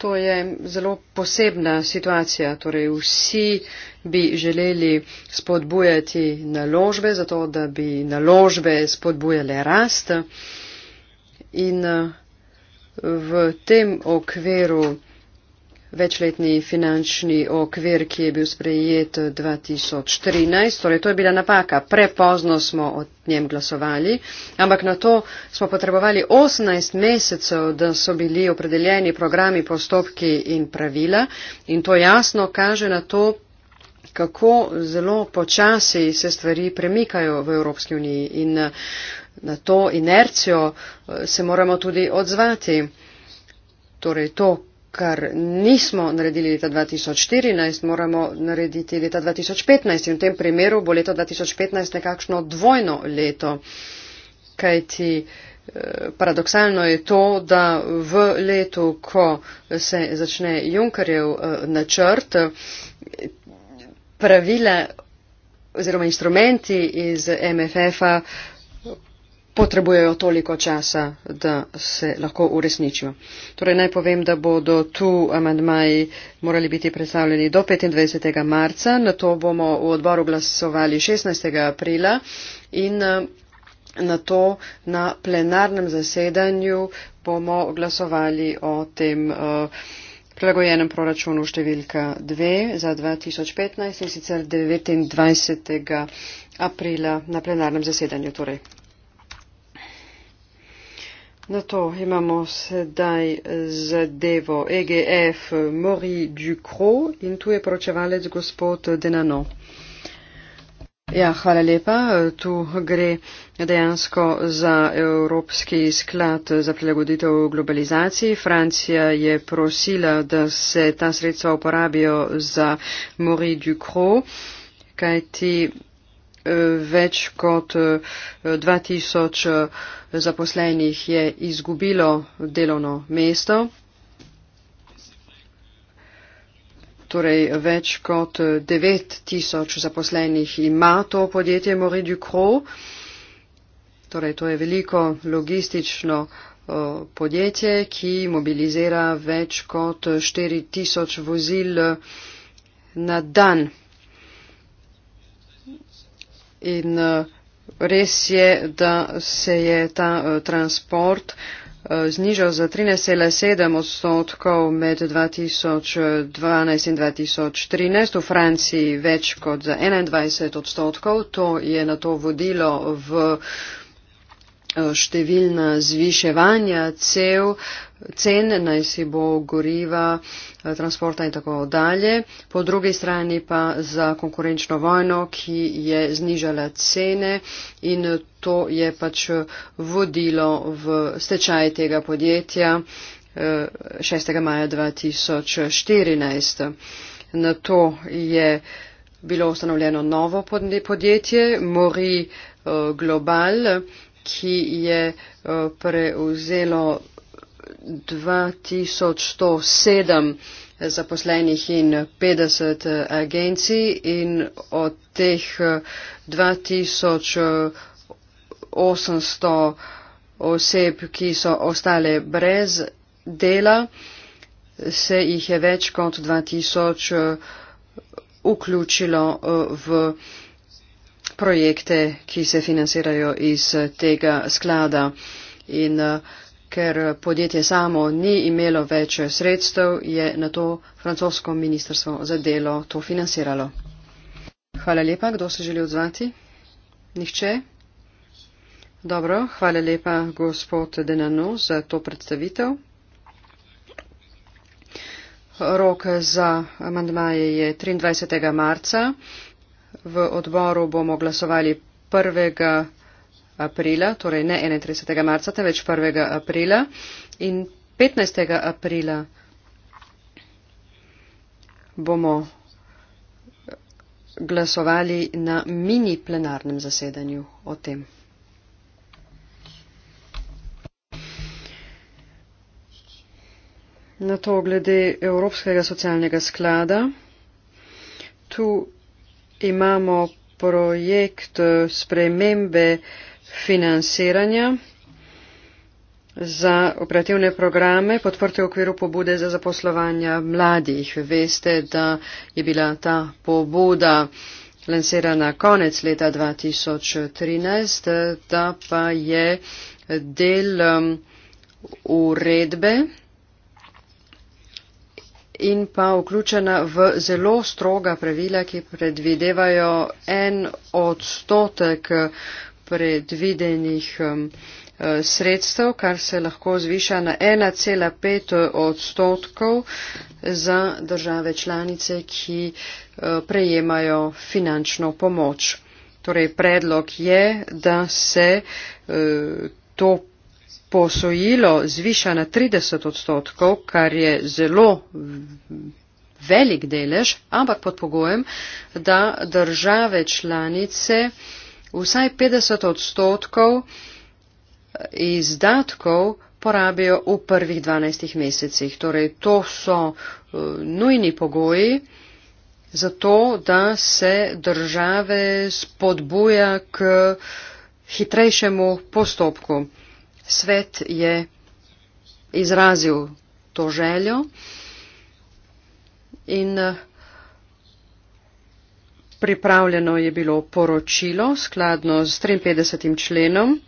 to je zelo posebna situacija. Torej, vsi bi želeli spodbujati naložbe, zato da bi naložbe spodbujale rast. In eh, v tem okviru večletni finančni okvir, ki je bil sprejet 2013. Torej, to je bila napaka. Prepozno smo o njem glasovali, ampak na to smo potrebovali 18 mesecev, da so bili opredeljeni programi, postopki in pravila. In to jasno kaže na to, kako zelo počasi se stvari premikajo v Evropski uniji. In eh, na to inercijo eh, se moramo tudi odzvati. Torej, to kar nismo naredili leta 2014, moramo narediti leta 2015 in v tem primeru bo leto 2015 nekakšno dvojno leto. Kajti eh, paradoksalno je to, da v letu, ko se začne Junkerjev eh, načrt, pravila oziroma instrumenti iz MFF-a potrebujejo toliko časa, da se lahko uresničijo. Torej naj povem, da bodo tu amandmaji morali biti predstavljeni do 25. marca, na to bomo v odboru glasovali 16. aprila in eh, na to na plenarnem zasedanju bomo glasovali o tem eh, prilagojenem proračunu številka 2 za 2015 in sicer 29. aprila na plenarnem zasedanju. Torej. Na to imamo sedaj zadevo EGF Mori Ducro in tu je poročevalec gospod Denano. Ja, hvala lepa. Tu gre dejansko za Evropski sklad za prilagoditev globalizaciji. Francija je prosila, da se ta sredstva uporabijo za Mori Ducro, kajti več kot 2000 eh, eh, zaposlenih je izgubilo delovno mesto. Torej, več kot 9000 eh, zaposlenih ima to podjetje Mori Ducro. Torej, to je veliko logistično podjetje, ki mobilizira več kot 4000 vozil na dan. In eh, res je, da se je ta eh, transport eh, znižal za 13,7 odstotkov med 2012 in 2013. V Franciji več kot za 21 odstotkov. To je na to vodilo v Eh, številna zviševanja cev, cen, naj si bo goriva, eh, transporta in tako dalje. Po drugi strani pa za konkurenčno vojno, ki je znižala cene in to je pač vodilo v stečaj tega podjetja 6. Eh, maja 2014. Na to je bilo ustanovljeno novo podjetje, Mori Global, ki je eh, preuzelo 2107 zaposlenih in 50 eh, agencij in od teh 2800 eh, oseb, ki so ostale brez dela, se jih je več kot 2000 vključilo v projekte, ki se financirajo iz tega sklada. In eh, ker podjetje samo ni imelo več sredstev, je na to francosko ministrstvo za delo to financiralo. Hvala lepa. Kdo se želi odzvati? Nihče? Dobro, hvala lepa gospod Denano za to predstavitev. Rok za amandmaje je 23. marca. V odboru bomo glasovali 1. aprila, torej ne 31. marca, temveč 1. aprila in 15. aprila bomo glasovali na mini plenarnem zasedanju o tem. Na to glede Evropskega socialnega sklada. Tu imamo projekt eh, spremembe financiranja za operativne programe podprte v okviru pobude za zaposlovanje mladih. Veste, da je bila ta pobuda lansirana konec leta 2013, da pa je del uredbe, in pa vključena v zelo stroga pravila, ki predvidevajo en odstotek predvidenih um, eh, sredstev, kar se lahko zviša na 1,5 odstotkov za države članice, ki eh, prejemajo finančno pomoč. Torej, predlog je, da se eh, to posojilo zviša na 30 odstotkov, kar je zelo velik delež, ampak pod pogojem, da države članice vsaj 50 odstotkov izdatkov porabijo v prvih 12 mesecih. Torej, to so eh, nujni pogoji za to, da se države spodbuja k hitrejšemu postopku svet je izrazil to željo in eh, pripravljeno je bilo poročilo skladno z 53. členom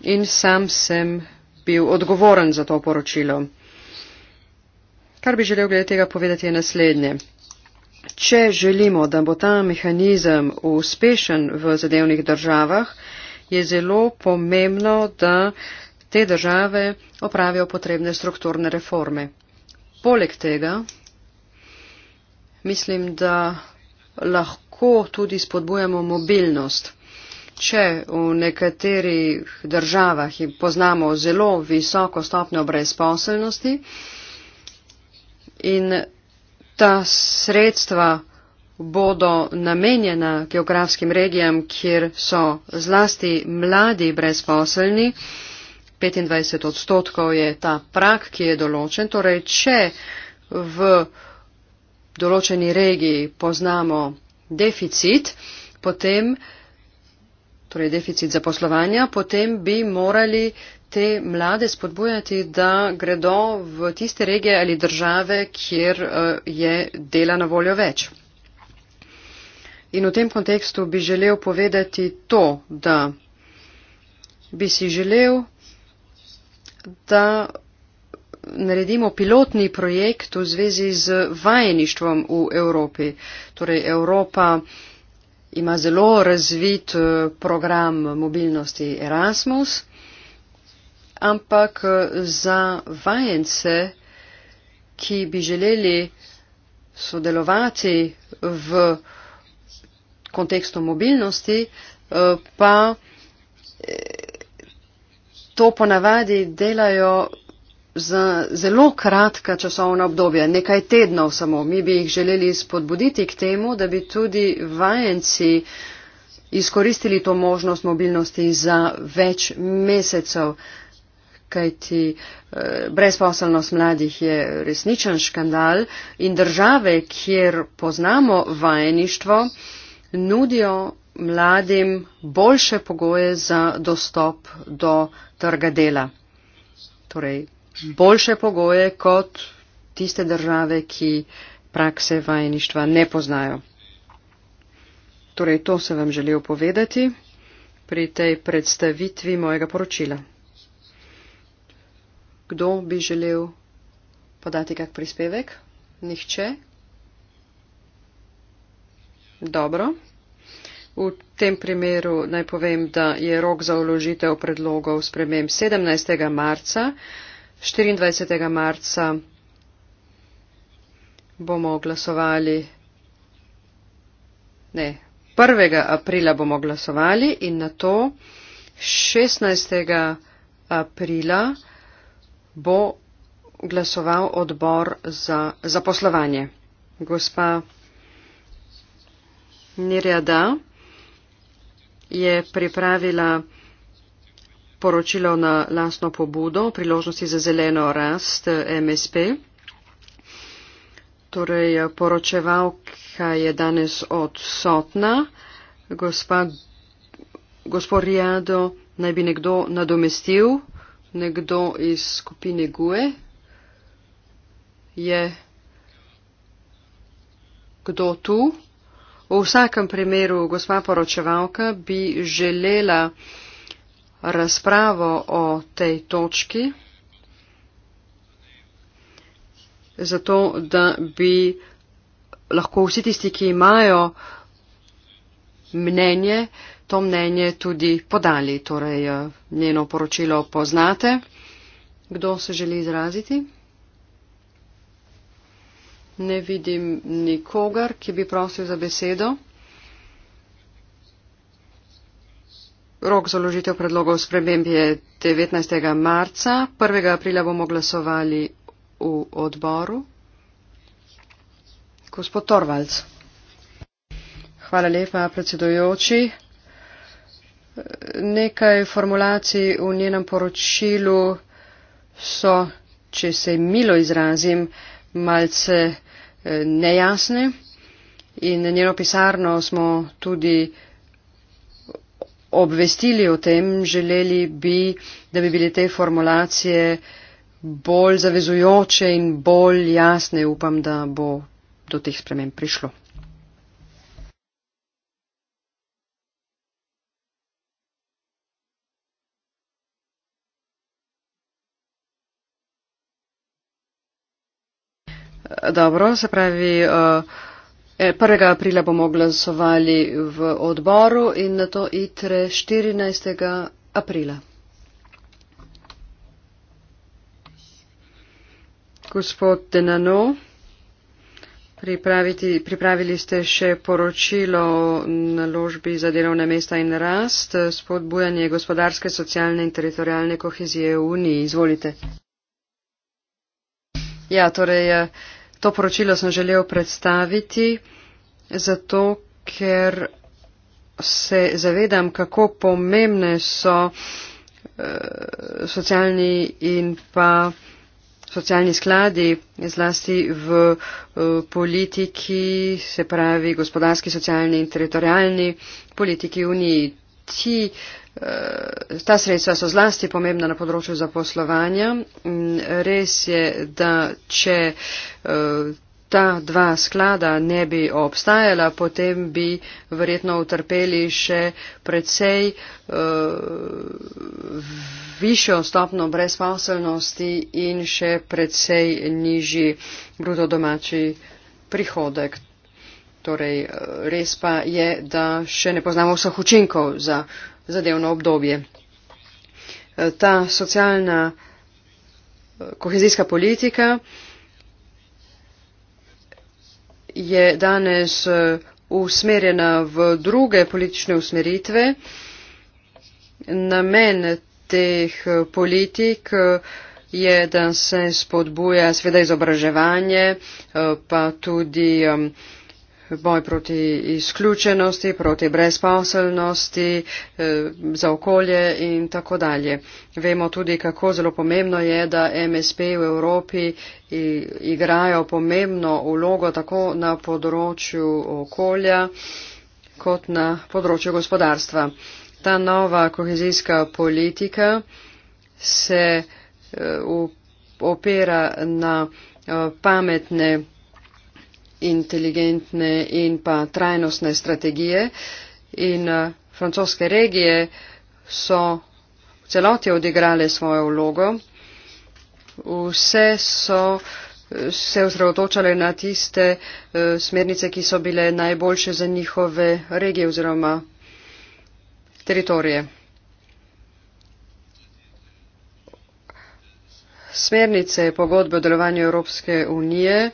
in sam sem bil odgovoren za to poročilo. Kar bi želel glede tega povedati je naslednje. Če želimo, da bo ta mehanizem uspešen v zadevnih državah, je zelo pomembno, da te države opravijo potrebne strukturne reforme. Poleg tega mislim, da lahko tudi spodbujamo mobilnost. Če v nekaterih državah poznamo zelo visoko stopnjo brezposelnosti in ta sredstva bodo namenjena geografskim regijam, kjer so zlasti mladi brezposelni. 25 odstotkov je ta prak, ki je določen. Torej, če v določeni regiji poznamo deficit, potem, torej deficit zaposlovanja, potem bi morali te mlade spodbujati, da gredo v tiste regije ali države, kjer eh, je dela na voljo več. In v tem kontekstu bi želel povedati to, da bi si želel, da naredimo pilotni projekt v zvezi z vajeništvom v Evropi. Torej Evropa ima zelo razvit eh, program mobilnosti Erasmus, ampak eh, za vajence, ki bi želeli sodelovati v Evropi, kontekstu mobilnosti, eh, pa eh, to ponavadi delajo za zelo kratka časovna obdobja, nekaj tednov samo. Mi bi jih želeli spodbuditi k temu, da bi tudi vajenci izkoristili to možnost mobilnosti za več mesecev, kajti eh, brezposelnost mladih je resničen škandal in države, kjer poznamo vajeništvo, nudijo mladim boljše pogoje za dostop do trga dela. Torej, boljše pogoje kot tiste države, ki prakse vajeništva ne poznajo. Torej, to se vam želel povedati pri tej predstavitvi mojega poročila. Kdo bi želel podati kak prispevek? Nihče? Dobro. V tem primeru naj povem, da je rok za uložitev predlogov spremem 17. marca. 24. marca bomo glasovali. Ne, 1. aprila bomo glasovali in na to 16. aprila bo glasoval odbor za zaposlovanje. Gospa Nirjada je pripravila poročilo na lastno pobudo o priložnosti za zeleno rast eh, MSP. Torej, eh, poročevalka je danes odsotna. Gospa, gospod Rijado naj bi nekdo nadomestil, nekdo iz skupine GUE je kdo tu. V vsakem primeru, gospa poročevalka, bi želela razpravo o tej točki, zato da bi lahko vsi tisti, ki imajo mnenje, to mnenje tudi podali. Torej, eh, njeno poročilo poznate. Kdo se želi izraziti? Ne vidim nikogar, ki bi prosil za besedo. Rok za ložitev predlogov sprememb je 19. marca. 1. aprila bomo glasovali v odboru. Gospod Torvalc. Hvala lepa, predsedujoči. Nekaj formulacij v njenem poročilu so, če se milo izrazim, malce nejasne in njeno pisarno smo tudi obvestili o tem, želeli bi, da bi bile te formulacije bolj zavezujoče in bolj jasne. Upam, da bo do teh sprememb prišlo. Dobro, se pravi, 1. Eh, e, aprila bomo glasovali v odboru in na to itre 14. aprila. Gospod Denano, pripravili ste še poročilo na ložbi za delovne mesta in rast, spodbujanje gospodarske, socialne in teritorijalne kohezije v Uniji. Izvolite. Ja, torej, eh, To poročilo sem želel predstaviti, zato ker se zavedam, kako pomembne so eh, socialni in pa socialni skladi, zlasti v eh, politiki, se pravi gospodarski, socialni in teritorijalni politiki Uniji. Ti uh, Eh, ta sredstva so zlasti pomembna na področju zaposlovanja. Mm, res je, da če eh, ta dva sklada ne bi obstajala, potem bi verjetno utrpeli še precej eh, višjo stopno brezposelnosti in še precej nižji bruto domači prihodek. Torej, res pa je, da še ne poznamo vseh učinkov za zadevno obdobje. E, ta socialna e, kohezijska politika je danes e, usmerjena v druge politične usmeritve. Namen teh politik je, da se spodbuja sveda izobraževanje, pa tudi um, boj proti izključenosti, proti brezpaselnosti, eh, za okolje in tako dalje. Vemo tudi, kako zelo pomembno je, da MSP v Evropi igrajo pomembno vlogo tako na področju okolja kot na področju gospodarstva. Ta nova kohezijska politika se eh, opera na eh, pametne inteligentne in pa trajnostne strategije in eh, francoske regije so v celoti odigrale svojo vlogo. Vse so se osredotočale na tiste eh, smernice, ki so bile najboljše za njihove regije oziroma teritorije. Smernice pogodbe o delovanju Evropske unije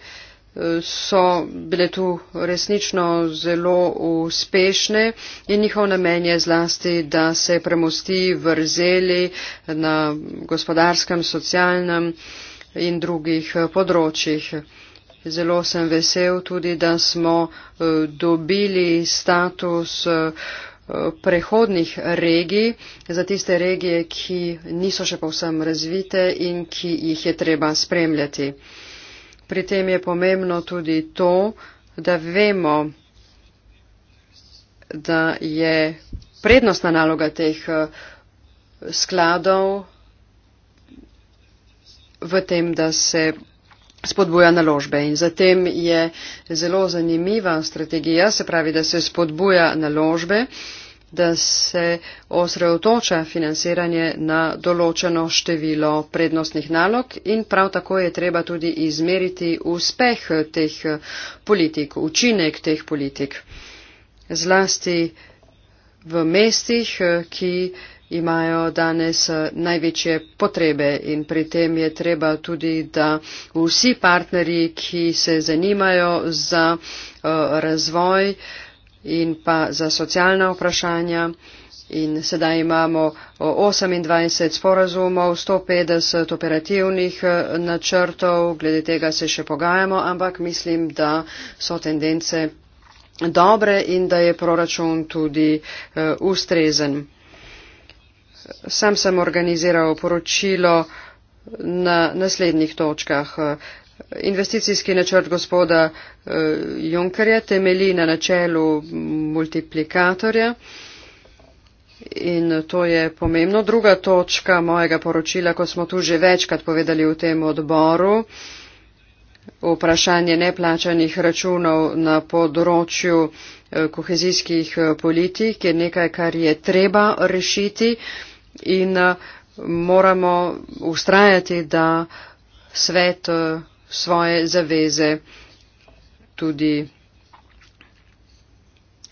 so bile tu resnično zelo uspešne in njihov namen je zlasti, da se premosti vrzeli na gospodarskem, socialnem in drugih področjih. Zelo sem vesel tudi, da smo eh, dobili status eh, prehodnih regij za tiste regije, ki niso še povsem razvite in ki jih je treba spremljati. Pri tem je pomembno tudi to, da vemo, da je prednostna naloga teh eh, skladov v tem, da se spodbuja naložbe. In zatem je zelo zanimiva strategija, se pravi, da se spodbuja naložbe. Uh, da se osredotoča financiranje na določeno število prednostnih nalog in prav tako je treba tudi izmeriti uspeh teh politik, učinek teh politik. Zlasti v mestih, ki imajo danes največje potrebe in pri tem je treba tudi, da vsi partnerji, ki se zanimajo za uh, razvoj, uh, in pa za socialna vprašanja. In sedaj imamo 28 sporazumov, 150 operativnih eh, načrtov, glede tega se še pogajamo, ampak mislim, da so tendence dobre in da je proračun tudi eh, ustrezen. Sam sem organiziral poročilo na naslednjih točkah investicijski načrt gospoda eh, Junkerja temeli na načelu multiplikatorja. In to je pomembno. Druga točka mojega poročila, ko smo tu že večkrat povedali v tem odboru, vprašanje neplačanih računov na področju eh, kohezijskih eh, politik je nekaj, kar je treba rešiti in moramo ustrajati, da svet svoje zaveze tudi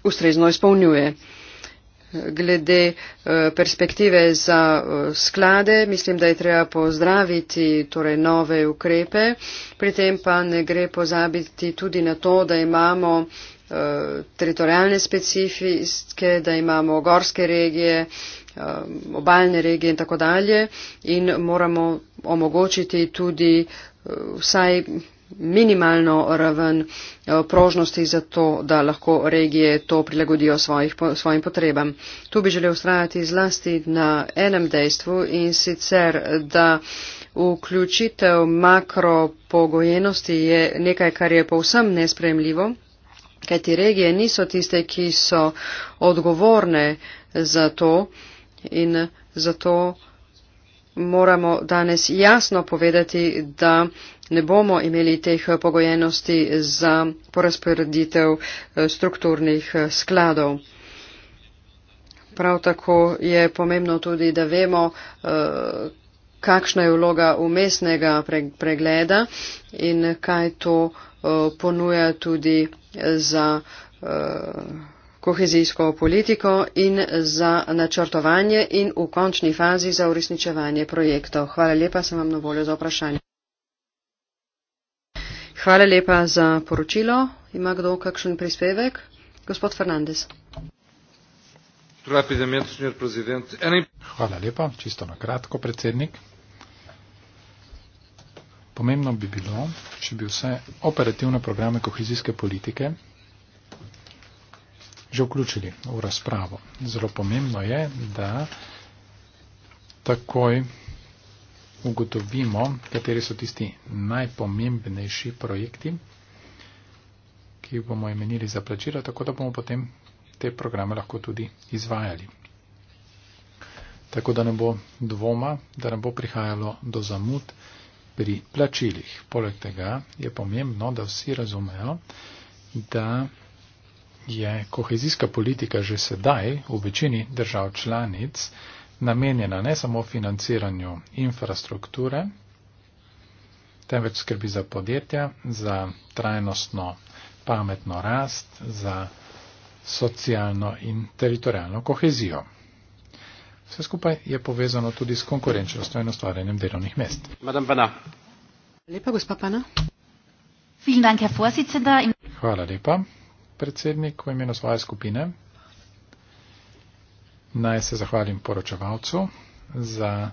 ustrezno izpolnjuje. Glede eh, perspektive za eh, sklade, mislim, da je treba pozdraviti torej nove ukrepe, pri tem pa ne gre pozabiti tudi na to, da imamo eh, teritorijalne specifike, da imamo gorske regije, obaljne regije in tako dalje in moramo omogočiti tudi vsaj minimalno raven eh, prožnosti za to, da lahko regije to prilagodijo svojih, svojim potrebam. Tu bi želel ustrajati zlasti na enem dejstvu in sicer, da vključitev makropogojenosti je nekaj, kar je povsem nespremljivo, kajti regije niso tiste, ki so odgovorne za to in zato moramo danes jasno povedati, da ne bomo imeli teh pogojenosti za porazporeditev eh, strukturnih eh, skladov. Prav tako je pomembno tudi, da vemo, eh, kakšna je vloga umestnega pregleda in kaj to ponuja tudi za kohezijsko politiko in za načrtovanje in v končni fazi za uresničevanje projektov. Hvala lepa, sem vam na voljo za vprašanje. Hvala lepa za poročilo. Ima kdo kakšen prispevek? Gospod Fernandez.
Hvala lepa, čisto na kratko, predsednik. Pomembno bi bilo, če bi vse operativne programe kohezijske politike že vključili v razpravo. Zelo pomembno je, da takoj ugotovimo, kateri so tisti najpomembnejši projekti, ki jih bomo imenili za plačilo, tako da bomo potem te programe lahko tudi izvajali. Tako da ne bo dvoma, da ne bo prihajalo do zamud pri plačilih. Poleg tega je pomembno, da vsi razumejo, da je kohezijska politika že sedaj v večini držav članic namenjena ne samo financiranju infrastrukture, temveč skrbi za podjetja, za trajnostno pametno rast, za socialno in teritorijalno kohezijo. Vse skupaj je povezano tudi s konkurenčnostjo in ustvarjanjem delovnih mest.
Lepa, gospa Pana.
Hvala lepa predsednik v imenu svoje skupine. Naj se zahvalim poročevalcu za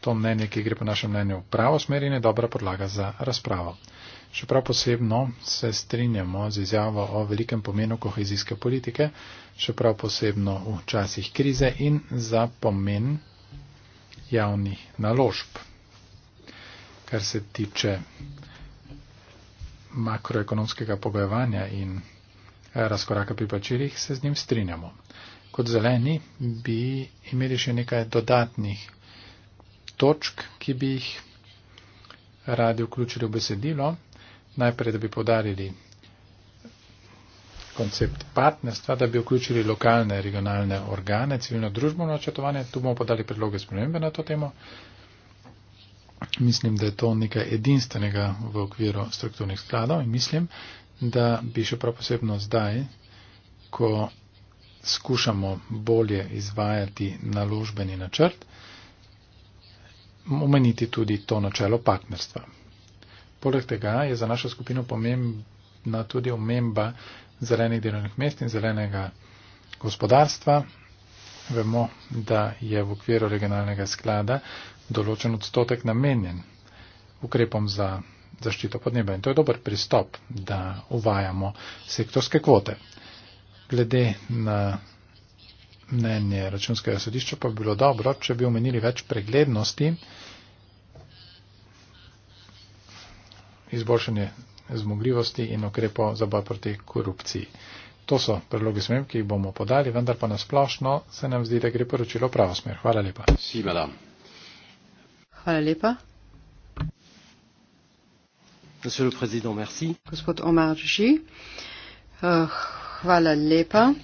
to mnenje, ki gre po našem mnenju v pravo smer in je dobra podlaga za razpravo. Še prav posebno se strinjamo z izjavo o velikem pomenu kohezijske politike, še prav posebno v časih krize in za pomen javnih naložb. Kar se tiče makroekonomskega pogojevanja in razkoraka pri plačilih, se z njim strinjamo. Kot zeleni bi imeli še nekaj dodatnih točk, ki bi jih radi vključili v besedilo. Najprej, da bi podarili koncept partnerstva, da bi vključili lokalne, regionalne organe, civilno družbo načrtovanje. Tu bomo podali predloge spremembe na to temo. Mislim, da je to nekaj edinstvenega v okviru strukturnih skladov in mislim, da bi še prav posebno zdaj, ko skušamo bolje izvajati naložbeni načrt, omeniti tudi to načelo partnerstva. Poleg tega je za našo skupino pomembna tudi omemba zelenih delovnih mest in zelenega gospodarstva. Vemo, da je v okviru regionalnega sklada določen odstotek namenjen ukrepom za zaščito podnebja. In to je dober pristop, da uvajamo sektorske kvote. Glede na mnenje računskega sodišča pa bi bilo dobro, če bi omenili več preglednosti, izboljšanje zmogljivosti in okrepov za boj proti korupciji. To so predloge smem, ki jih bomo podali, vendar pa nasplošno se nam zdi, da gre poročilo v pravo smer. Hvala lepa. Si, Hvala
lepa.
Monsieur le
Président, merci.
Gospod Omar Džiži, eh, hvala lepa.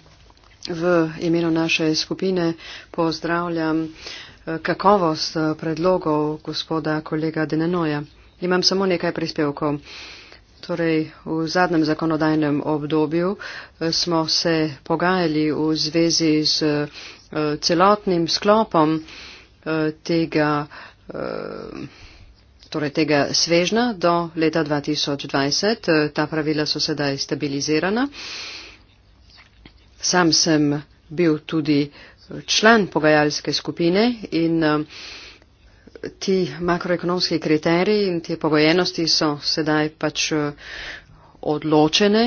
V imenu naše skupine pozdravljam eh, kakovost eh, predlogov gospoda kolega Denenoja. Imam samo nekaj prispevkov. Torej, v zadnjem zakonodajnem obdobju smo se pogajali v zvezi z celotnim sklopom tega torej tega svežna do leta 2020. Eh, ta pravila so sedaj stabilizirana. Sam sem bil tudi eh, član pogajalske skupine in eh, ti makroekonomski kriteriji in te pogojenosti so sedaj pač odločene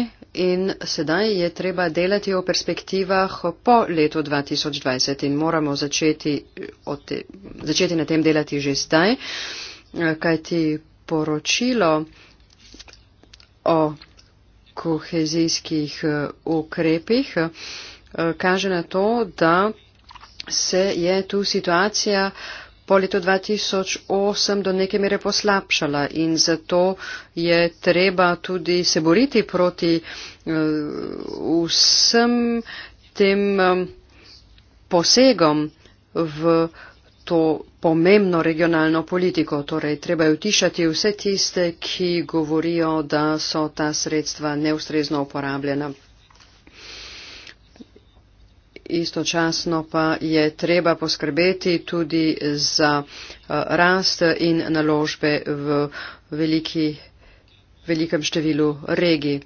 in sedaj je treba delati o perspektivah po letu 2020 in moramo začeti, te, začeti na tem delati že zdaj. Um, kajti poročilo o kohezijskih eh, ukrepih eh, kaže na to, da se je tu situacija po letu 2008 do neke mere poslabšala in zato je treba tudi se boriti proti eh, vsem tem posegom v to pomembno regionalno politiko. Torej, treba je utišati vse tiste, ki govorijo, da so ta sredstva neustrezno uporabljena. Istočasno pa je treba poskrbeti tudi za eh, rast in naložbe v veliki, velikem številu regij.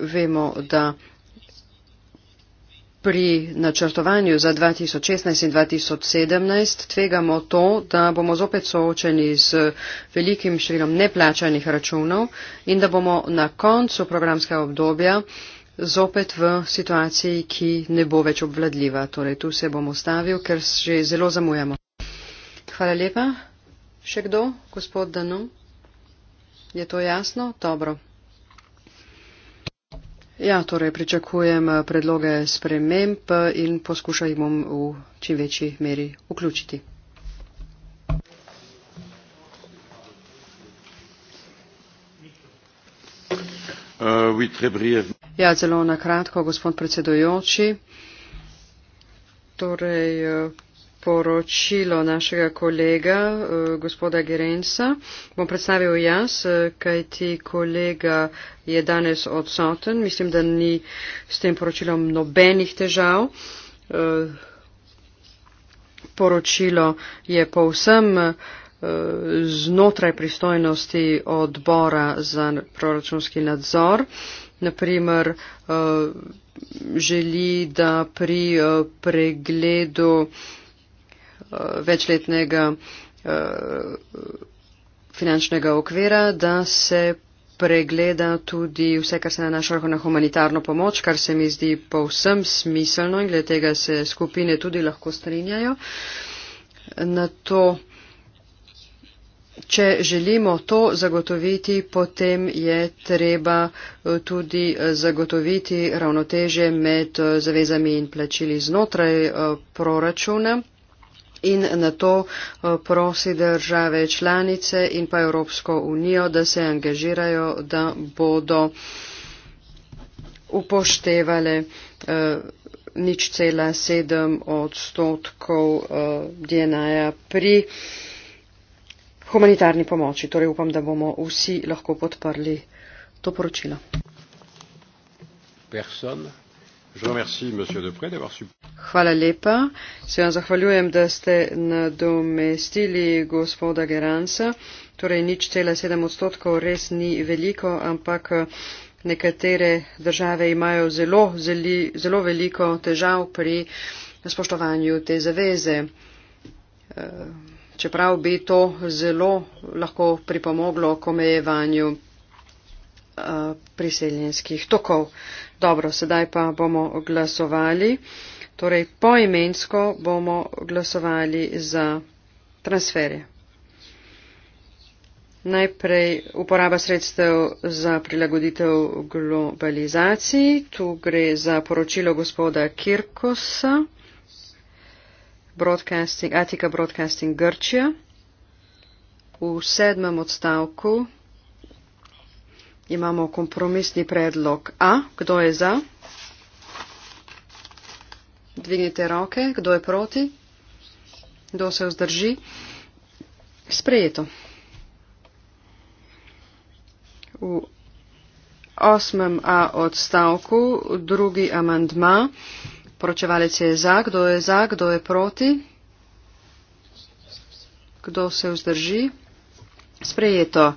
Vemo, da Pri načrtovanju za 2016 in 2017 tvegamo to, da bomo zopet soočeni z velikim številom neplačanih računov in da bomo na koncu programskega obdobja zopet v situaciji, ki ne bo več obvladljiva. Torej, tu se bom ustavil, ker že zelo zamujamo. Hvala lepa. Še kdo? Gospod Danum? Je to jasno? Dobro. Ja, torej pričakujem eh, predloge sprememb eh, in poskušaj bom v čim večji meri vključiti.
Eh,
ja, zelo nakratko, gospod predsedojoči. Torej, poročilo našega kolega, eh, gospoda Gerenca. Bom predstavil jaz, eh, kaj ti kolega je danes odsoten. Mislim, da ni s tem poročilom nobenih težav. Eh, poročilo je povsem znotraj pristojnosti odbora za proračunski nadzor. Naprimer, želi, da pri pregledu Eh, večletnega eh, finančnega okvira, da se pregleda tudi vse, kar se nanaša na humanitarno pomoč, kar se mi zdi povsem smiselno in glede tega se skupine tudi lahko strinjajo. Na to, če želimo to zagotoviti, potem je treba eh, tudi zagotoviti ravnoteže med zavezami in plačili znotraj proračuna in na to eh, prosi države članice in pa Evropsko unijo, da se angažirajo, da bodo upoštevale eh, nič cela sedem odstotkov eh, DNA pri humanitarni pomoči. Torej upam, da bomo vsi lahko podprli to poročilo. Person. Hvala lepa. Se vam zahvaljujem, da ste nadomestili gospoda Geransa. Torej nič cela sedem odstotkov res ni veliko, ampak eh, nekatere države imajo zelo, zelo, zelo veliko težav pri spoštovanju te zaveze. Eh, čeprav bi to zelo lahko pripomoglo k omejevanju Eh, priseljenskih tokov. Dobro, sedaj pa bomo glasovali. Torej, poimensko bomo glasovali za transferje. Najprej uporaba sredstev za prilagoditev globalizaciji. Tu gre za poročilo gospoda Kirkosa, Broadcasting, Attica Broadcasting Grčija. V sedmem odstavku Imamo kompromisni predlog A. Kdo je za? Dvignite roke. Kdo je proti? Kdo se vzdrži? Sprejeto. V osmem A odstavku drugi amandma. Poročevalec je za. Kdo je za? Kdo je proti? Kdo se vzdrži? Sprejeto.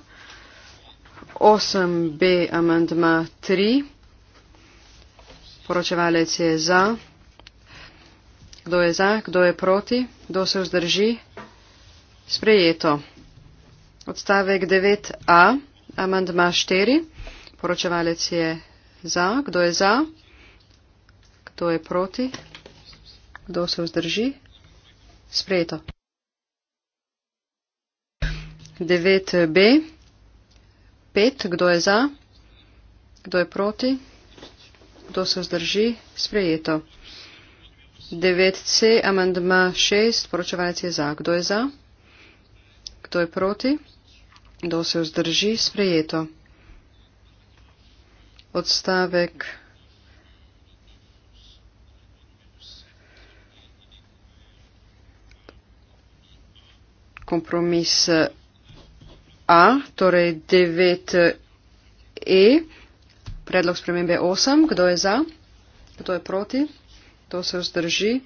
8b amandma 3. Poročevalec je za. Kdo je za, kdo je proti, kdo se vzdrži? Sprejeto. Odstavek 9a amandma 4. Poročevalec je za. Kdo je za, kdo je proti, kdo se vzdrži? Sprejeto. 9b. 5, kdo je za, kdo je proti, kdo se vzdrži, sprejeto. 9c, amandma 6, poročevalec je za, kdo je za, kdo je proti, kdo se vzdrži, sprejeto. Odstavek. Kompromis A, torej 9E, predlog spremembe 8, kdo je za, kdo je proti, kdo se vzdrži.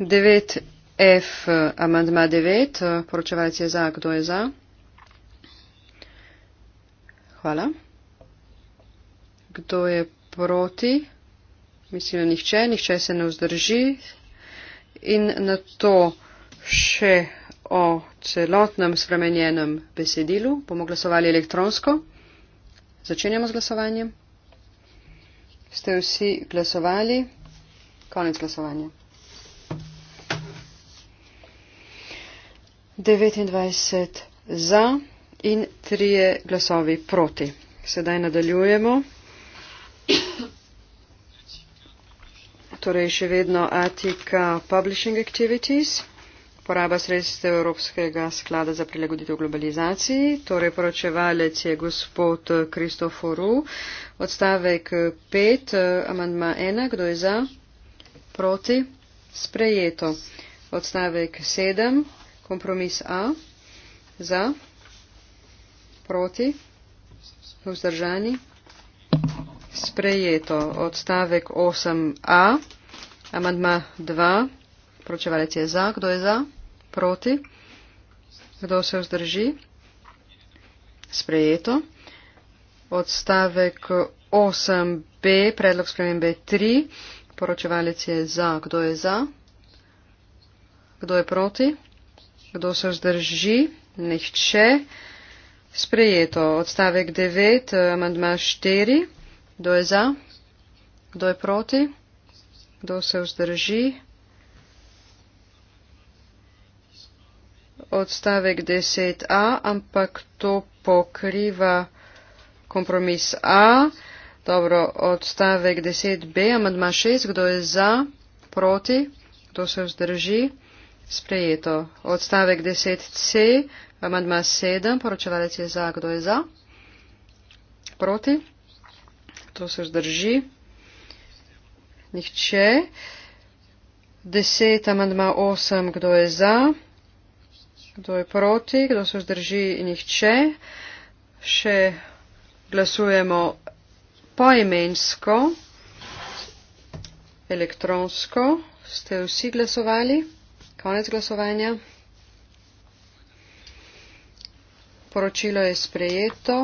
9F, amandma 9, poročevalec je za, kdo je za. Hvala. Kdo je proti? Mislim, da nihče, nihče se ne vzdrži. In na to še o celotnem spremenjenem besedilu. Bomo glasovali elektronsko. Začenjamo z glasovanjem. Ste vsi glasovali? Konec glasovanja. 29 za in 3 glasovi proti. Sedaj nadaljujemo. Torej še vedno Attica Publishing Activities poraba sredstev Evropskega sklada za prilagoditev globalizaciji. Torej, poročevalec je gospod Kristoforu. Odstavek 5, amandma 1, kdo je za? Proti? Sprejeto. Odstavek 7, kompromis A. Za? Proti? Vzdržani? Sprejeto. Odstavek 8a, amandma 2. Pročevalec je za. Kdo je za? Proti? Kdo se vzdrži? Sprejeto. Odstavek 8b, predlog spremembe 3. Poročevalec je za. Kdo je za? Kdo je proti? Kdo se vzdrži? Nihče. Sprejeto. Odstavek 9, amandma 4. Kdo je za? Kdo je proti? Kdo se vzdrži? odstavek 10a, ampak to pokriva kompromis A. Dobro, odstavek 10b, amadma 6, kdo je za, proti, kdo se vzdrži, sprejeto. Odstavek 10c, amadma 7, poročevalec je za, kdo je za, proti, kdo se vzdrži, nihče. 10 amadma 8, kdo je za, Kdo je proti, kdo se vzdrži nihče. Še glasujemo poimensko, elektronsko. Ste vsi glasovali? Konec glasovanja. Poročilo je sprejeto.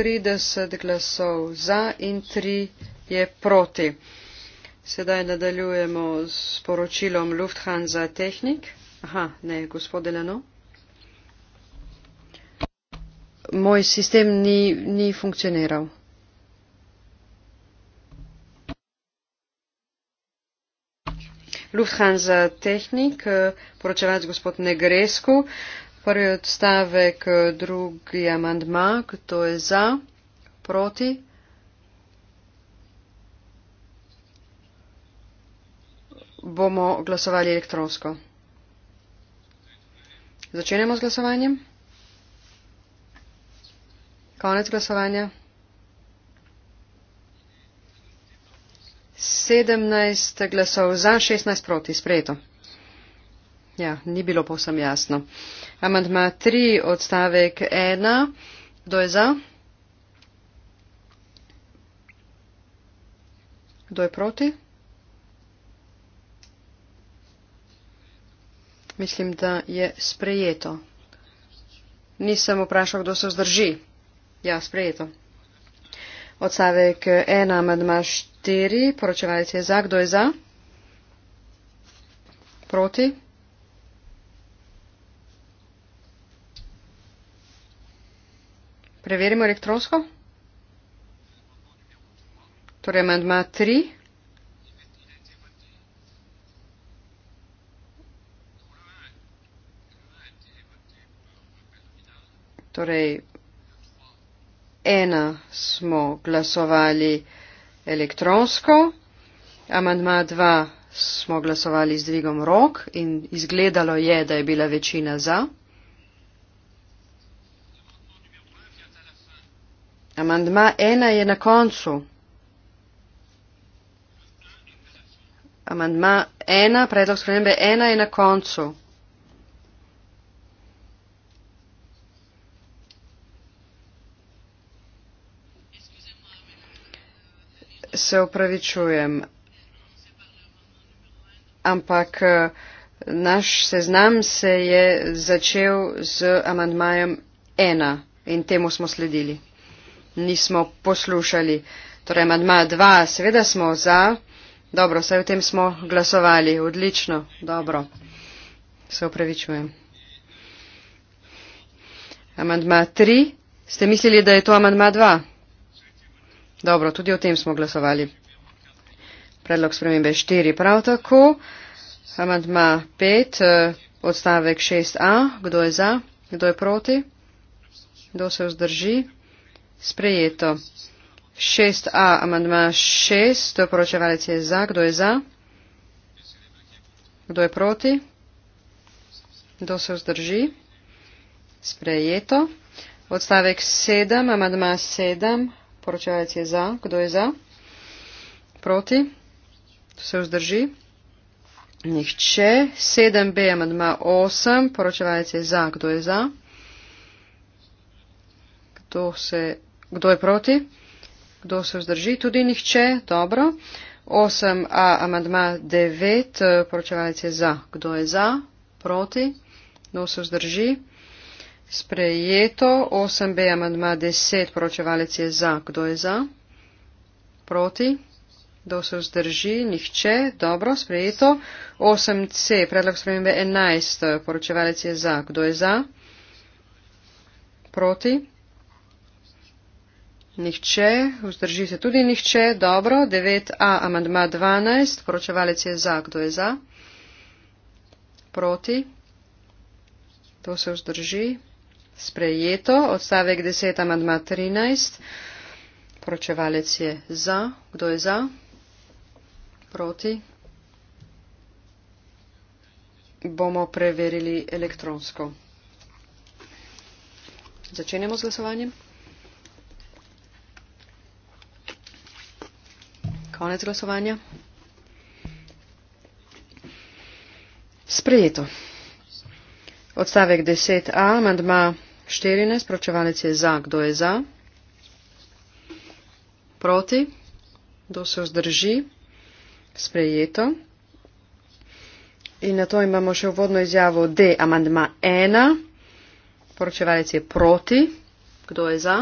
30 glasov za in 3 je proti. Sedaj nadaljujemo s poročilom Lufthansa Technik. Aha, ne, gospod Leno. Moj sistem ni, ni funkcioniral. Lufthansa tehnik, poročevalec gospod Negresku, prvi odstavek, drugi amandma, kdo je za, proti. Bomo glasovali elektronsko. Začenjamo z glasovanjem. Konec glasovanja. 17 glasov za, 16 proti, sprejeto. Ja, ni bilo povsem jasno. Amandma 3, odstavek 1, kdo je za? Kdo je proti? Mislim, da je sprejeto. Nisem vprašal, kdo se vzdrži. Ja, sprejeto. Odstavek 1, amadma 4, poročevalec je za, kdo je za? Proti? Preverimo elektronsko. Torej, amadma 3. Torej, ena smo glasovali elektronsko, amandma dva smo glasovali z dvigom rok in izgledalo je, da je bila večina za. Amandma ena je na koncu. Amandma ena, predlog spremembe ena je na koncu. se opravičujem. Ampak eh, naš seznam se je začel z amandmajem ena in temu smo sledili. Nismo poslušali. Torej, amandma dva, seveda smo za. Dobro, vse v tem smo glasovali. Odlično, dobro. Se opravičujem. Amandma tri, ste mislili, da je to amandma dva? Dobro, tudi o tem smo glasovali. Predlog spremembe 4 prav tako. Amandma 5, eh, odstavek 6a. Kdo je za? Kdo je proti? Kdo se vzdrži? Sprejeto. 6a, amandma 6, to je poročevalec je za. Kdo je za? Kdo je proti? Kdo se vzdrži? Sprejeto. Odstavek 7, amandma 7 poročajec je za, kdo je za, proti, se vzdrži, nihče, 7b amadma 8, poročajec je za, kdo je za, kdo, se, kdo je proti, kdo se vzdrži, tudi nihče, dobro, 8a amadma 9, poročajec je za, kdo je za, proti, kdo se vzdrži, Sprejeto 8b amandma 10, poročevalec je za. Kdo je za? Proti? Kdo se vzdrži? Nihče. Dobro, sprejeto. 8c, predlog spremembe 11, poročevalec je za. Kdo je za? Proti? Nihče. Vzdrži se tudi nihče. Dobro, 9a amandma 12, poročevalec je za. Kdo je za? Proti? To se vzdrži, sprejeto. Odstavek 10, amadma 13. Poročevalec je za. Kdo je za? Proti. Bomo preverili elektronsko. Začenjamo z glasovanjem. Konec glasovanja. Sprejeto. Odstavek 10a, mandma 14. Pročevalec je za. Kdo je za? Proti. Kdo se vzdrži? Sprejeto. In na to imamo še uvodno izjavo D. Amandma 1. Pročevalec je proti. Kdo je za?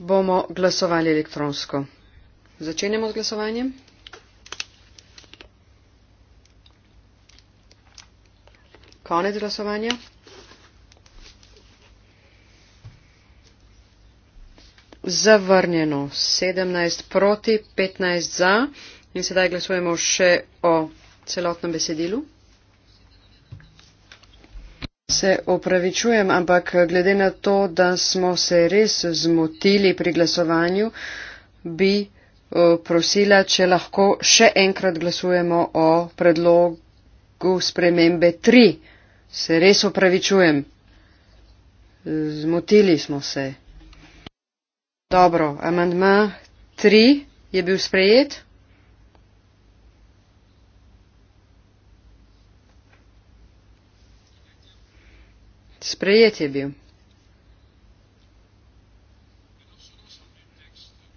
Bomo glasovali elektronsko. Začenjamo z glasovanjem. Konec glasovanja. Zavrnjeno 17 proti 15 za in sedaj glasujemo še o celotnem besedilu. Se opravičujem, ampak glede na to, da smo se res zmotili pri glasovanju, bi eh, prosila, če lahko še enkrat glasujemo o predlogu spremembe 3. Se res opravičujem. Zmotili smo se. Dobro, amandma 3 je bil sprejet. Sprejet je bil.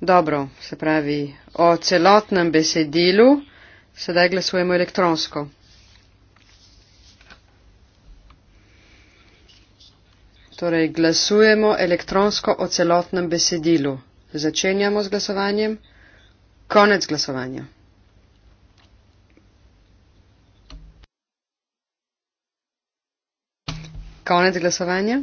Dobro, se pravi, o celotnem besedilu sedaj glasujemo elektronsko. Torej, glasujemo elektronsko o celotnem besedilu. Začenjamo z glasovanjem. Konec glasovanja. Konec glasovanja.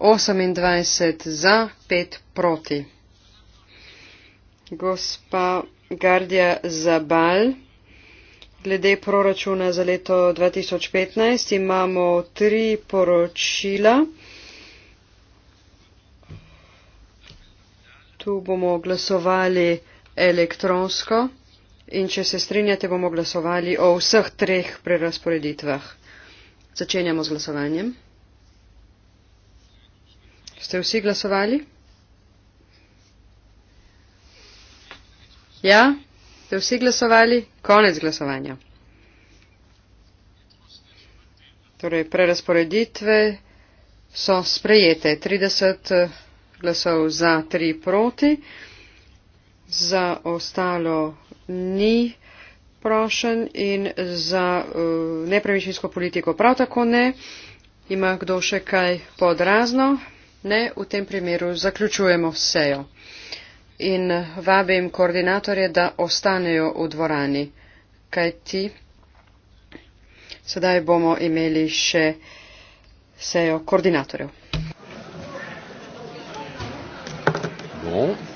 28 za, 5 proti. Gospa Gardija Zabal. Glede proračuna za leto 2015 imamo tri poročila. Tu bomo glasovali elektronsko in če se strinjate, bomo glasovali o vseh treh prerasporeditvah. Začenjamo z glasovanjem. Ste vsi glasovali? Ja? Ste vsi glasovali? Konec glasovanja. Torej, prerasporeditve so sprejete. 30 eh, glasov za, 3 proti. Za ostalo ni prošen in za uh, nepremičninsko politiko prav tako ne. Ima kdo še kaj podrazno? Ne, v tem primeru zaključujemo sejo in vabim koordinatorje, da ostanejo v dvorani, kajti sedaj bomo imeli še sejo koordinatorjev.
Bon.